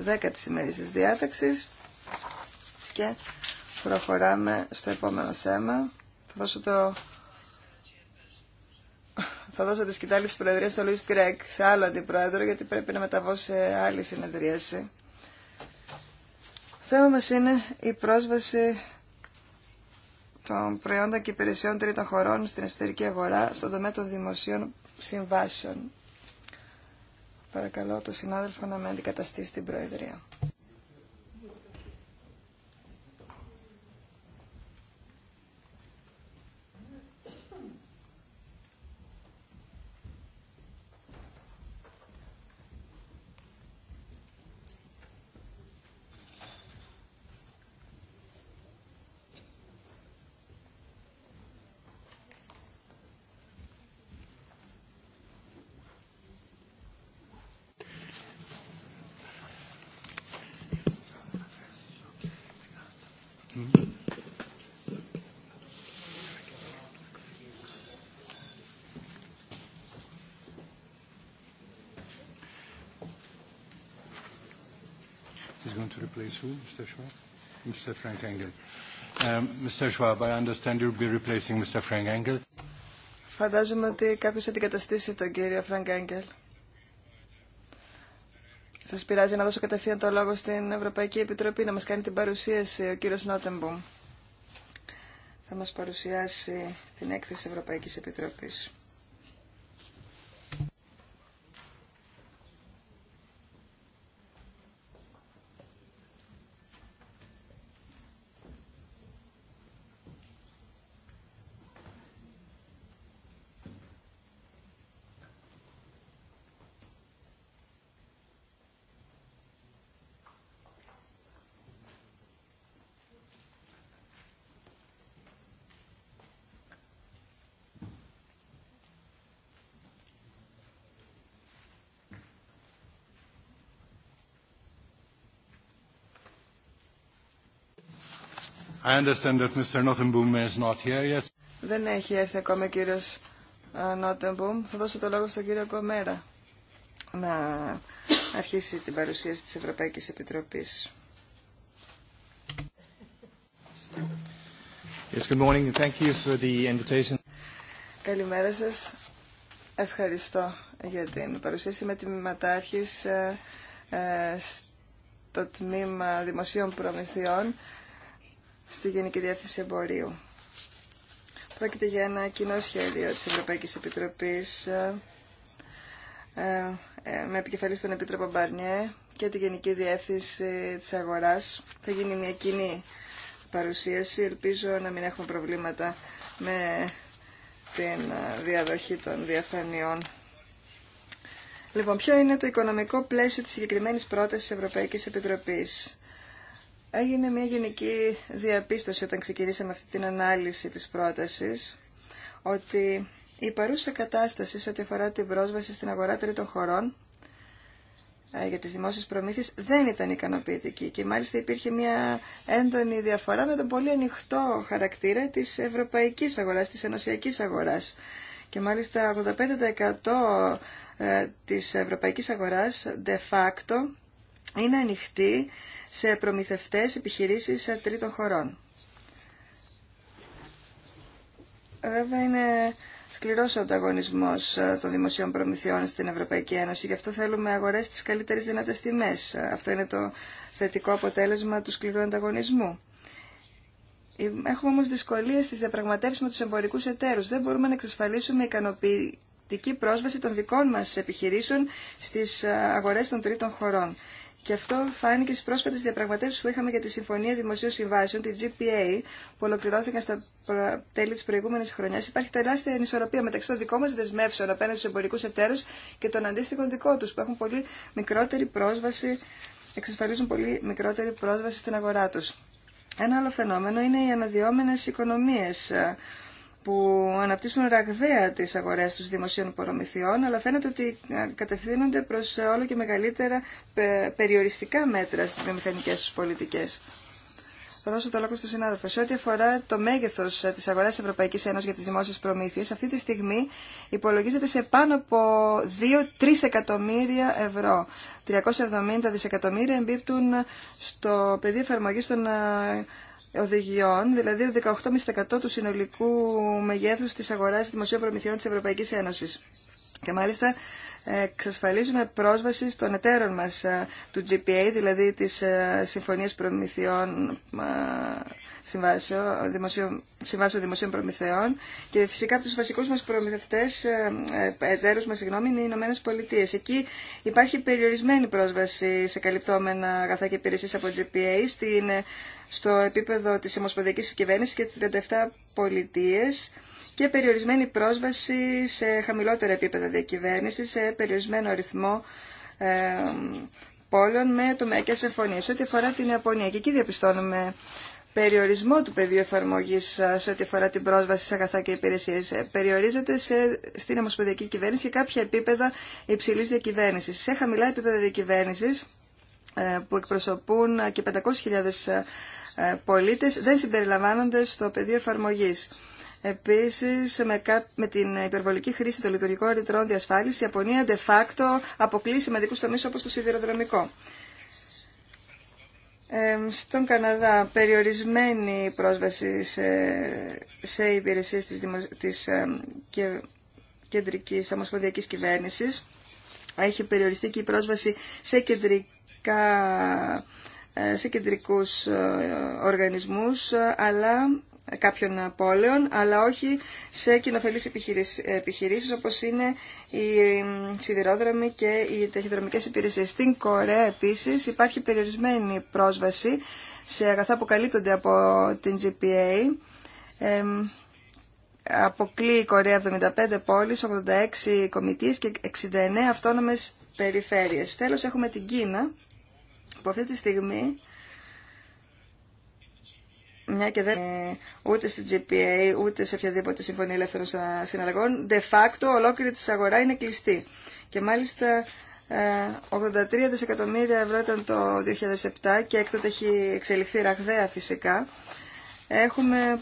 10 της ημέρης της διάταξης και προχωράμε στο επόμενο θέμα. Θα δώσω το θα δώσω τη σκητάλη της Προεδρίας στο Λουίς Κρέκ, σε άλλο αντιπρόεδρο, γιατί πρέπει να μεταβώ σε άλλη συνεδρίαση. Θέμα μας είναι η πρόσβαση των προϊόντων και υπηρεσιών τρίτων χωρών στην εσωτερική αγορά στον τομέα των δημοσίων συμβάσεων. Παρακαλώ τον συνάδελφο να με αντικαταστήσει την Προεδρία. Mr. Schwab? Mr. Frank Engel. Mr. Um, Schwab, I understand you'll be replacing Mr. Frank Engel. Φαντάζομαι ότι κάποιος θα τον κύριο Φρανκ Έγκελ. Σας πειράζει να δώσω κατευθείαν το λόγο στην Ευρωπαϊκή Επιτροπή να μας κάνει την παρουσίαση ο κύριος Νότεμπουμ. Θα μας παρουσιάσει την έκθεση Ευρωπαϊκής Επιτροπής. Δεν έχει έρθει ακόμα ο κύριος Νότεμπουμ. Θα δώσω το λόγο στον κύριο Κομέρα να αρχίσει την παρουσίαση της Ευρωπαϊκής Επιτροπής. Yes, good morning. Thank you for the invitation. Καλημέρα σας. Ευχαριστώ για την παρουσίαση με τη Ματάρχης ε, ε, στο Τμήμα Δημοσίων Προμηθειών στη Γενική Διεύθυνση Εμπορίου. Πρόκειται για ένα κοινό σχέδιο της Ευρωπαϊκής Επιτροπής ε, ε, ε, με επικεφαλή στον Επίτροπο Μπαρνιέ και τη Γενική Διεύθυνση της Αγοράς. Θα γίνει μια κοινή παρουσίαση. Ελπίζω να μην έχουμε προβλήματα με την διαδοχή των διαφανειών. Λοιπόν, ποιο είναι το οικονομικό πλαίσιο της συγκεκριμένης πρότασης Ευρωπαϊκής Επιτροπής. Έγινε μια γενική διαπίστωση όταν ξεκινήσαμε αυτή την ανάλυση της πρότασης ότι η παρούσα κατάσταση σε ό,τι αφορά την πρόσβαση στην αγορά τρίτων χωρών ε, για τις δημόσιες προμήθειες δεν ήταν ικανοποιητική και μάλιστα υπήρχε μια έντονη διαφορά με τον πολύ ανοιχτό χαρακτήρα της ευρωπαϊκής αγοράς, της ενωσιακής αγοράς. Και μάλιστα 85% ε, της ευρωπαϊκής αγοράς de facto είναι ανοιχτή σε προμηθευτές επιχειρήσεις τρίτων χωρών. Βέβαια είναι σκληρός ο ανταγωνισμός των δημοσίων προμηθειών στην Ευρωπαϊκή Ένωση. Γι' αυτό θέλουμε αγορές στις καλύτερες δυνατές τιμές. Αυτό είναι το θετικό αποτέλεσμα του σκληρού ανταγωνισμού. Έχουμε όμως δυσκολίες στις διαπραγματεύσεις με τους εμπορικούς εταίρους. Δεν μπορούμε να εξασφαλίσουμε ικανοποιητική πρόσβαση των δικών μας επιχειρήσεων στις αγορές των τρίτων χωρών. Και αυτό φάνηκε στι πρόσφατε διαπραγματεύσει που είχαμε για τη Συμφωνία Δημοσίου Συμβάσεων, τη GPA, που ολοκληρώθηκαν στα τέλη τη προηγούμενη χρονιά. Υπάρχει τεράστια ανισορροπία μεταξύ των δικών μα δεσμεύσεων απέναντι στου εμπορικού εταίρου και των αντίστοιχων δικών του, που έχουν πολύ μικρότερη πρόσβαση, εξασφαλίζουν πολύ μικρότερη πρόσβαση στην αγορά του. Ένα άλλο φαινόμενο είναι οι αναδυόμενε οικονομίε που αναπτύσσουν ραγδαία τι αγορέ του δημοσίων προμηθειών, αλλά φαίνεται ότι ε, κατευθύνονται προς όλο και μεγαλύτερα περιοριστικά μέτρα στις βιομηχανικέ του πολιτικές θα δώσω το λόγο στον συνάδελφο. Σε ό,τι αφορά το μέγεθο ε, τη αγορά τη Ευρωπαϊκή Ένωση για τι δημόσιε προμήθειε, αυτή τη στιγμή υπολογίζεται σε πάνω από 2-3 εκατομμύρια ευρώ. 370 δισεκατομμύρια εμπίπτουν στο πεδίο εφαρμογή των ε, οδηγιών, δηλαδή 18,5% του συνολικού μεγέθου τη αγορά δημοσίων προμηθειών τη Ευρωπαϊκή Ένωση. Και μάλιστα εξασφαλίζουμε πρόσβαση των εταίρων μας ε, του GPA, δηλαδή της ε, Συμφωνίας Προμηθειών ε, Συμβάσεων δημοσίων, δημοσίων Προμηθεών και φυσικά από τους βασικούς μας προμηθευτές, εταίρους μας, συγγνώμη, είναι οι Ηνωμένες Πολιτείες. Εκεί υπάρχει περιορισμένη πρόσβαση σε καλυπτόμενα αγαθά και υπηρεσίες από GPA στην, στο επίπεδο της Ομοσπονδιακής Κυβέρνησης και 37 πολιτείες και περιορισμένη πρόσβαση σε χαμηλότερα επίπεδα διακυβέρνηση, σε περιορισμένο αριθμό ε, πόλεων με τομεακές Σε Ό,τι αφορά την Ιαπωνία, και εκεί διαπιστώνουμε περιορισμό του πεδίου εφαρμογή ε, σε ό,τι αφορά την πρόσβαση σε αγαθά και υπηρεσίε. Ε, περιορίζεται στην ομοσπονδιακή κυβέρνηση και κάποια επίπεδα υψηλή διακυβέρνηση. Σε χαμηλά επίπεδα διακυβέρνηση ε, που εκπροσωπούν και 500.000 πολίτες δεν συμπεριλαμβάνονται στο πεδίο εφαρμογής. Επίση, με, την υπερβολική χρήση των λειτουργικών ρητρών διασφάλιση, η Ιαπωνία de facto αποκλεί σημαντικού τομεί όπω το σιδηροδρομικό. στον Καναδά, περιορισμένη πρόσβαση σε, σε υπηρεσίες της, δημο, της και, κεντρικής αμοσπονδιακής κυβέρνησης. Έχει περιοριστεί και η πρόσβαση σε, κεντρικά, ε, σε κεντρικούς ε, οργανισμούς, ε, αλλά κάποιων πόλεων, αλλά όχι σε κοινοφελείς επιχειρήσεις όπως είναι οι σιδηρόδρομοι και οι ταχυδρομικές υπηρεσίες. Στην Κορέα επίσης υπάρχει περιορισμένη πρόσβαση σε αγαθά που καλύπτονται από την GPA. Ε, αποκλεί η Κορέα 75 πόλεις, 86 κομιτείες και 69 αυτόνομες περιφέρειες. Τέλος έχουμε την Κίνα που αυτή τη στιγμή μια και δεν ούτε στην GPA ούτε σε οποιαδήποτε συμφωνία ελεύθερων συναλλαγών, de facto ολόκληρη της αγορά είναι κλειστή. Και μάλιστα 83 ε, δισεκατομμύρια ευρώ ήταν το 2007 και έκτοτε έχει εξελιχθεί ραγδαία φυσικά. Έχουμε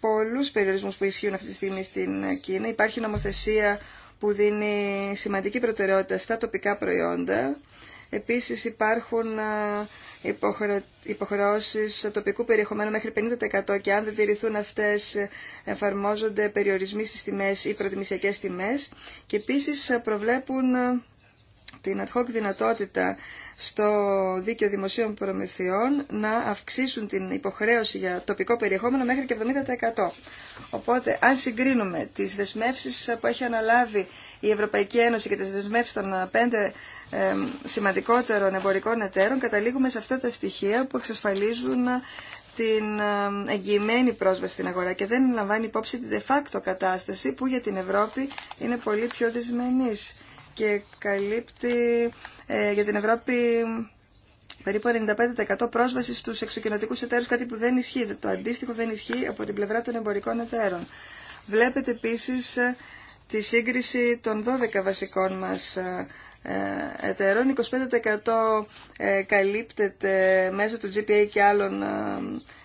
πολλούς περιορισμούς που ισχύουν αυτή τη στιγμή στην Κίνα. Υπάρχει νομοθεσία που δίνει σημαντική προτεραιότητα στα τοπικά προϊόντα. Επίσης υπάρχουν ε, υποχρεώσεις τοπικού περιεχομένου μέχρι 50% και αν δεν τηρηθούν αυτές εφαρμόζονται περιορισμοί στις τιμές ή προτιμησιακές τιμές και επίσης προβλέπουν την ad hoc δυνατότητα στο δίκαιο δημοσίων προμηθειών να αυξήσουν την υποχρέωση για τοπικό περιεχόμενο μέχρι και 70%. Οπότε, αν συγκρίνουμε τις δεσμεύσεις που έχει αναλάβει η Ευρωπαϊκή Ένωση και τις δεσμεύσεις των πέντε σημαντικότερων εμπορικών εταίρων, καταλήγουμε σε αυτά τα στοιχεία που εξασφαλίζουν ε, την εγγυημένη πρόσβαση στην αγορά και δεν λαμβάνει υπόψη την de facto κατάσταση που για την Ευρώπη είναι πολύ πιο δυσμενής και καλύπτει ε, για την Ευρώπη περίπου 95% πρόσβαση στους εξοκοινωτικούς εταίρους, κάτι που δεν ισχύει. Το αντίστοιχο δεν ισχύει από την πλευρά των εμπορικών εταίρων. Βλέπετε επίσης ε, τη σύγκριση των 12 βασικών μας ε, ε, εταιρών, 25% ε, καλύπτεται μέσω του GPA και άλλων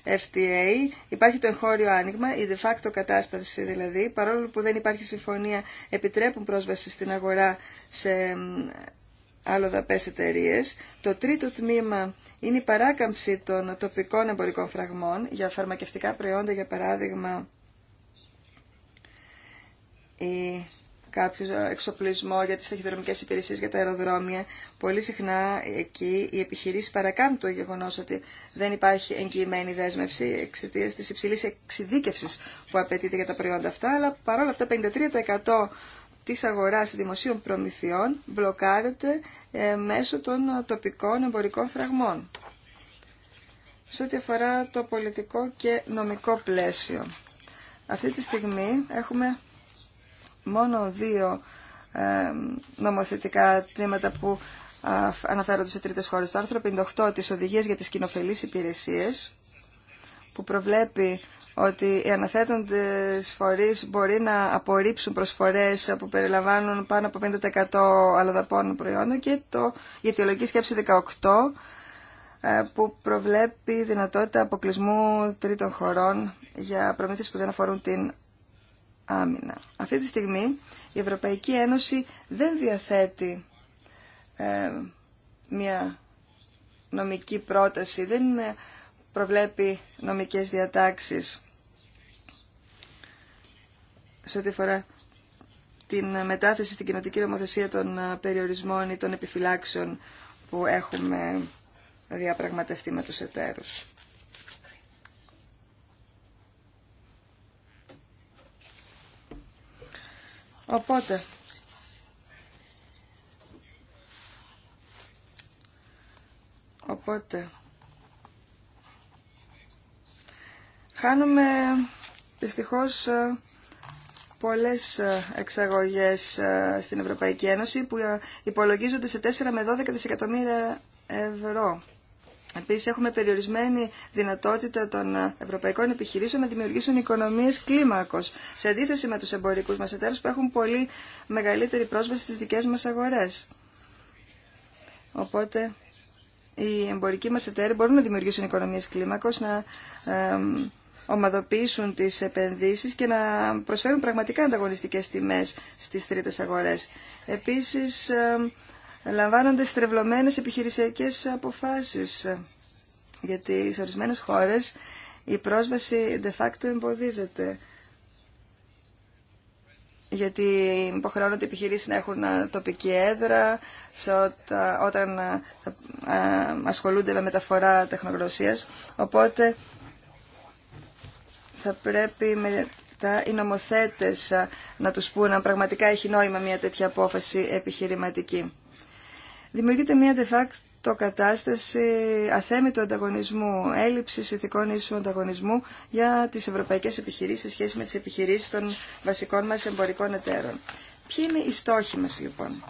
ε, FTA. Υπάρχει το εγχώριο άνοιγμα, η de facto κατάσταση δηλαδή, παρόλο που δεν υπάρχει συμφωνία, επιτρέπουν πρόσβαση στην αγορά σε άλλο αλλοδαπές εταιρείε. Το τρίτο τμήμα είναι η παράκαμψη των τοπικών εμπορικών φραγμών για φαρμακευτικά προϊόντα, για παράδειγμα η κάποιο εξοπλισμό για τις ταχυδρομικές υπηρεσίες, για τα αεροδρόμια. Πολύ συχνά εκεί οι επιχειρήσει παρακάμπτουν το γεγονός ότι δεν υπάρχει εγγυημένη δέσμευση εξαιτία της υψηλής εξειδίκευσης που απαιτείται για τα προϊόντα αυτά, αλλά παρόλα αυτά 53% της αγοράς δημοσίων προμηθειών μπλοκάρεται ε, μέσω των τοπικών εμπορικών φραγμών. Σε ό,τι αφορά το πολιτικό και νομικό πλαίσιο. Αυτή τη στιγμή έχουμε μόνο δύο ε, νομοθετικά τμήματα που αναφέρονται σε τρίτες χώρες. Το άρθρο 58 της Οδηγίας για τις Κοινοφελείς Υπηρεσίες που προβλέπει ότι οι αναθέτοντες φορείς μπορεί να απορρίψουν προσφορές που περιλαμβάνουν πάνω από 50% αλλοδαπών προϊόντων και το, η σκέψη 18 ε, που προβλέπει δυνατότητα αποκλεισμού τρίτων χωρών για προμήθειες που δεν αφορούν την άμυνα. Αυτή τη στιγμή η Ευρωπαϊκή Ένωση δεν διαθέτει ε, μια νομική πρόταση, δεν ε, προβλέπει νομικές διατάξεις σε ό,τι φορά την μετάθεση στην κοινωτική νομοθεσία των ε, περιορισμών ή των επιφυλάξεων που έχουμε διαπραγματευτεί με τους εταίρους. Οπότε, οπότε, χάνουμε δυστυχώς ε, πολλές ε, εξαγωγές ε, στην Ευρωπαϊκή Ένωση που υπολογίζονται σε 4 με 12 δισεκατομμύρια ευρώ. Επίσης έχουμε περιορισμένη δυνατότητα των ε, ευρωπαϊκών επιχειρήσεων να δημιουργήσουν οικονομίες κλίμακος, σε αντίθεση με τους εμπορικούς μας εταίρους που έχουν πολύ μεγαλύτερη πρόσβαση στις δικές μας αγορές. Οπότε οι εμπορικοί μας εταίροι μπορούν να δημιουργήσουν οικονομίες κλίμακος, να ε, ομαδοποιήσουν τις επενδύσεις και να προσφέρουν πραγματικά ανταγωνιστικές τιμές στις τρίτες αγορές. Επίσης, λαμβάνονται στρεβλωμένες επιχειρησιακές αποφάσεις. Γιατί σε ορισμένες χώρες η πρόσβαση de facto εμποδίζεται. Γιατί υποχρεώνονται οι επιχειρήσεις να έχουν ε, τοπική έδρα όταν ε, ε, ασχολούνται με μεταφορά τεχνογνωσίας. Οπότε θα πρέπει τα οι νομοθέτες να τους πούν αν πραγματικά έχει νόημα μια τέτοια απόφαση επιχειρηματική δημιουργείται μια de facto κατάσταση αθέμητου ανταγωνισμού, έλλειψη ηθικών ίσου ανταγωνισμού για τις ευρωπαϊκές επιχειρήσεις σε σχέση με τι επιχειρήσει των βασικών μας εμπορικών εταίρων. Ποιοι είναι οι στόχοι μας λοιπόν.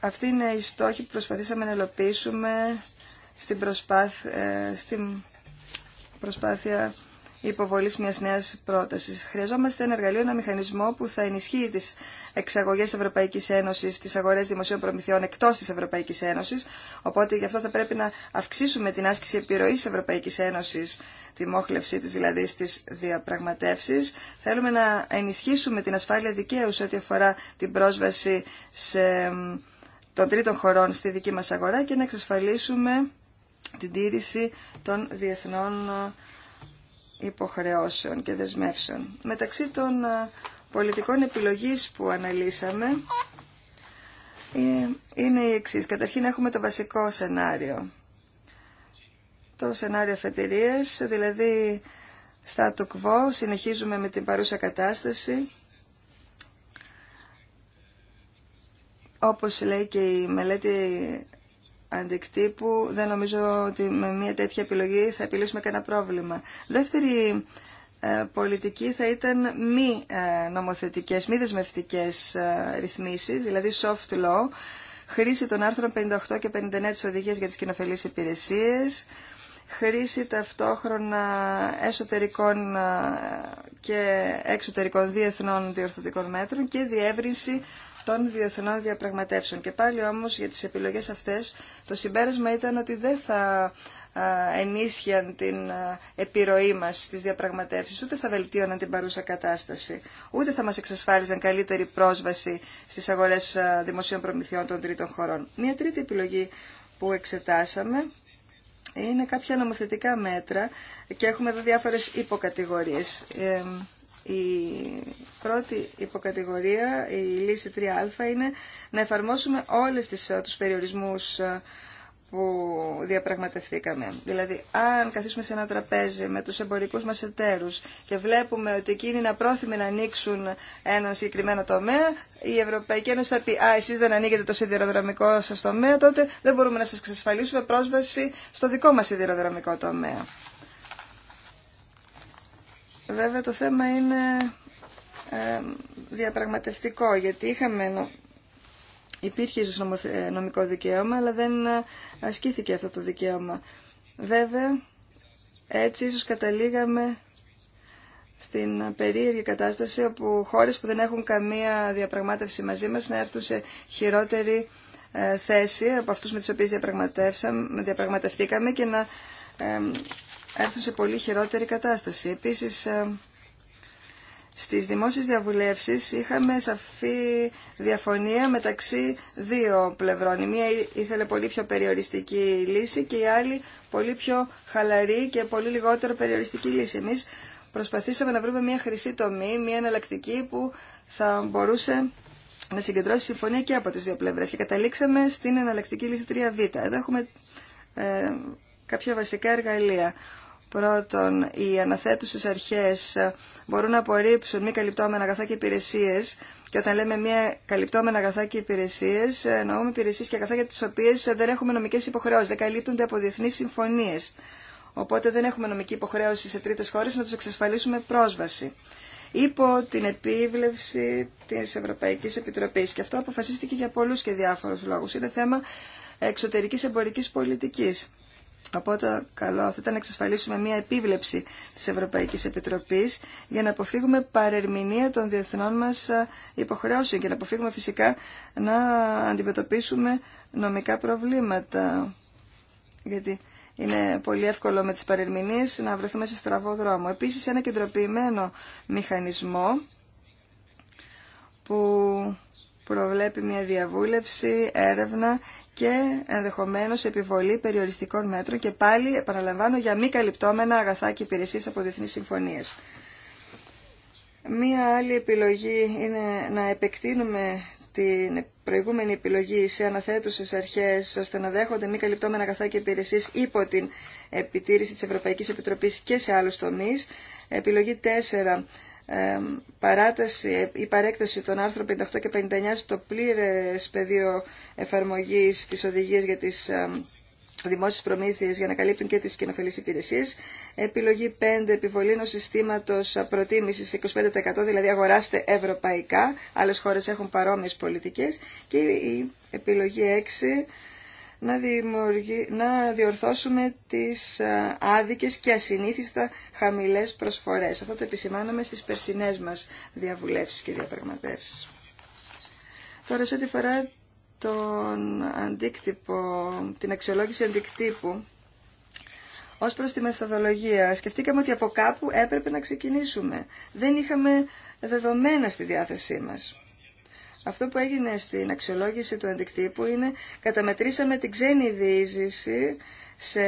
Αυτή είναι η στόχη που προσπαθήσαμε να ελοπίσουμε στην, ε, στην προσπάθεια υποβολή μια νέα πρόταση. Χρειαζόμαστε ένα εργαλείο, ένα μηχανισμό που θα ενισχύει τι εξαγωγέ Ευρωπαϊκή Ένωση τι αγορέ δημοσίων προμηθειών εκτό τη Ευρωπαϊκή Ένωση. Οπότε γι' αυτό θα πρέπει να αυξήσουμε την άσκηση επιρροή Ευρωπαϊκή Ένωση, τη μόχλευσή τη δηλαδή στι διαπραγματεύσει. Θέλουμε να ενισχύσουμε την ασφάλεια δικαίου σε ό,τι αφορά την πρόσβαση σε... των τρίτων χωρών στη δική μα αγορά και να εξασφαλίσουμε την τήρηση των διεθνών υποχρεώσεων και δεσμεύσεων. Μεταξύ των ε, πολιτικών επιλογής που αναλύσαμε ε, είναι η εξή. Καταρχήν έχουμε το βασικό σενάριο. Το σενάριο αφετηρίας, δηλαδή στα τουκβό, συνεχίζουμε με την παρούσα κατάσταση. Όπως λέει και η μελέτη αντικτύπου δεν νομίζω ότι με μια τέτοια επιλογή θα επιλύσουμε κανένα πρόβλημα. Δεύτερη ε, πολιτική θα ήταν μη ε, νομοθετικές, μη δεσμευτικές ε, ρυθμίσεις, δηλαδή soft law, χρήση των άρθρων 58 και 59 της Οδηγίας για τις κοινοφελείς υπηρεσίες, χρήση ταυτόχρονα εσωτερικών και εξωτερικών διεθνών διορθωτικών μέτρων και διεύρυνση των διεθνών διαπραγματεύσεων. Και πάλι όμως για τις επιλογές αυτές το συμπέρασμα ήταν ότι δεν θα ενίσχυαν την επιρροή μας στις διαπραγματεύσεις, ούτε θα βελτίωναν την παρούσα κατάσταση, ούτε θα μας εξασφάλιζαν καλύτερη πρόσβαση στις αγορές δημοσίων προμηθειών των τρίτων χωρών. Μία τρίτη επιλογή που εξετάσαμε είναι κάποια νομοθετικά μέτρα και έχουμε εδώ διάφορες υποκατηγορίες. Ε, η πρώτη υποκατηγορία, η λύση 3α, είναι να εφαρμόσουμε όλες τις, ε, τους περιορισμούς ε, που διαπραγματευθήκαμε. Δηλαδή, αν καθίσουμε σε ένα τραπέζι με τους εμπορικούς μας εταίρους και βλέπουμε ότι εκείνοι είναι απρόθυμοι να ανοίξουν έναν συγκεκριμένο τομέα, η Ευρωπαϊκή Ένωση θα πει «Α, εσείς δεν ανοίγετε το σιδηροδρομικό σας τομέα, τότε δεν μπορούμε να σας εξασφαλίσουμε πρόσβαση στο δικό μας σιδηροδρομικό τομέα». Βέβαια το θέμα είναι ε, διαπραγματευτικό, γιατί είχαμε, υπήρχε ίσως ε, νομικό δικαίωμα, αλλά δεν ασκήθηκε αυτό το δικαίωμα. Βέβαια, έτσι ίσως καταλήγαμε στην περίεργη κατάσταση όπου χώρες που δεν έχουν καμία διαπραγμάτευση μαζί μας να έρθουν σε χειρότερη ε, θέση από αυτούς με τις οποίες διαπραγματεύσαμε, διαπραγματευτήκαμε και να έρθουν σε πολύ χειρότερη κατάσταση. Επίσης, ε, στις δημόσιες διαβουλεύσεις είχαμε σαφή διαφωνία μεταξύ δύο πλευρών. Η μία ήθελε πολύ πιο περιοριστική λύση και η άλλη πολύ πιο χαλαρή και πολύ λιγότερο περιοριστική λύση. Εμείς προσπαθήσαμε να βρούμε μια χρυσή τομή, μια εναλλακτική που θα μπορούσε να συγκεντρώσει συμφωνία και από τις δύο πλευρές. Και καταλήξαμε στην εναλλακτική λύση 3β. Εδώ έχουμε ε, κάποια βασικά εργαλεία. Πρώτον, οι αναθέτουσες αρχές μπορούν να απορρίψουν μη καλυπτόμενα αγαθά και υπηρεσίες και όταν λέμε μη καλυπτόμενα αγαθά και υπηρεσίες, εννοούμε υπηρεσίες και αγαθά για τις οποίες δεν έχουμε νομικές υποχρεώσεις, δεν καλύπτονται από διεθνείς συμφωνίες. Οπότε δεν έχουμε νομική υποχρέωση σε τρίτες χώρες να τους εξασφαλίσουμε πρόσβαση υπό την επίβλεψη της Ευρωπαϊκής Επιτροπής. Και αυτό αποφασίστηκε για πολλούς και διάφορους λόγους. Είναι θέμα εξωτερικής εμπορικής πολιτικής. Οπότε καλό θα ήταν να εξασφαλίσουμε μια επίβλεψη της Ευρωπαϊκής Επιτροπής για να αποφύγουμε παρερμηνία των διεθνών μας ε, υποχρεώσεων και να αποφύγουμε φυσικά να αντιμετωπίσουμε νομικά προβλήματα. Γιατί είναι πολύ εύκολο με τις παρερμηνίες να βρεθούμε σε στραβό δρόμο. Επίσης ένα κεντροποιημένο μηχανισμό που προβλέπει μια διαβούλευση, έρευνα και ενδεχομένως επιβολή περιοριστικών μέτρων και πάλι, επαναλαμβάνω, για μη καλυπτόμενα αγαθά και υπηρεσίες από διεθνείς συμφωνίες. Μία άλλη επιλογή είναι να επεκτείνουμε την προηγούμενη επιλογή σε αναθέτουσες αρχές ώστε να δέχονται μη καλυπτόμενα αγαθά και υπηρεσίες υπό την επιτήρηση της Ευρωπαϊκής Επιτροπής και σε άλλους τομείς. Επιλογή 4 παράταση ή παρέκταση των άρθρων 58 και 59 στο πλήρες πεδίο εφαρμογής της οδηγίας για τις δημόσιες προμήθειες για να καλύπτουν και τις κοινοφελείς υπηρεσίες. Επιλογή 5. Επιβολή ενός συστήματος προτίμησης 25% δηλαδή αγοράστε ευρωπαϊκά. Άλλες χώρες έχουν παρόμοιες πολιτικές. Και η επιλογή 6 να, να διορθώσουμε τις ε, άδικες και ασυνήθιστα χαμηλές προσφορές. Αυτό το επισημάνουμε στις περσινές μας διαβουλεύσεις και διαπραγματεύσεις. Τώρα σε ό,τι φορά τον αντίκτυπο, την αξιολόγηση αντικτύπου, ως προς τη μεθοδολογία, σκεφτήκαμε ότι από κάπου έπρεπε να ξεκινήσουμε. Δεν είχαμε δεδομένα στη διάθεσή μας. Αυτό που έγινε στην αξιολόγηση του αντικτύπου είναι καταμετρήσαμε την ξένη διείσδυση σε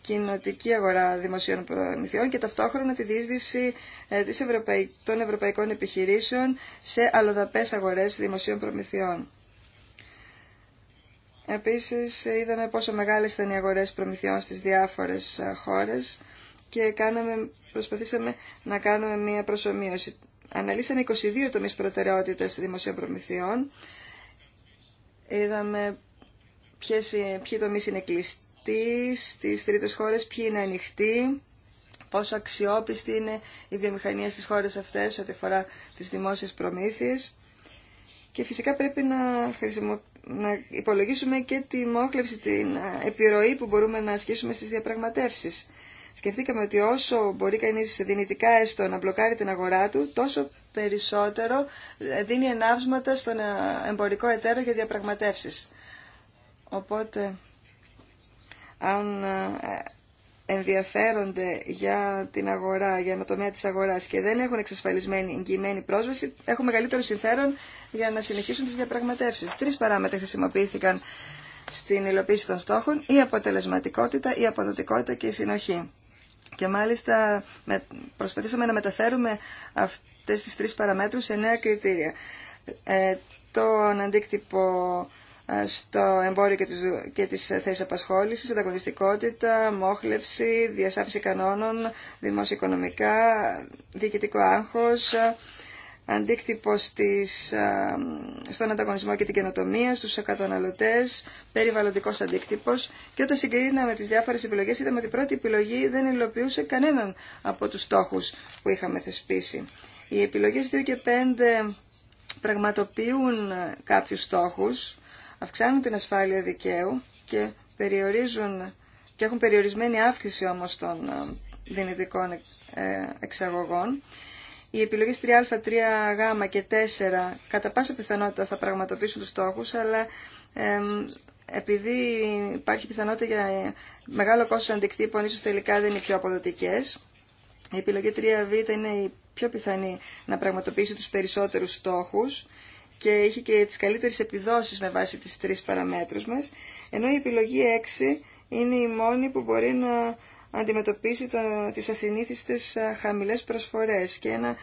κοινοτική αγορά δημοσίων προμηθειών και ταυτόχρονα τη διείσδυση ε, των ευρωπαϊκών επιχειρήσεων σε αλλοδαπές αγορές δημοσίων προμηθειών. Επίσης είδαμε πόσο μεγάλες ήταν οι αγορές προμηθειών στις διάφορες ε, χώρες και κάναμε, προσπαθήσαμε να κάνουμε μια προσωμείωση αναλύσαμε 22 τομείς προτεραιότητας δημοσίων προμηθειών. Είδαμε ποιες, ποιοι τομείς είναι κλειστοί στις τρίτες χώρες, ποιοι είναι ανοιχτοί, πόσο αξιόπιστη είναι η βιομηχανία στις χώρες αυτές ό,τι αφορά τις δημόσιες προμήθειες. Και φυσικά πρέπει να, χρησιμο... να υπολογίσουμε και τη μόχλευση, την ε, επιρροή που μπορούμε να ασκήσουμε στις διαπραγματεύσεις. Σκεφτήκαμε ότι όσο μπορεί κανείς δυνητικά έστω να μπλοκάρει την αγορά του, τόσο περισσότερο ε, δίνει ενάυσματα στον ε, εμπορικό εταίρο για διαπραγματεύσεις. Οπότε, αν ε, ενδιαφέρονται για την αγορά, για ανατομία τομέα της αγοράς και δεν έχουν εξασφαλισμένη εγγυημένη πρόσβαση, έχουν μεγαλύτερο συμφέρον για να συνεχίσουν τις διαπραγματεύσεις. Τρεις παράμετρα χρησιμοποιήθηκαν στην υλοποίηση των στόχων, η αποτελεσματικότητα, η αποδοτικότητα και η συνοχή. Και μάλιστα προσπαθήσαμε να μεταφέρουμε αυτές τις τρεις παραμέτρους σε νέα κριτήρια. Ε, Το αντίκτυπο ε, στο εμπόριο και τις, και τις θέσεις απασχόλησης, ανταγωνιστικότητα, μόχλευση, διασάφηση κανόνων, οικονομικά, διοικητικό άγχος, αντίκτυπο στον ανταγωνισμό και την καινοτομία, στους καταναλωτές, περιβαλλοντικός αντίκτυπος και όταν συγκρίναμε τις διάφορες επιλογές είδαμε ότι η πρώτη επιλογή δεν υλοποιούσε κανέναν από τους στόχους που είχαμε θεσπίσει. Οι επιλογές 2 και 5 πραγματοποιούν κάποιους στόχους, αυξάνουν την ασφάλεια δικαίου και περιορίζουν και έχουν περιορισμένη αύξηση όμως των δυνητικών ε, εξαγωγών οι επιλογές 3α, 3γ και 4 κατά πάσα πιθανότητα θα πραγματοποιήσουν τους στόχους, αλλά επειδή υπάρχει πιθανότητα για μεγάλο κόστος αντικτύπων, ίσως τελικά δεν είναι πιο αποδοτικές. Η επιλογή 3β είναι η πιο πιθανή να πραγματοποιήσει τους περισσότερους στόχους και έχει και τις καλύτερες επιδόσεις με βάση τις τρεις παραμέτρους μας, ενώ η επιλογή 6 είναι η μόνη που μπορεί να αντιμετωπίσει το, τις ασυνήθιστες χαμηλές προσφορές και ένα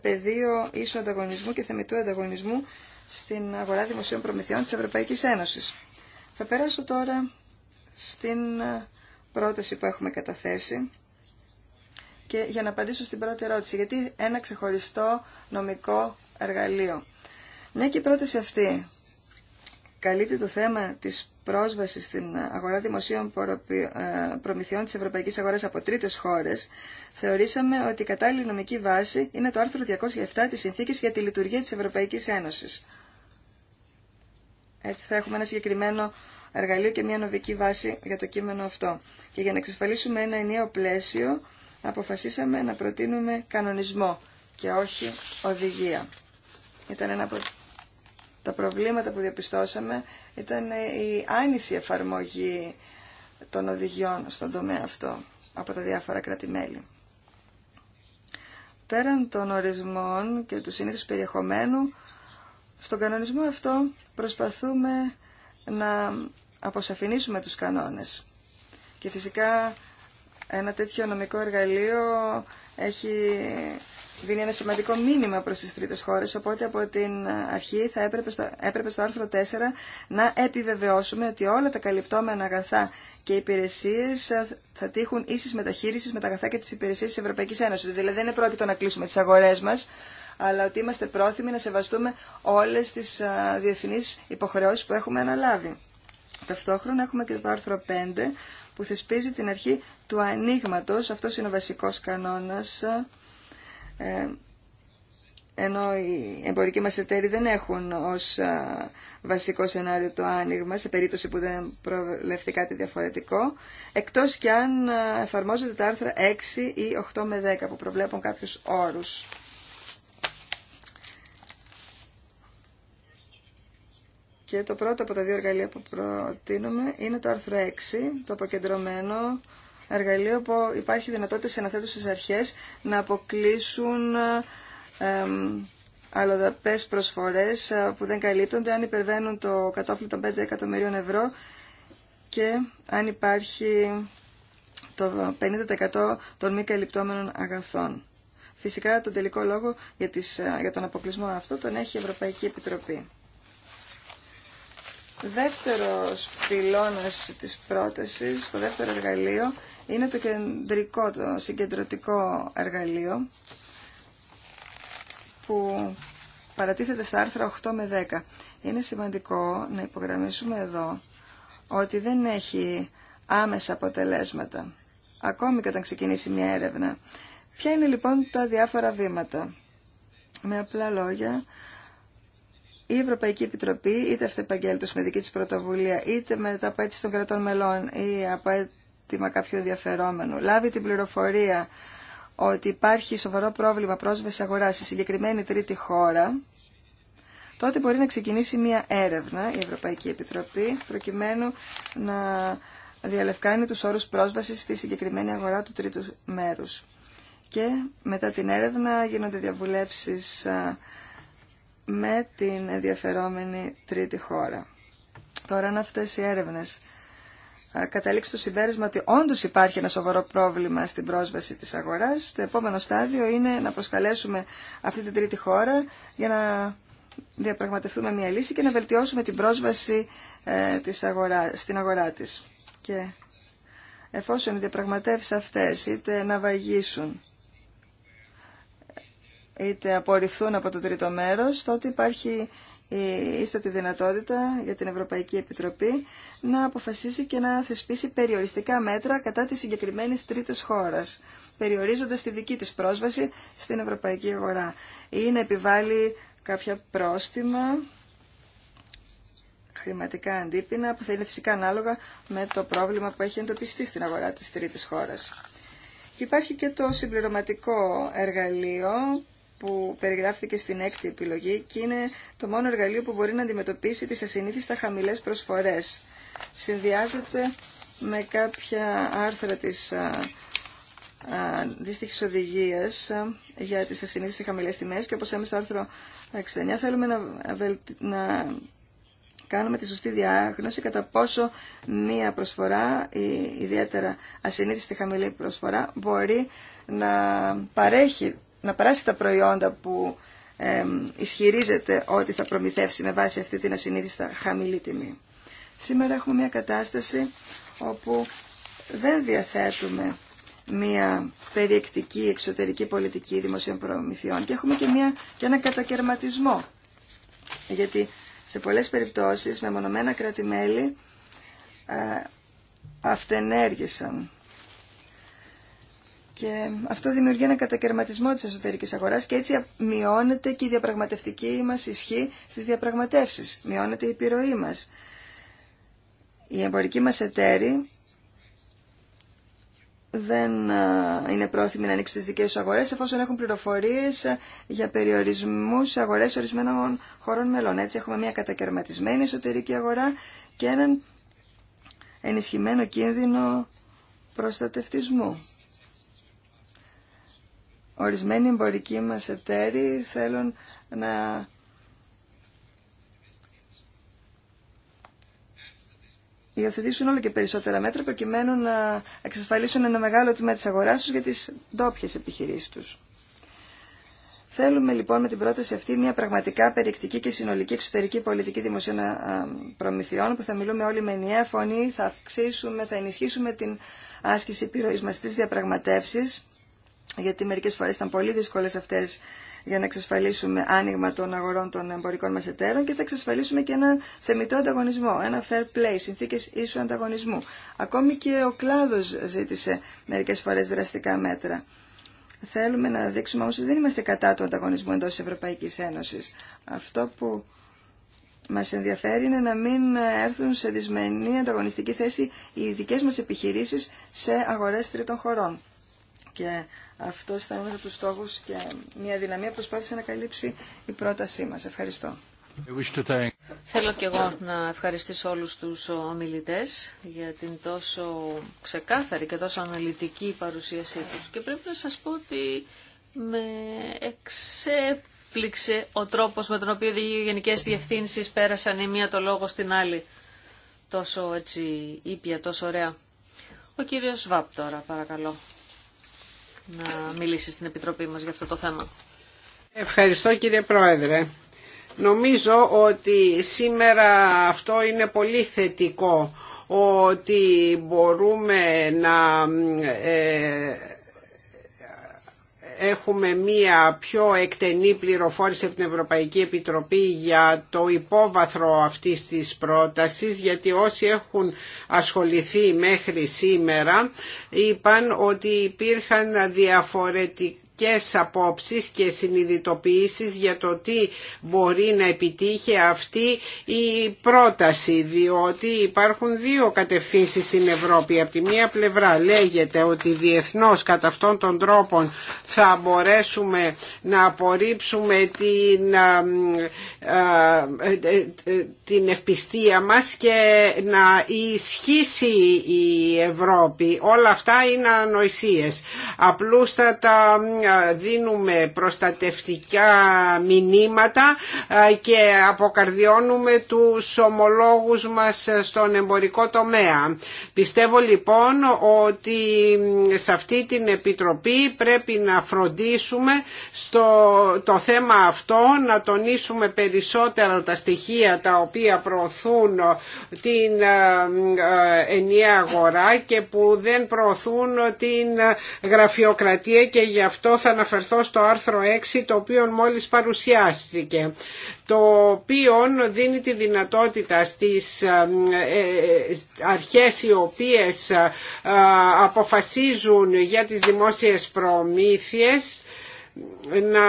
πεδίο ίσου ανταγωνισμού και θεμητού ανταγωνισμού στην αγορά δημοσίων προμηθειών της Ευρωπαϊκής Ένωσης. Θα περάσω τώρα στην πρόταση που έχουμε καταθέσει και για να απαντήσω στην πρώτη ερώτηση, γιατί ένα ξεχωριστό νομικό εργαλείο. Μια και η πρόταση αυτή καλύπτει το θέμα της πρόσβασης στην αγορά δημοσίων ε, προμηθειών της Ευρωπαϊκής Αγοράς από τρίτες χώρες, θεωρήσαμε ότι η κατάλληλη νομική βάση είναι το άρθρο 207 της Συνθήκης για τη Λειτουργία της Ευρωπαϊκής Ένωσης. Έτσι θα έχουμε ένα συγκεκριμένο εργαλείο και μια νομική βάση για το κείμενο αυτό. Και για να εξασφαλίσουμε ένα ενιαίο πλαίσιο, αποφασίσαμε να προτείνουμε κανονισμό και όχι οδηγία. Ήταν ένα από τα προβλήματα που διαπιστώσαμε ήταν η άνηση εφαρμογή των οδηγιών στον τομέα αυτό από τα διάφορα Πέραν των ορισμών και του συνήθους περιεχομένου, στον κανονισμό αυτό προσπαθούμε να αποσαφηνίσουμε τους κανόνες. Και φυσικά ένα τέτοιο νομικό εργαλείο έχει δίνει ένα σημαντικό μήνυμα προς τις τρίτες χώρες, οπότε από την αρχή θα έπρεπε στο, έπρεπε στο άρθρο 4 να επιβεβαιώσουμε ότι όλα τα καλυπτόμενα αγαθά και υπηρεσίες ε, θα τύχουν ίσης μεταχείρισης με τα αγαθά και τις υπηρεσίες της Ευρωπαϊκής Ένωσης. Δηλαδή δεν είναι πρόκειτο να κλείσουμε τις αγορές μας, αλλά ότι είμαστε πρόθυμοι να σεβαστούμε όλες τις ε, διεθνείς υποχρεώσεις που έχουμε αναλάβει. Ταυτόχρονα έχουμε και το άρθρο 5 που θεσπίζει την αρχή του ανοίγματο. Αυτός είναι ο βασικός κανόνας ε, ε, ενώ οι εμπορικοί μας εταίροι δεν έχουν ως βασικό σενάριο το άνοιγμα, σε περίπτωση που δεν προβλεφθεί κάτι διαφορετικό, εκτός και αν εφαρμόζονται τα άρθρα 6 ή 8 με 10 που προβλέπουν κάποιους όρους. Και το πρώτο από τα δύο εργαλεία που προτείνουμε είναι το άρθρο 6, το αποκεντρωμένο, εργαλείο που υπάρχει δυνατότητα σε αναθέτουσες αρχές να αποκλείσουν αλλοδαπές προσφορές ε, που δεν καλύπτονται αν υπερβαίνουν το κατόφλι των 5 εκατομμυρίων ευρώ και αν υπάρχει το 50% των μη καλυπτόμενων αγαθών. Φυσικά τον τελικό λόγο για, τις, ε, για τον αποκλεισμό αυτό τον έχει η Ευρωπαϊκή Επιτροπή. Δεύτερος πυλώνας της πρότασης, το δεύτερο εργαλείο, είναι το κεντρικό, το συγκεντρωτικό εργαλείο που παρατίθεται στα άρθρα 8 με 10. Είναι σημαντικό να υπογραμμίσουμε εδώ ότι δεν έχει άμεσα αποτελέσματα, ακόμη και όταν ξεκινήσει μια έρευνα. Ποια είναι λοιπόν τα διάφορα βήματα. Με απλά λόγια, η Ευρωπαϊκή Επιτροπή, είτε αυτεπαγγέλτος με δική της πρωτοβουλία, είτε με τα αίτηση των κρατών μελών ή από ζήτημα κάποιου ενδιαφερόμενου λάβει την πληροφορία ότι υπάρχει σοβαρό πρόβλημα πρόσβασης αγοράς στη συγκεκριμένη τρίτη χώρα, τότε μπορεί να ξεκινήσει μια έρευνα η Ευρωπαϊκή Επιτροπή προκειμένου να διαλευκάνει τους όρους πρόσβασης στη συγκεκριμένη αγορά του τρίτου μέρους. Και μετά την έρευνα γίνονται διαβουλεύσεις με την ενδιαφερόμενη τρίτη χώρα. Τώρα αν αυτές οι έρευνες καταλήξει το συμπέρασμα ότι όντω υπάρχει ένα σοβαρό πρόβλημα στην πρόσβαση της αγοράς, το επόμενο στάδιο είναι να προσκαλέσουμε αυτή την τρίτη χώρα για να διαπραγματευτούμε μια λύση και να βελτιώσουμε την πρόσβαση ε, της αγορά, στην αγορά της. Και εφόσον οι διαπραγματεύσεις αυτές είτε να βαγίσουν είτε απορριφθούν από το τρίτο μέρος, τότε υπάρχει η ε, τη δυνατότητα για την Ευρωπαϊκή Επιτροπή να αποφασίσει και να θεσπίσει περιοριστικά μέτρα κατά της συγκεκριμένης τρίτης χώρας, περιορίζοντας τη δική της πρόσβαση στην Ευρωπαϊκή Αγορά ή να επιβάλλει κάποια πρόστιμα χρηματικά αντίπεινα που θα είναι φυσικά ανάλογα με το πρόβλημα που έχει εντοπιστεί στην αγορά της τρίτης χώρας. υπάρχει και το συμπληρωματικό εργαλείο που περιγράφθηκε στην έκτη επιλογή και είναι το μόνο εργαλείο που μπορεί να αντιμετωπίσει τις ασυνήθιστα χαμηλές προσφορές. Συνδυάζεται με κάποια άρθρα της αντίστοιχη οδηγία για τις ασυνήθιστες χαμηλές τιμές και όπως έμεσα στο άρθρο 69 θέλουμε να, να κάνουμε τη σωστή διάγνωση κατά πόσο μία προσφορά, η ιδιαίτερα ασυνήθιστη χαμηλή προσφορά, μπορεί να παρέχει να παράσει τα προϊόντα που ισχυρίζεται ότι θα προμηθεύσει με βάση αυτή την ασυνήθιστα χαμηλή τιμή. Σήμερα έχουμε μια κατάσταση όπου δεν διαθέτουμε μια περιεκτική εξωτερική πολιτική δημοσίων προμηθειών και έχουμε και, μια, και ένα κατακαιρματισμό. Γιατί σε πολλές περιπτώσεις με μονομένα κράτη-μέλη ε, αυτενέργησαν και αυτό δημιουργεί ένα κατακαιρματισμό της εσωτερικής αγοράς και έτσι μειώνεται και η διαπραγματευτική μας ισχύ στις διαπραγματεύσεις. Μειώνεται η επιρροή μα. Οι εμπορικοί μα εταίροι δεν είναι πρόθυμοι να ανοίξουν τις δικέ του αγορές εφόσον έχουν πληροφορίε για περιορισμού σε αγορές ορισμένων χωρών μελών. Έτσι έχουμε μια κατακαιρματισμένη εσωτερική αγορά και έναν ενισχυμένο κίνδυνο προστατευτισμού. Ορισμένοι εμπορικοί μας εταίροι θέλουν να υιοθετήσουν όλο και περισσότερα μέτρα προκειμένου να εξασφαλίσουν ένα μεγάλο τμήμα της αγοράς τους για τις ντόπιε επιχειρήσεις τους. Θέλουμε λοιπόν με την πρόταση αυτή μια πραγματικά περιεκτική και συνολική εξωτερική πολιτική δημοσίων προμηθειών που θα μιλούμε όλοι με ενιαία φωνή, θα αυξήσουμε, θα ενισχύσουμε την άσκηση επιρροής μας στις διαπραγματεύσεις γιατί μερικές φορές ήταν πολύ δύσκολες αυτές για να εξασφαλίσουμε άνοιγμα των αγορών των εμπορικών μας εταίρων και θα εξασφαλίσουμε και ένα θεμητό ανταγωνισμό, ένα fair play, συνθήκες ίσου ανταγωνισμού. Ακόμη και ο κλάδος ζήτησε μερικές φορές δραστικά μέτρα. Θέλουμε να δείξουμε όμως ότι δεν είμαστε κατά του ανταγωνισμού εντός της Ευρωπαϊκής Ένωσης. Αυτό που μας ενδιαφέρει είναι να μην έρθουν σε δυσμενή ανταγωνιστική θέση οι δικές μας επιχειρήσεις σε αγορές τρίτων χωρών. Και αυτό ήταν ένα από του στόχου και μια δυναμία που προσπάθησε να καλύψει η πρότασή μα. Ευχαριστώ. Θέλω και εγώ να ευχαριστήσω όλους τους ομιλητές για την τόσο ξεκάθαρη και τόσο αναλυτική παρουσίασή τους. Και πρέπει να σας πω ότι με εξέπληξε ο τρόπος με τον οποίο οι γενικές διευθύνσεις πέρασαν η μία το λόγο στην άλλη. Τόσο έτσι ήπια, τόσο ωραία. Ο κύριος Βάπ τώρα παρακαλώ να μιλήσει στην Επιτροπή μας για αυτό το θέμα. Ευχαριστώ κύριε Πρόεδρε. Νομίζω ότι σήμερα αυτό είναι πολύ θετικό ότι μπορούμε να ε, έχουμε μία πιο εκτενή πληροφόρηση από την Ευρωπαϊκή Επιτροπή για το υπόβαθρο αυτής της πρότασης γιατί όσοι έχουν ασχοληθεί μέχρι σήμερα είπαν ότι υπήρχαν διαφορετικά και απόψεις και συνειδητοποιήσεις για το τι μπορεί να επιτύχει αυτή η πρόταση διότι υπάρχουν δύο κατευθύνσεις στην Ευρώπη. Από τη μία πλευρά λέγεται ότι διεθνώς κατά αυτόν τον τρόπο θα μπορέσουμε να απορρίψουμε την, ε, ε, την ευπιστία μας και να ισχύσει η Ευρώπη. Όλα αυτά είναι ανοησίες. Απλούστατα δίνουμε προστατευτικά μηνύματα ε, και αποκαρδιώνουμε τους ομολόγους μας στον εμπορικό τομέα. Πιστεύω λοιπόν ότι σε αυτή την Επιτροπή πρέπει να φροντίσουμε στο το θέμα αυτό, να τονίσουμε περισσότερο τα στοιχεία τα οποία προωθούν την ε, ε, ενιαία αγορά και που δεν προωθούν την γραφειοκρατία και γι' αυτό θα αναφερθώ στο άρθρο 6 το οποίο μόλις παρουσιάστηκε το οποίο δίνει τη δυνατότητα στις ε, ε, αρχές οι οποίες ε, αποφασίζουν για τις δημόσιες προμήθειες να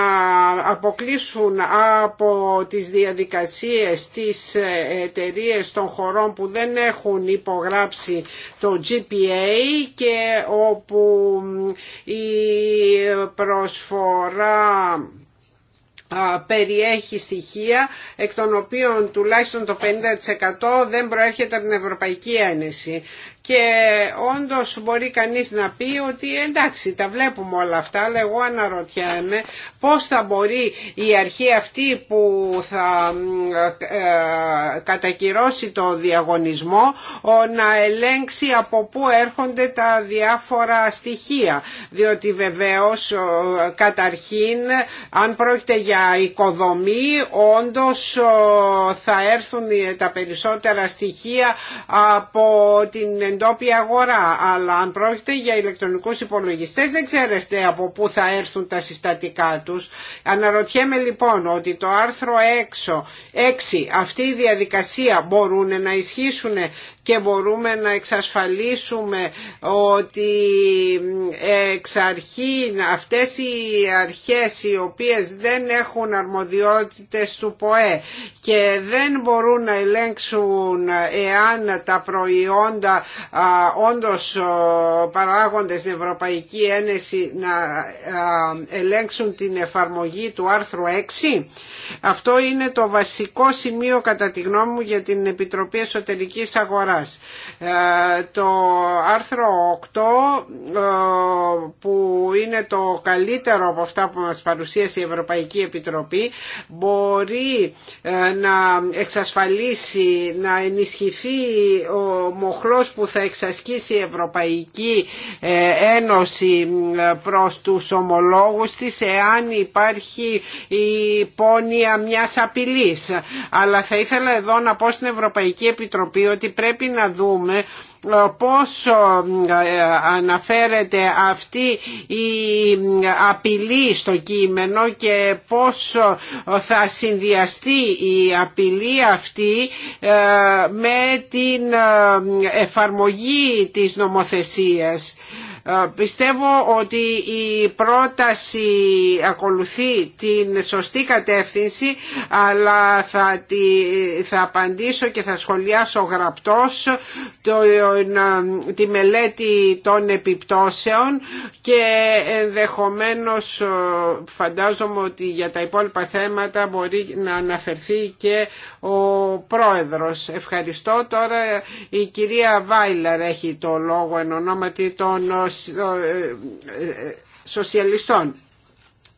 αποκλείσουν από τις διαδικασίες της εταιρείε των χωρών που δεν έχουν υπογράψει το GPA και όπου η προσφορά περιέχει στοιχεία εκ των οποίων τουλάχιστον το 50% δεν προέρχεται από την Ευρωπαϊκή Ένωση και όντως μπορεί κανείς να πει ότι εντάξει τα βλέπουμε όλα αυτά αλλά εγώ αναρωτιέμαι πώς θα μπορεί η αρχή αυτή που θα ε, κατακυρώσει το διαγωνισμό να ελέγξει από πού έρχονται τα διάφορα στοιχεία διότι βεβαίως καταρχήν αν πρόκειται για οικοδομή όντως θα έρθουν τα περισσότερα στοιχεία από την αγορά, αλλά αν πρόκειται για ηλεκτρονικούς υπολογιστές δεν ξέρεστε από πού θα έρθουν τα συστατικά τους. Αναρωτιέμαι λοιπόν ότι το άρθρο 6, 6 αυτή η διαδικασία μπορούν να ισχύσουν και μπορούμε να εξασφαλίσουμε ότι εξ αυτές οι αρχές οι οποίες δεν έχουν αρμοδιότητες του ΠΟΕ και δεν μπορούν να ελέγξουν εάν τα προϊόντα όντως παράγονται στην Ευρωπαϊκή Ένωση να ελέγξουν την εφαρμογή του άρθρου 6 αυτό είναι το βασικό σημείο κατά τη γνώμη μου για την Επιτροπή Εσωτερικής Αγοράς. Ε, το άρθρο 8 ε, που είναι το καλύτερο από αυτά που μας παρουσίασε η Ευρωπαϊκή Επιτροπή μπορεί ε, να εξασφαλίσει, να ενισχυθεί ο μοχλός που θα εξασκήσει η Ευρωπαϊκή Ένωση προς τους ομολόγους της εάν υπάρχει η πόνη μια μιας απειλής. Αλλά θα ήθελα εδώ να πω στην Ευρωπαϊκή Επιτροπή ότι πρέπει να δούμε ε, πόσο ε, αναφέρεται αυτή η ε, απειλή στο κείμενο και πόσο θα συνδυαστεί η απειλή αυτή με την εφαρμογή της νομοθεσίας. Ε, πιστεύω ότι η πρόταση ακολουθεί την σωστή κατεύθυνση αλλά θα, θα απαντήσω και θα σχολιάσω γραπτός το, ε, τη μελέτη των επιπτώσεων και ενδεχομένως ε, φαντάζομαι ότι για τα υπόλοιπα θέματα μπορεί να αναφερθεί και ο πρόεδρος. Ευχαριστώ. Τώρα η κυρία Βάιλαρ έχει το λόγο εν ονόματι των ε, ε, σοσιαλιστών.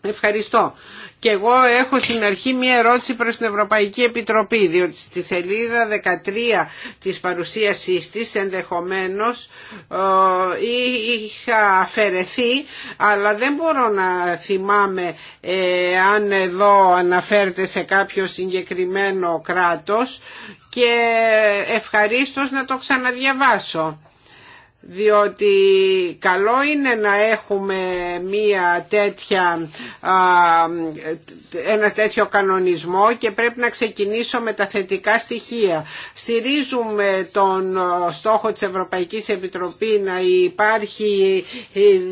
Ευχαριστώ. Και εγώ έχω στην αρχή μία ερώτηση προς την Ευρωπαϊκή Επιτροπή, διότι στη σελίδα 13 της παρουσίασής της ενδεχομένως ε, είχα αφαιρεθεί, αλλά δεν μπορώ να θυμάμαι ε, αν εδώ αναφέρεται σε κάποιο συγκεκριμένο κράτος και ευχαρίστως να το ξαναδιαβάσω διότι καλό είναι να έχουμε μία τέτοια, ένα τέτοιο κανονισμό και πρέπει να ξεκινήσω με τα θετικά στοιχεία. Στηρίζουμε τον στόχο της Ευρωπαϊκής Επιτροπής να υπάρχει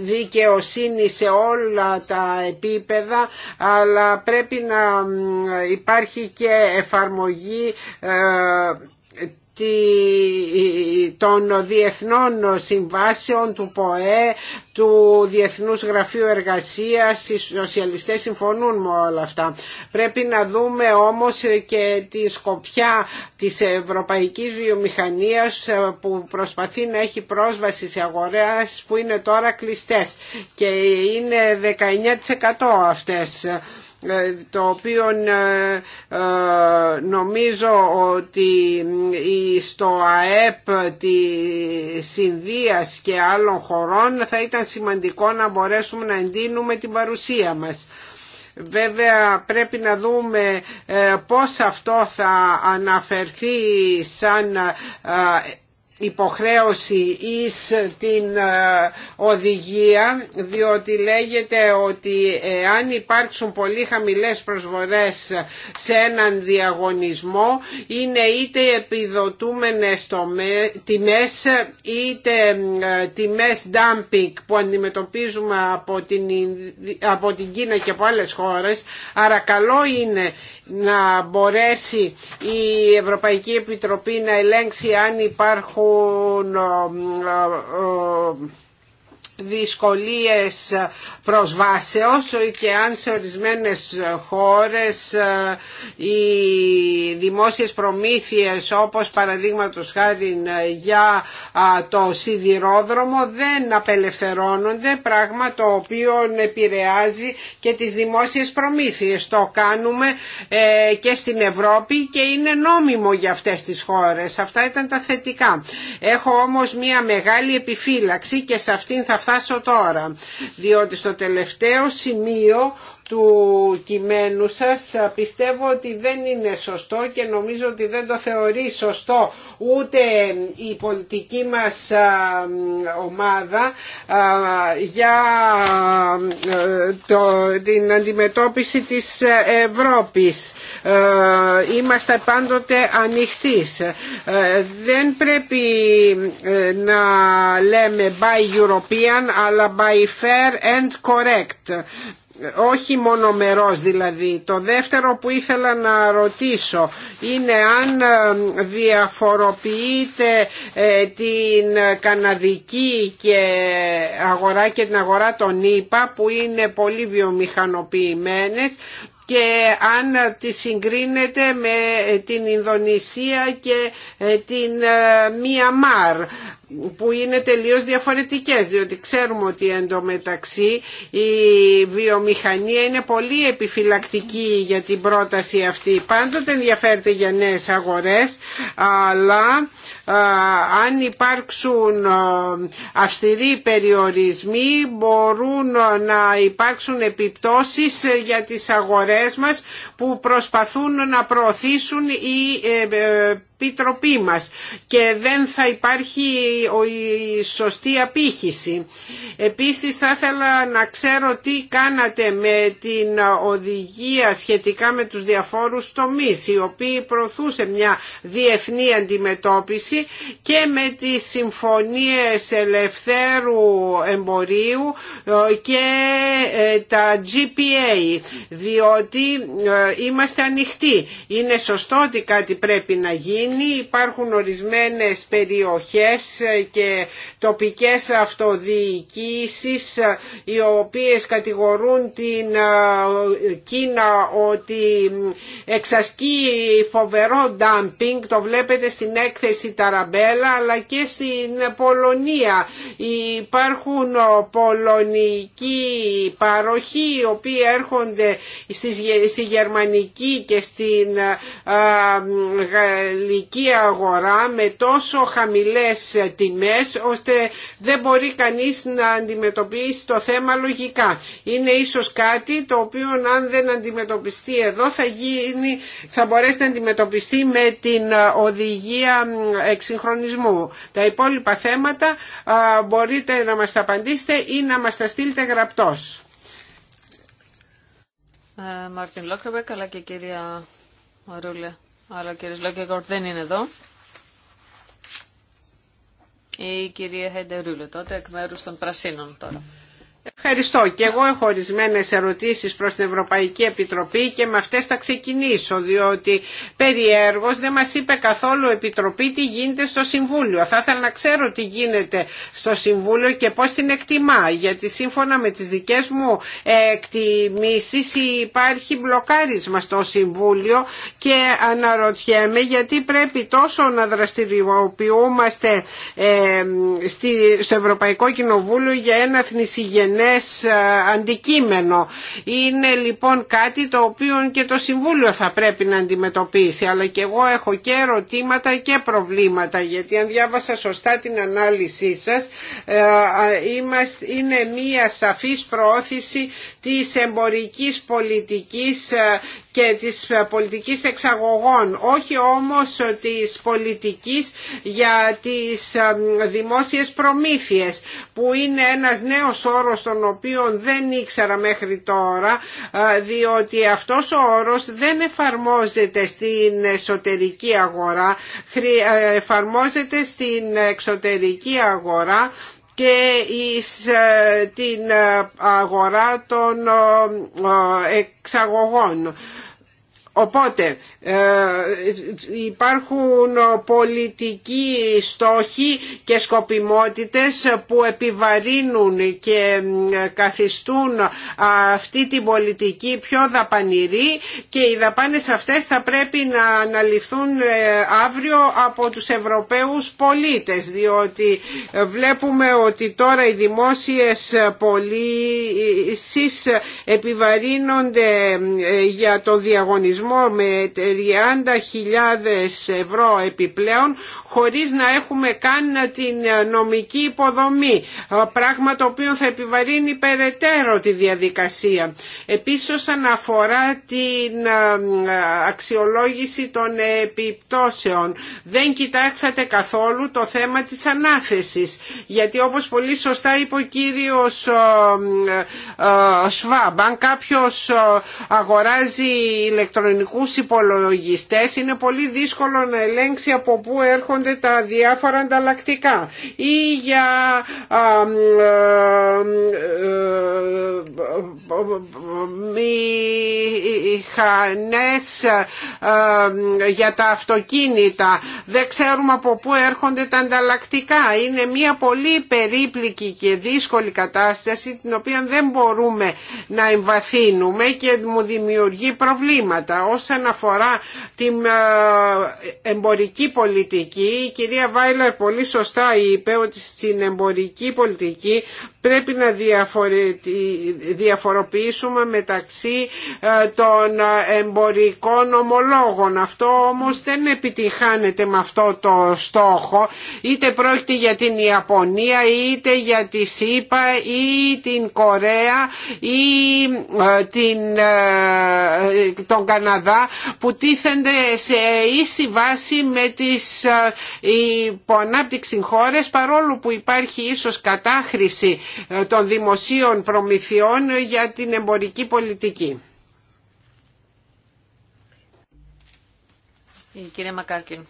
δικαιοσύνη σε όλα τα επίπεδα αλλά πρέπει να υπάρχει και εφαρμογή ε, των διεθνών συμβάσεων του ΠΟΕ, του Διεθνούς Γραφείου Εργασίας, οι σοσιαλιστές συμφωνούν με όλα αυτά. Πρέπει να δούμε όμως και τη σκοπιά της ευρωπαϊκής βιομηχανίας που προσπαθεί να έχει πρόσβαση σε αγορές που είναι τώρα κλειστές και είναι 19% αυτές. Ε, το οποίο ε, ε, νομίζω ότι στο ΑΕΠ τη Ινδίας και άλλων χωρών θα ήταν σημαντικό να μπορέσουμε να εντείνουμε την παρουσία μας. Βέβαια πρέπει να δούμε πώς αυτό θα αναφερθεί σαν υποχρέωση εις την ε, οδηγία διότι λέγεται ότι αν υπάρξουν πολύ χαμηλές προσβολές σε έναν διαγωνισμό είναι είτε επιδοτούμενες τιμές είτε ε, τιμές dumping που αντιμετωπίζουμε από την, από την Κίνα και από άλλες χώρες άρα καλό είναι να μπορέσει η Ευρωπαϊκή Επιτροπή να ελέγξει αν υπάρχουν ε, ε, ε, δυσκολίες προσβάσεως και αν σε ορισμένες χώρες ε, οι δημόσιες προμήθειες όπως παραδείγματος χάρη ε, για το σιδηρόδρομο δεν απελευθερώνονται πράγμα το οποίο επηρεάζει και τις δημόσιες προμήθειες. Το κάνουμε ε, και στην Ευρώπη και είναι νόμιμο για αυτές τις χώρες. Αυτά ήταν τα θετικά. Έχω όμως μια μεγάλη επιφύλαξη και σε αυτήν θα φτάσω τώρα. Διότι στο τελευταίο σημείο του κειμένου σας πιστεύω ότι δεν είναι σωστό και νομίζω ότι δεν το θεωρεί σωστό ούτε η πολιτική μας ομάδα για ε, την αντιμετώπιση της Ευρώπης. Ε, είμαστε πάντοτε ανοιχτοί. Ε, δεν πρέπει να λέμε by European αλλά by fair and correct όχι μόνο δηλαδή. Το δεύτερο που ήθελα να ρωτήσω είναι αν ε, διαφοροποιείται ε, την καναδική και αγορά και την αγορά των ΙΠΑ που είναι πολύ βιομηχανοποιημένες και αν τη συγκρίνεται με την Ινδονησία και ε, την Μιαμάρ που είναι τελείως διαφορετικές διότι ξέρουμε ότι εντωμεταξύ η βιομηχανία είναι πολύ επιφυλακτική για την πρόταση αυτή πάντοτε ενδιαφέρεται για νέες αγορές αλλά αν υπάρξουν αυστηροί περιορισμοί μπορούν να υπάρξουν επιπτώσεις για τις αγορές μας που προσπαθούν να προωθήσουν οι ε, ε, επιτροπή μας και δεν θα υπάρχει η σωστή απήχηση. Επίσης θα ήθελα να ξέρω τι κάνατε με την οδηγία σχετικά με τους διαφόρους τομείς οι οποίοι προωθούσε μια διεθνή αντιμετώπιση και με τις συμφωνίες ελευθέρου εμπορίου ε, και ε, τα GPA διότι ε, είμαστε ανοιχτοί. Είναι σωστό ότι κάτι πρέπει να γίνει Υπάρχουν ορισμένες περιοχές και τοπικές αυτοδιοικήσεις οι οποίες κατηγορούν την Κίνα ότι εξασκεί φοβερό ντάμπινγκ, το βλέπετε στην έκθεση Ταραμπέλα αλλά και στην Πολωνία. Υπάρχουν πολωνικοί παροχοί οι οποίοι έρχονται στη Γερμανική και στην ελληνική αγορά με τόσο χαμηλές τιμές ώστε δεν μπορεί κανείς να αντιμετωπίσει το θέμα λογικά. Είναι ίσως κάτι το οποίο αν δεν αντιμετωπιστεί εδώ θα, γίνει, θα μπορέσει να αντιμετωπιστεί με την οδηγία εξυγχρονισμού. Τα υπόλοιπα θέματα μπορείτε να μας τα απαντήσετε ή να μας τα στείλετε γραπτός. Ε, Μάρτιν Λόκρεμπεκ αλλά και αλλά ο κύριος Λόκεγκορτ δεν είναι εδώ. Η κυρία Χέντε Ρούλε τότε εκ μέρου των Πρασίνων τώρα. Ευχαριστώ. Και εγώ έχω ορισμένε ερωτήσεις προς την Ευρωπαϊκή Επιτροπή και με αυτές θα ξεκινήσω, διότι περιέργως δεν μας είπε καθόλου Επιτροπή τι γίνεται στο Συμβούλιο. Θα ήθελα να ξέρω τι γίνεται στο Συμβούλιο και πώς την εκτιμά, γιατί σύμφωνα με τις δικές μου εκτιμήσεις υπάρχει μπλοκάρισμα στο Συμβούλιο και αναρωτιέμαι γιατί πρέπει τόσο να δραστηριοποιούμαστε ε, στο Ευρωπαϊκό Κοινοβούλιο για ένα ε, αντικείμενο. Είναι λοιπόν κάτι το οποίο και το Συμβούλιο θα πρέπει να αντιμετωπίσει αλλά και εγώ έχω και ερωτήματα και προβλήματα γιατί αν διάβασα σωστά την ανάλυση σας ε, είναι μία σαφής προώθηση της εμπορικής πολιτικής ε, και της πολιτικής εξαγωγών, όχι όμως της πολιτικής για τις ε, δημόσιες προμήθειες που είναι ένας νέος όρος τον οποίο δεν ήξερα μέχρι τώρα ε, διότι αυτός ο όρος δεν εφαρμόζεται στην εσωτερική αγορά, ε, εφαρμόζεται στην εξωτερική αγορά και στην την αγορά των εξαγωγών. Οπότε ε, υπάρχουν πολιτικοί στόχοι και σκοπιμότητες που επιβαρύνουν και καθιστούν αυτή την πολιτική πιο δαπανηρή και οι δαπάνες αυτές θα πρέπει να αναλυφθούν ε, αύριο από τους Ευρωπαίους πολίτες διότι βλέπουμε ότι τώρα οι δημόσιες πωλήσει επιβαρύνονται ε, για το διαγωνισμό με 30.000 ευρώ επιπλέον χωρίς να έχουμε καν την νομική υποδομή ε, πράγμα το οποίο θα επιβαρύνει περαιτέρω τη διαδικασία. Επίσης όσον αφορά την ε, αξιολόγηση των επιπτώσεων δεν κοιτάξατε καθόλου το θέμα της ανάθεσης γιατί όπως πολύ σωστά είπε ο κύριος ε, Σβάμπ αν κάποιος αγοράζει ηλεκτρονικούς είναι πολύ δύσκολο να ελέγξει από πού έρχονται τα διάφορα ανταλλακτικά ή για ε, ε, μηχανές ε, για τα αυτοκίνητα δεν ξέρουμε από πού έρχονται τα ανταλλακτικά είναι μια πολύ περίπλικη και δύσκολη κατάσταση την οποία δεν μπορούμε να εμβαθύνουμε και μου δημιουργεί προβλήματα όσον αφορά την ε, εμπορική πολιτική. Η κυρία Βάιλερ πολύ σωστά είπε ότι στην εμπορική πολιτική πρέπει να διαφοροποιήσουμε μεταξύ ε, των εμπορικών ομολόγων. Αυτό όμως δεν επιτυχάνεται με αυτό το στόχο. Είτε πρόκειται για την Ιαπωνία, είτε για τη ΣΥΠΑ, ή την Κορέα, ή ε, την, τον Καναδά που τίθενται σε ίση βάση με τις υποανάπτυξη χώρες παρόλο που υπάρχει ίσως κατάχρηση ε, των δημοσίων προμηθειών για την εμπορική πολιτική. Κύριε κυρία Μακάρκιν.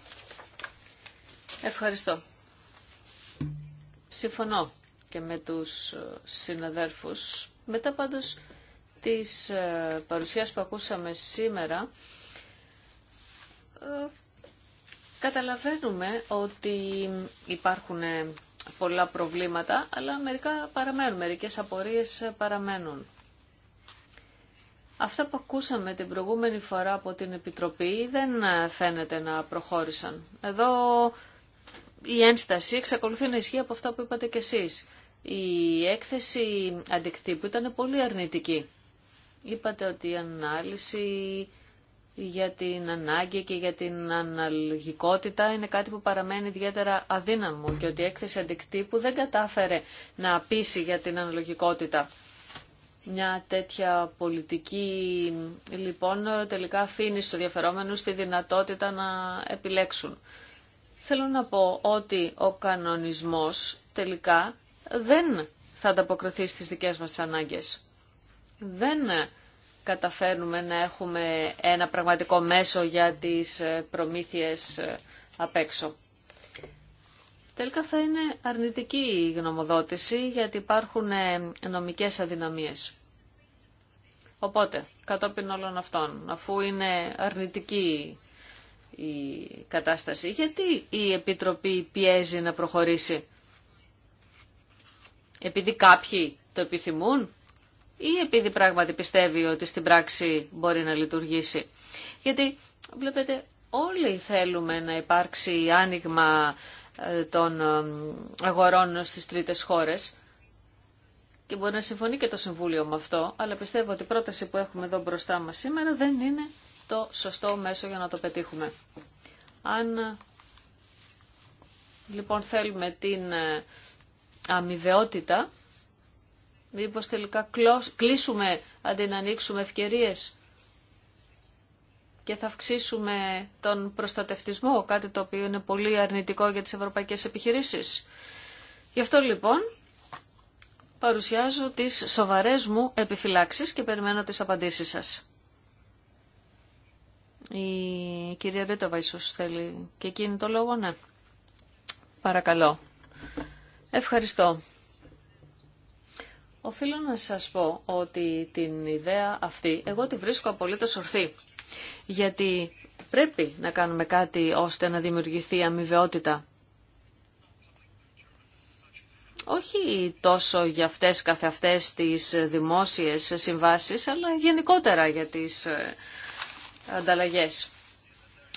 Ευχαριστώ. Συμφωνώ και με τους ε, συναδέρφους. Μετά πάντως της ε, παρουσίας που ακούσαμε σήμερα, ε, καταλαβαίνουμε ότι υπάρχουν πολλά προβλήματα, αλλά μερικά παραμένουν, μερικές απορίες παραμένουν. Αυτά που ακούσαμε την προηγούμενη φορά από την Επιτροπή δεν φαίνεται να προχώρησαν. Εδώ η ένσταση εξακολουθεί να ισχύει από αυτά που είπατε κι εσείς. Η έκθεση αντικτύπου ήταν πολύ αρνητική. Είπατε ότι η ανάλυση για την ανάγκη και για την αναλογικότητα είναι κάτι που παραμένει ιδιαίτερα αδύναμο και ότι η έκθεση αντικτύπου δεν κατάφερε να πείσει για την αναλογικότητα. Μια τέτοια πολιτική λοιπόν τελικά αφήνει στο διαφερόμενο τη δυνατότητα να επιλέξουν. Θέλω να πω ότι ο κανονισμός τελικά δεν θα ανταποκριθεί στις δικές μας ανάγκες. Δεν καταφέρνουμε να έχουμε ένα πραγματικό μέσο για τις ε, προμήθειες ε, απ' έξω. Τελικά θα είναι αρνητική η γνωμοδότηση γιατί υπάρχουν ε, νομικές αδυναμίες. Οπότε, κατόπιν όλων αυτών, αφού είναι αρνητική η κατάσταση, γιατί η Επιτροπή πιέζει να προχωρήσει. Επειδή κάποιοι το επιθυμούν, ή επειδή πράγματι πιστεύει ότι στην πράξη μπορεί να λειτουργήσει. Γιατί βλέπετε όλοι θέλουμε να υπάρξει άνοιγμα ε, των ε, αγορών στις τρίτες χώρες και μπορεί να συμφωνεί και το Συμβούλιο με αυτό, αλλά πιστεύω ότι η πρόταση που έχουμε εδώ μπροστά μας σήμερα δεν είναι το σωστό μέσο για να το πετύχουμε. Αν ε, λοιπόν θέλουμε την αμοιβαιότητα, Μήπω τελικά κλείσουμε αντί να ανοίξουμε ευκαιρίες και θα αυξήσουμε τον προστατευτισμό, κάτι το οποίο είναι πολύ αρνητικό για τις ευρωπαϊκές επιχειρήσεις. Γι' αυτό λοιπόν παρουσιάζω τις σοβαρές μου επιφυλάξεις και περιμένω τις απαντήσεις σας. Η κυρία Ρίτοβα ίσως θέλει και εκείνη το λόγο, ναι. Παρακαλώ. Ευχαριστώ. Οφείλω να σας πω ότι την ιδέα αυτή εγώ τη βρίσκω απολύτως ορθή. Γιατί πρέπει να κάνουμε κάτι ώστε να δημιουργηθεί αμοιβαιότητα. Όχι τόσο για αυτές καθεαυτές τις δημόσιες συμβάσεις, αλλά γενικότερα για τις ε, ανταλλαγές,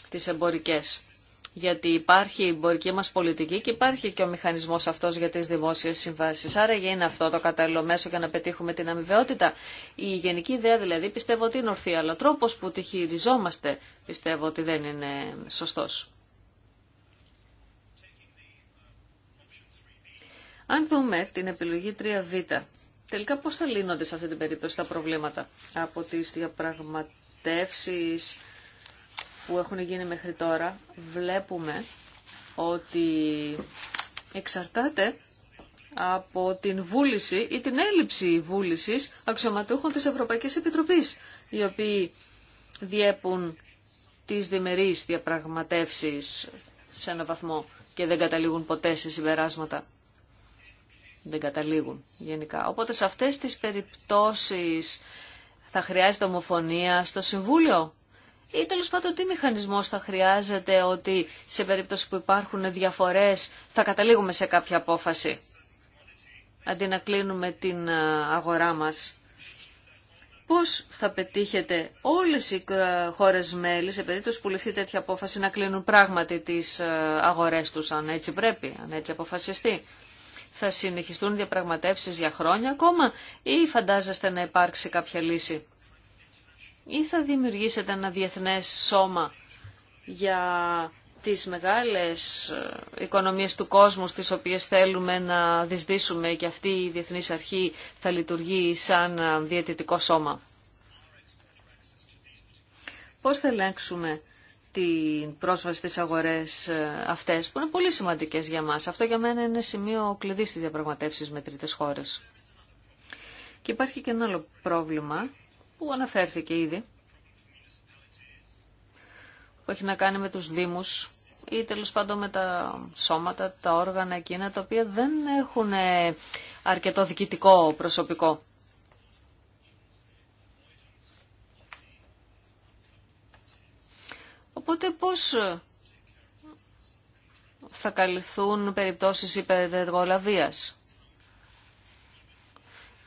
τις εμπορικές γιατί υπάρχει η εμπορική μα πολιτική και υπάρχει και ο μηχανισμός αυτό για τις δημόσιε συμβάσει. Άρα είναι αυτό το κατάλληλο μέσο για να πετύχουμε την αμοιβαιότητα. Η γενική ιδέα δηλαδή πιστεύω ότι είναι ορθή, αλλά ο τρόπος που τη χειριζόμαστε πιστεύω ότι δεν είναι σωστός. Αν δούμε την επιλογή 3β, τελικά πώς θα λύνονται σε αυτή την περίπτωση τα προβλήματα από τις διαπραγματεύσεις που έχουν γίνει μέχρι τώρα βλέπουμε ότι εξαρτάται από την βούληση ή την έλλειψη βούλησης αξιωματούχων της Ευρωπαϊκής Επιτροπής, οι οποίοι διέπουν τις διμερείς διαπραγματεύσεις σε έναν βαθμό και δεν καταλήγουν ποτέ σε συμπεράσματα. Δεν καταλήγουν γενικά. Οπότε σε αυτές τις περιπτώσεις θα χρειάζεται ομοφωνία στο Συμβούλιο ή τέλο πάντων τι μηχανισμός θα χρειάζεται ότι σε περίπτωση που υπάρχουν διαφορές θα καταλήγουμε σε κάποια απόφαση αντί να κλείνουμε την αγορά μας. Πώς θα πετύχετε όλες οι χώρες μέλη σε περίπτωση που ληφθεί τέτοια απόφαση να κλείνουν πράγματι τις αγορές τους, αν έτσι πρέπει, αν έτσι αποφασιστεί. Θα συνεχιστούν διαπραγματεύσεις για χρόνια ακόμα ή φαντάζεστε να υπάρξει κάποια λύση ή θα δημιουργήσετε ένα διεθνές σώμα για τις μεγάλες ε, οικονομίες του κόσμου στις οποίες θέλουμε να δυσδύσουμε και αυτή η Διεθνής Αρχή θα λειτουργεί σαν ε, διαιτητικό σώμα. Πώς θα ελέγξουμε την πρόσβαση στις αγορές ε, αυτές που είναι πολύ σημαντικές για μας. Αυτό για μένα είναι σημείο κλειδί στις διαπραγματεύσεις με τρίτες χώρες. Και υπάρχει και ένα άλλο πρόβλημα που αναφέρθηκε ήδη, που έχει να κάνει με τους Δήμους ή τέλο πάντων με τα σώματα, τα όργανα εκείνα, τα οποία δεν έχουν ε, αρκετό διοικητικό προσωπικό. Οπότε πώς ε, θα καλυφθούν περιπτώσεις υπερεργολαβίας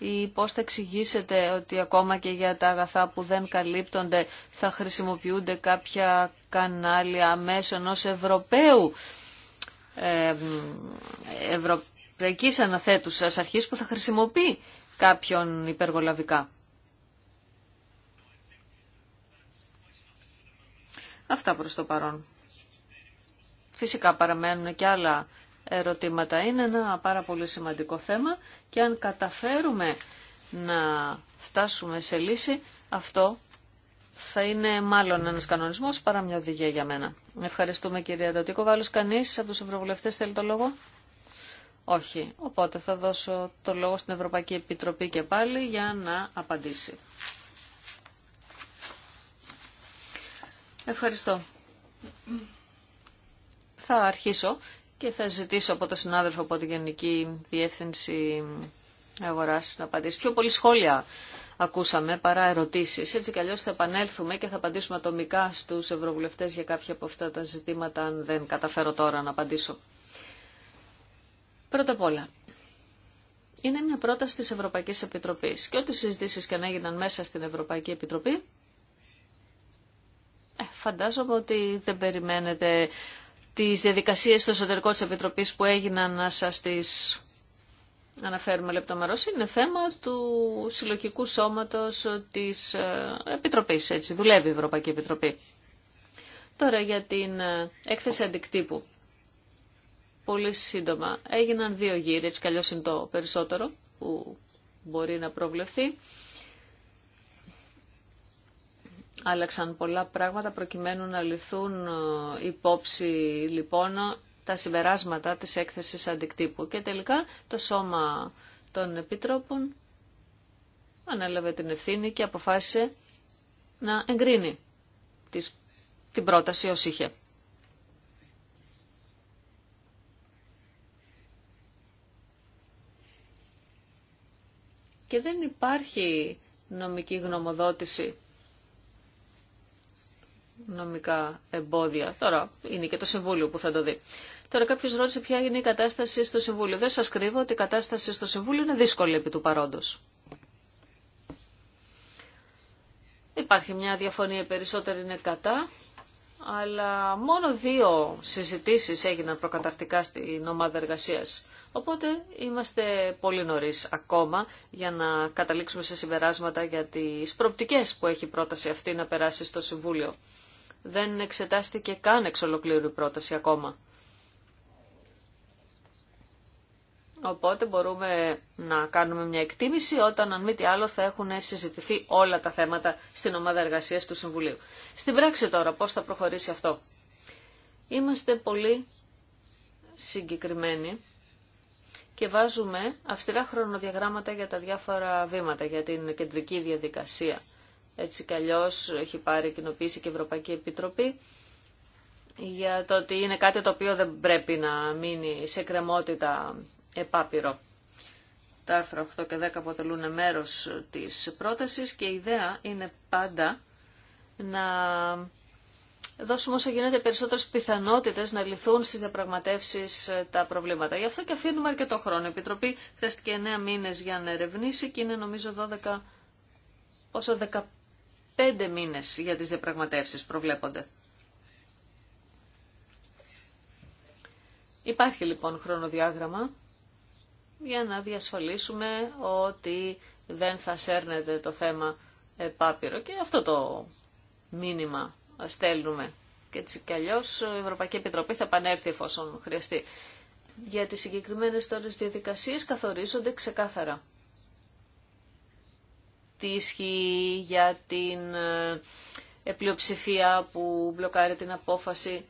ή πώς θα εξηγήσετε ότι ακόμα και για τα αγαθά που δεν καλύπτονται θα χρησιμοποιούνται κάποια κανάλια μέσω ενός Ευρωπαίου ε, Ευρωπαϊκής Αναθέτουσας Αρχής που θα χρησιμοποιεί κάποιον υπεργολαβικά. Αυτά προς το παρόν. Φυσικά παραμένουν και άλλα ερωτήματα. Είναι ένα πάρα πολύ σημαντικό θέμα και αν καταφέρουμε να φτάσουμε σε λύση, αυτό θα είναι μάλλον ένας κανονισμός παρά μια οδηγία για μένα. Ευχαριστούμε κυρία Ρωτήκο. Βάλλος κανείς από τους ευρωβουλευτές θέλει το λόγο. Όχι. Οπότε θα δώσω το λόγο στην Ευρωπαϊκή Επιτροπή και πάλι για να απαντήσει. Ευχαριστώ. Θα αρχίσω και θα ζητήσω από τον συνάδελφο από την Γενική Διεύθυνση Αγοράς να απαντήσει. Πιο πολλοί σχόλια ακούσαμε παρά ερωτήσεις. Έτσι κι αλλιώς θα επανέλθουμε και θα απαντήσουμε ατομικά στους ευρωβουλευτές για κάποια από αυτά τα ζητήματα αν δεν καταφέρω τώρα να απαντήσω. Πρώτα απ' όλα, είναι μια πρόταση της Ευρωπαϊκής Επιτροπής και ό,τι συζητήσεις και αν έγιναν μέσα στην Ευρωπαϊκή Επιτροπή, ε, φαντάζομαι ότι δεν περιμένετε τις διαδικασίες στο εσωτερικό της Επιτροπής που έγιναν να σας τις αναφέρουμε λεπτομερώς. Είναι θέμα του συλλογικού σώματος της ε, Επιτροπής. Έτσι δουλεύει η Ευρωπαϊκή Επιτροπή. Τώρα για την ε, έκθεση αντικτύπου. Πολύ σύντομα. Έγιναν δύο έτσι καλώς είναι το περισσότερο που μπορεί να προβλεφθεί. Άλλαξαν πολλά πράγματα προκειμένου να ληφθούν ε, υπόψη λοιπόν τα συμπεράσματα της έκθεσης αντικτύπου. Και τελικά το σώμα των επιτρόπων ανέλαβε την ευθύνη και αποφάσισε να εγκρίνει την πρόταση ως είχε. Και δεν υπάρχει νομική γνωμοδότηση νομικά εμπόδια. Τώρα είναι και το Συμβούλιο που θα το δει. Τώρα κάποιο ρώτησε ποια είναι η κατάσταση στο Συμβούλιο. Δεν σα κρύβω ότι η κατάσταση στο Συμβούλιο είναι δύσκολη επί του παρόντο. Υπάρχει μια διαφωνία, περισσότερη είναι κατά, αλλά μόνο δύο συζητήσεις έγιναν προκαταρτικά στην ομάδα εργασίας. Οπότε είμαστε πολύ νωρίς ακόμα για να καταλήξουμε σε συμπεράσματα για τις προπτικές που έχει η πρόταση αυτή να περάσει στο Συμβούλιο δεν εξετάστηκε καν εξ η πρόταση ακόμα. Οπότε μπορούμε να κάνουμε μια εκτίμηση όταν, αν μη τι άλλο, θα έχουν συζητηθεί όλα τα θέματα στην ομάδα εργασίας του Συμβουλίου. Στην πράξη τώρα, πώς θα προχωρήσει αυτό. Είμαστε πολύ συγκεκριμένοι και βάζουμε αυστηρά χρονοδιαγράμματα για τα διάφορα βήματα, για την κεντρική διαδικασία έτσι κι αλλιώς έχει πάρει κοινοποίηση και η Ευρωπαϊκή Επιτροπή για το ότι είναι κάτι το οποίο δεν πρέπει να μείνει σε κρεμότητα επάπειρο. Τα άρθρα 8 και 10 αποτελούν μέρος της πρότασης και η ιδέα είναι πάντα να δώσουμε όσο γίνεται περισσότερες πιθανότητες να λυθούν στις διαπραγματεύσει τα προβλήματα. Γι' αυτό και αφήνουμε αρκετό χρόνο. Η Επιτροπή χρειάστηκε 9 μήνες για να ερευνήσει και είναι νομίζω 12, όσο πέντε μήνες για τις διαπραγματεύσει προβλέπονται. Υπάρχει λοιπόν χρονοδιάγραμμα για να διασφαλίσουμε ότι δεν θα σέρνεται το θέμα πάπυρο. και αυτό το μήνυμα στέλνουμε. Και έτσι κι αλλιώς η Ευρωπαϊκή Επιτροπή θα επανέλθει εφόσον χρειαστεί. Για τις συγκεκριμένες τώρα διαδικασίες καθορίζονται ξεκάθαρα τι ισχύει για την ε, πλειοψηφία που μπλοκάρει την απόφαση.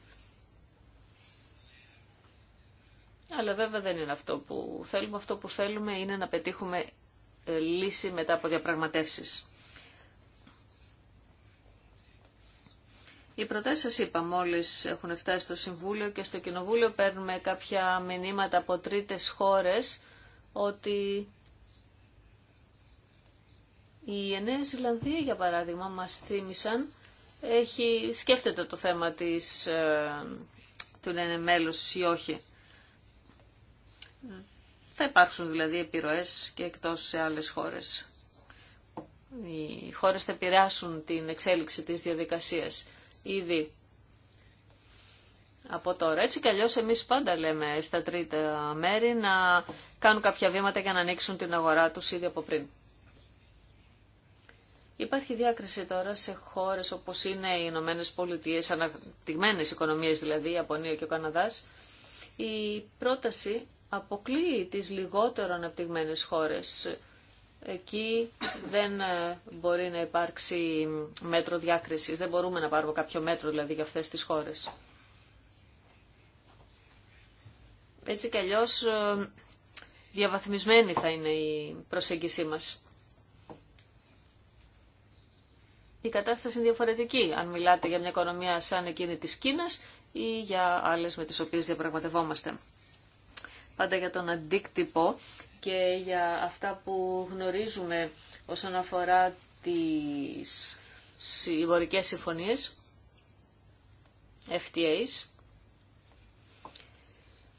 Αλλά βέβαια δεν είναι αυτό που θέλουμε. Αυτό που θέλουμε είναι να πετύχουμε ε, λύση μετά από διαπραγματεύσεις. Οι προτάσεις σας είπα μόλις έχουν φτάσει στο Συμβούλιο και στο Κοινοβούλιο παίρνουμε κάποια μηνύματα από τρίτες χώρες ότι η Νέα Ζηλανδία, για παράδειγμα, μας θύμισαν, έχει, σκέφτεται το θέμα της, ε, του να είναι μέλος ή όχι. Θα υπάρξουν δηλαδή επιρροές και εκτός σε άλλες χώρες. Οι χώρες θα επηρεάσουν την εξέλιξη της διαδικασίας. Ήδη από τώρα. Έτσι κι αλλιώς εμείς πάντα λέμε στα τρίτα μέρη να κάνουν κάποια βήματα για να ανοίξουν την αγορά τους ήδη από πριν. Υπάρχει διάκριση τώρα σε χώρες όπως είναι οι Ηνωμένε Πολιτείε, αναπτυγμένες οικονομίες δηλαδή, η Ιαπωνία και ο Καναδάς. Η πρόταση αποκλείει τις λιγότερο αναπτυγμένες χώρες. Εκεί δεν ε, μπορεί να υπάρξει μέτρο διάκρισης, δεν μπορούμε να πάρουμε κάποιο μέτρο δηλαδή για αυτές τις χώρες. Έτσι κι αλλιώς ε, διαβαθμισμένη θα είναι η προσέγγισή μας. η κατάσταση είναι διαφορετική αν μιλάτε για μια οικονομία σαν εκείνη της Κίνας ή για άλλες με τις οποίες διαπραγματευόμαστε. Πάντα για τον αντίκτυπο και για αυτά που γνωρίζουμε όσον αφορά τις εμπορικέ συμφωνίες, FTAs.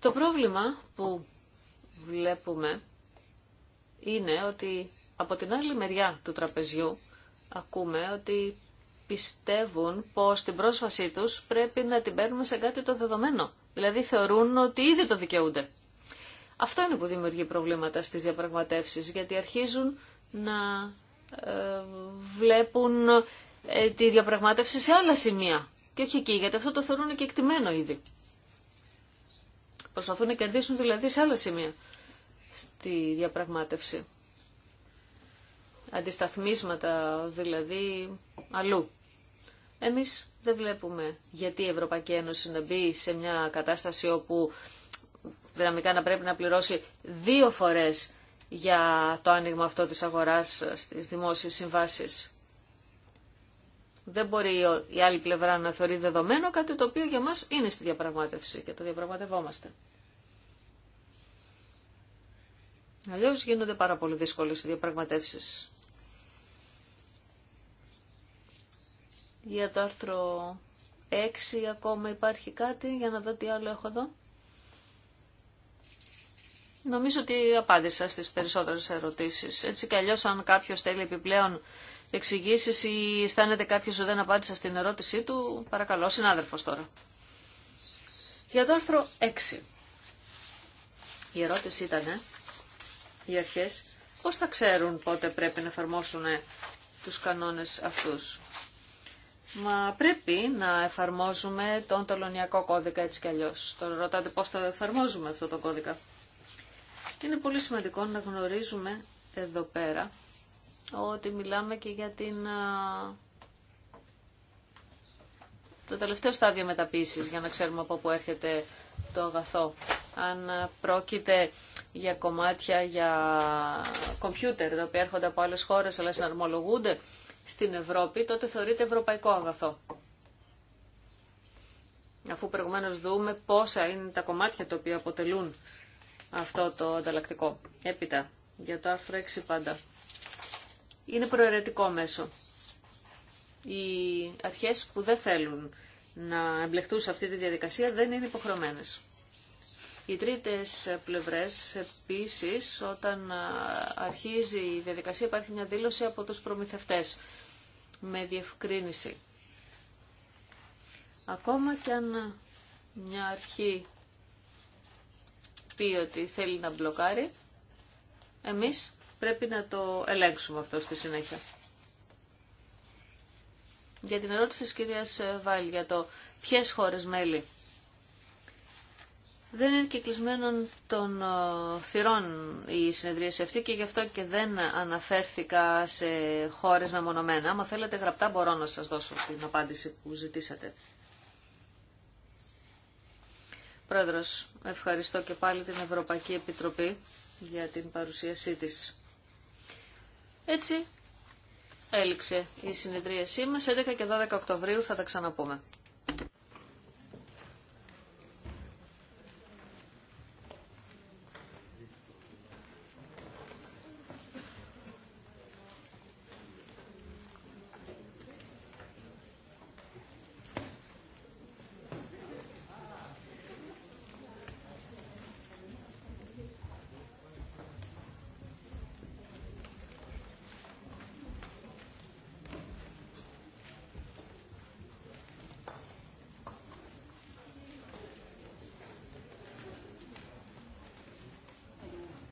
Το πρόβλημα που βλέπουμε είναι ότι από την άλλη μεριά του τραπεζιού ακούμε ότι πιστεύουν πως την πρόσφασή τους πρέπει να την παίρνουμε σε κάτι το δεδομένο. Δηλαδή θεωρούν ότι ήδη το δικαιούνται. Αυτό είναι που δημιουργεί προβλήματα στις διαπραγματεύσεις, γιατί αρχίζουν να ε, βλέπουν ε, τη διαπραγμάτευση σε άλλα σημεία και όχι εκεί, γιατί αυτό το θεωρούν και εκτιμένο ήδη. Προσπαθούν να κερδίσουν δηλαδή σε άλλα σημεία στη διαπραγμάτευση αντισταθμίσματα δηλαδή αλλού. Εμείς δεν βλέπουμε γιατί η Ευρωπαϊκή Ένωση να μπει σε μια κατάσταση όπου δυναμικά να πρέπει να πληρώσει δύο φορές για το άνοιγμα αυτό της αγοράς στις δημόσιες συμβάσεις. Δεν μπορεί η άλλη πλευρά να θεωρεί δεδομένο κάτι το οποίο για μας είναι στη διαπραγμάτευση και το διαπραγματευόμαστε. Αλλιώ γίνονται πάρα πολύ δύσκολες οι διαπραγματεύσεις. Για το άρθρο 6 ακόμα υπάρχει κάτι, για να δω τι άλλο έχω εδώ. Νομίζω ότι απάντησα στις περισσότερες ερωτήσεις. Έτσι κι αλλιώς αν κάποιος θέλει επιπλέον εξηγήσεις ή αισθάνεται κάποιος ότι δεν απάντησα στην ερώτησή του, παρακαλώ, συνάδελφος τώρα. Για το άρθρο 6. Η ερώτηση ήταν, ε, οι αρχές, πώς θα ξέρουν πότε πρέπει να εφαρμόσουν τους κανόνες αυτούς. Μα πρέπει να εφαρμόζουμε τον τολωνιακό κώδικα έτσι κι αλλιώς. Τώρα ρωτάτε πώς θα εφαρμόζουμε αυτό το κώδικα. Είναι πολύ σημαντικό να γνωρίζουμε εδώ πέρα ότι μιλάμε και για την, το τελευταίο στάδιο μεταποίησης για να ξέρουμε από πού έρχεται το αγαθό. Αν πρόκειται για κομμάτια, για κομπιούτερ, τα οποία έρχονται από άλλες χώρες αλλά συναρμολογούνται, στην Ευρώπη, τότε θεωρείται ευρωπαϊκό αγαθό. Αφού προηγουμένω δούμε πόσα είναι τα κομμάτια τα οποία αποτελούν αυτό το ανταλλακτικό. Έπειτα, για το άρθρο 6 πάντα. Είναι προαιρετικό μέσο. Οι αρχές που δεν θέλουν να εμπλεκτούν σε αυτή τη διαδικασία δεν είναι υποχρεωμένες. Οι τρίτες πλευρές επίσης όταν αρχίζει η διαδικασία υπάρχει μια δήλωση από τους προμηθευτές με διευκρίνηση. Ακόμα και αν μια αρχή πει ότι θέλει να μπλοκάρει, εμείς πρέπει να το ελέγξουμε αυτό στη συνέχεια. Για την ερώτηση της κυρίας Βάλ για το ποιες χώρες μέλη δεν είναι κυκλισμένον των ε, θυρών η σε αυτή και γι' αυτό και δεν αναφέρθηκα σε χώρες μεμονωμένα. Άμα θέλετε γραπτά μπορώ να σας δώσω την απάντηση που ζητήσατε. Πρόεδρος, ευχαριστώ και πάλι την Ευρωπαϊκή Επιτροπή για την παρουσίασή της. Έτσι έληξε η συνεδρίασή μας. 11 και 12 Οκτωβρίου θα τα ξαναπούμε.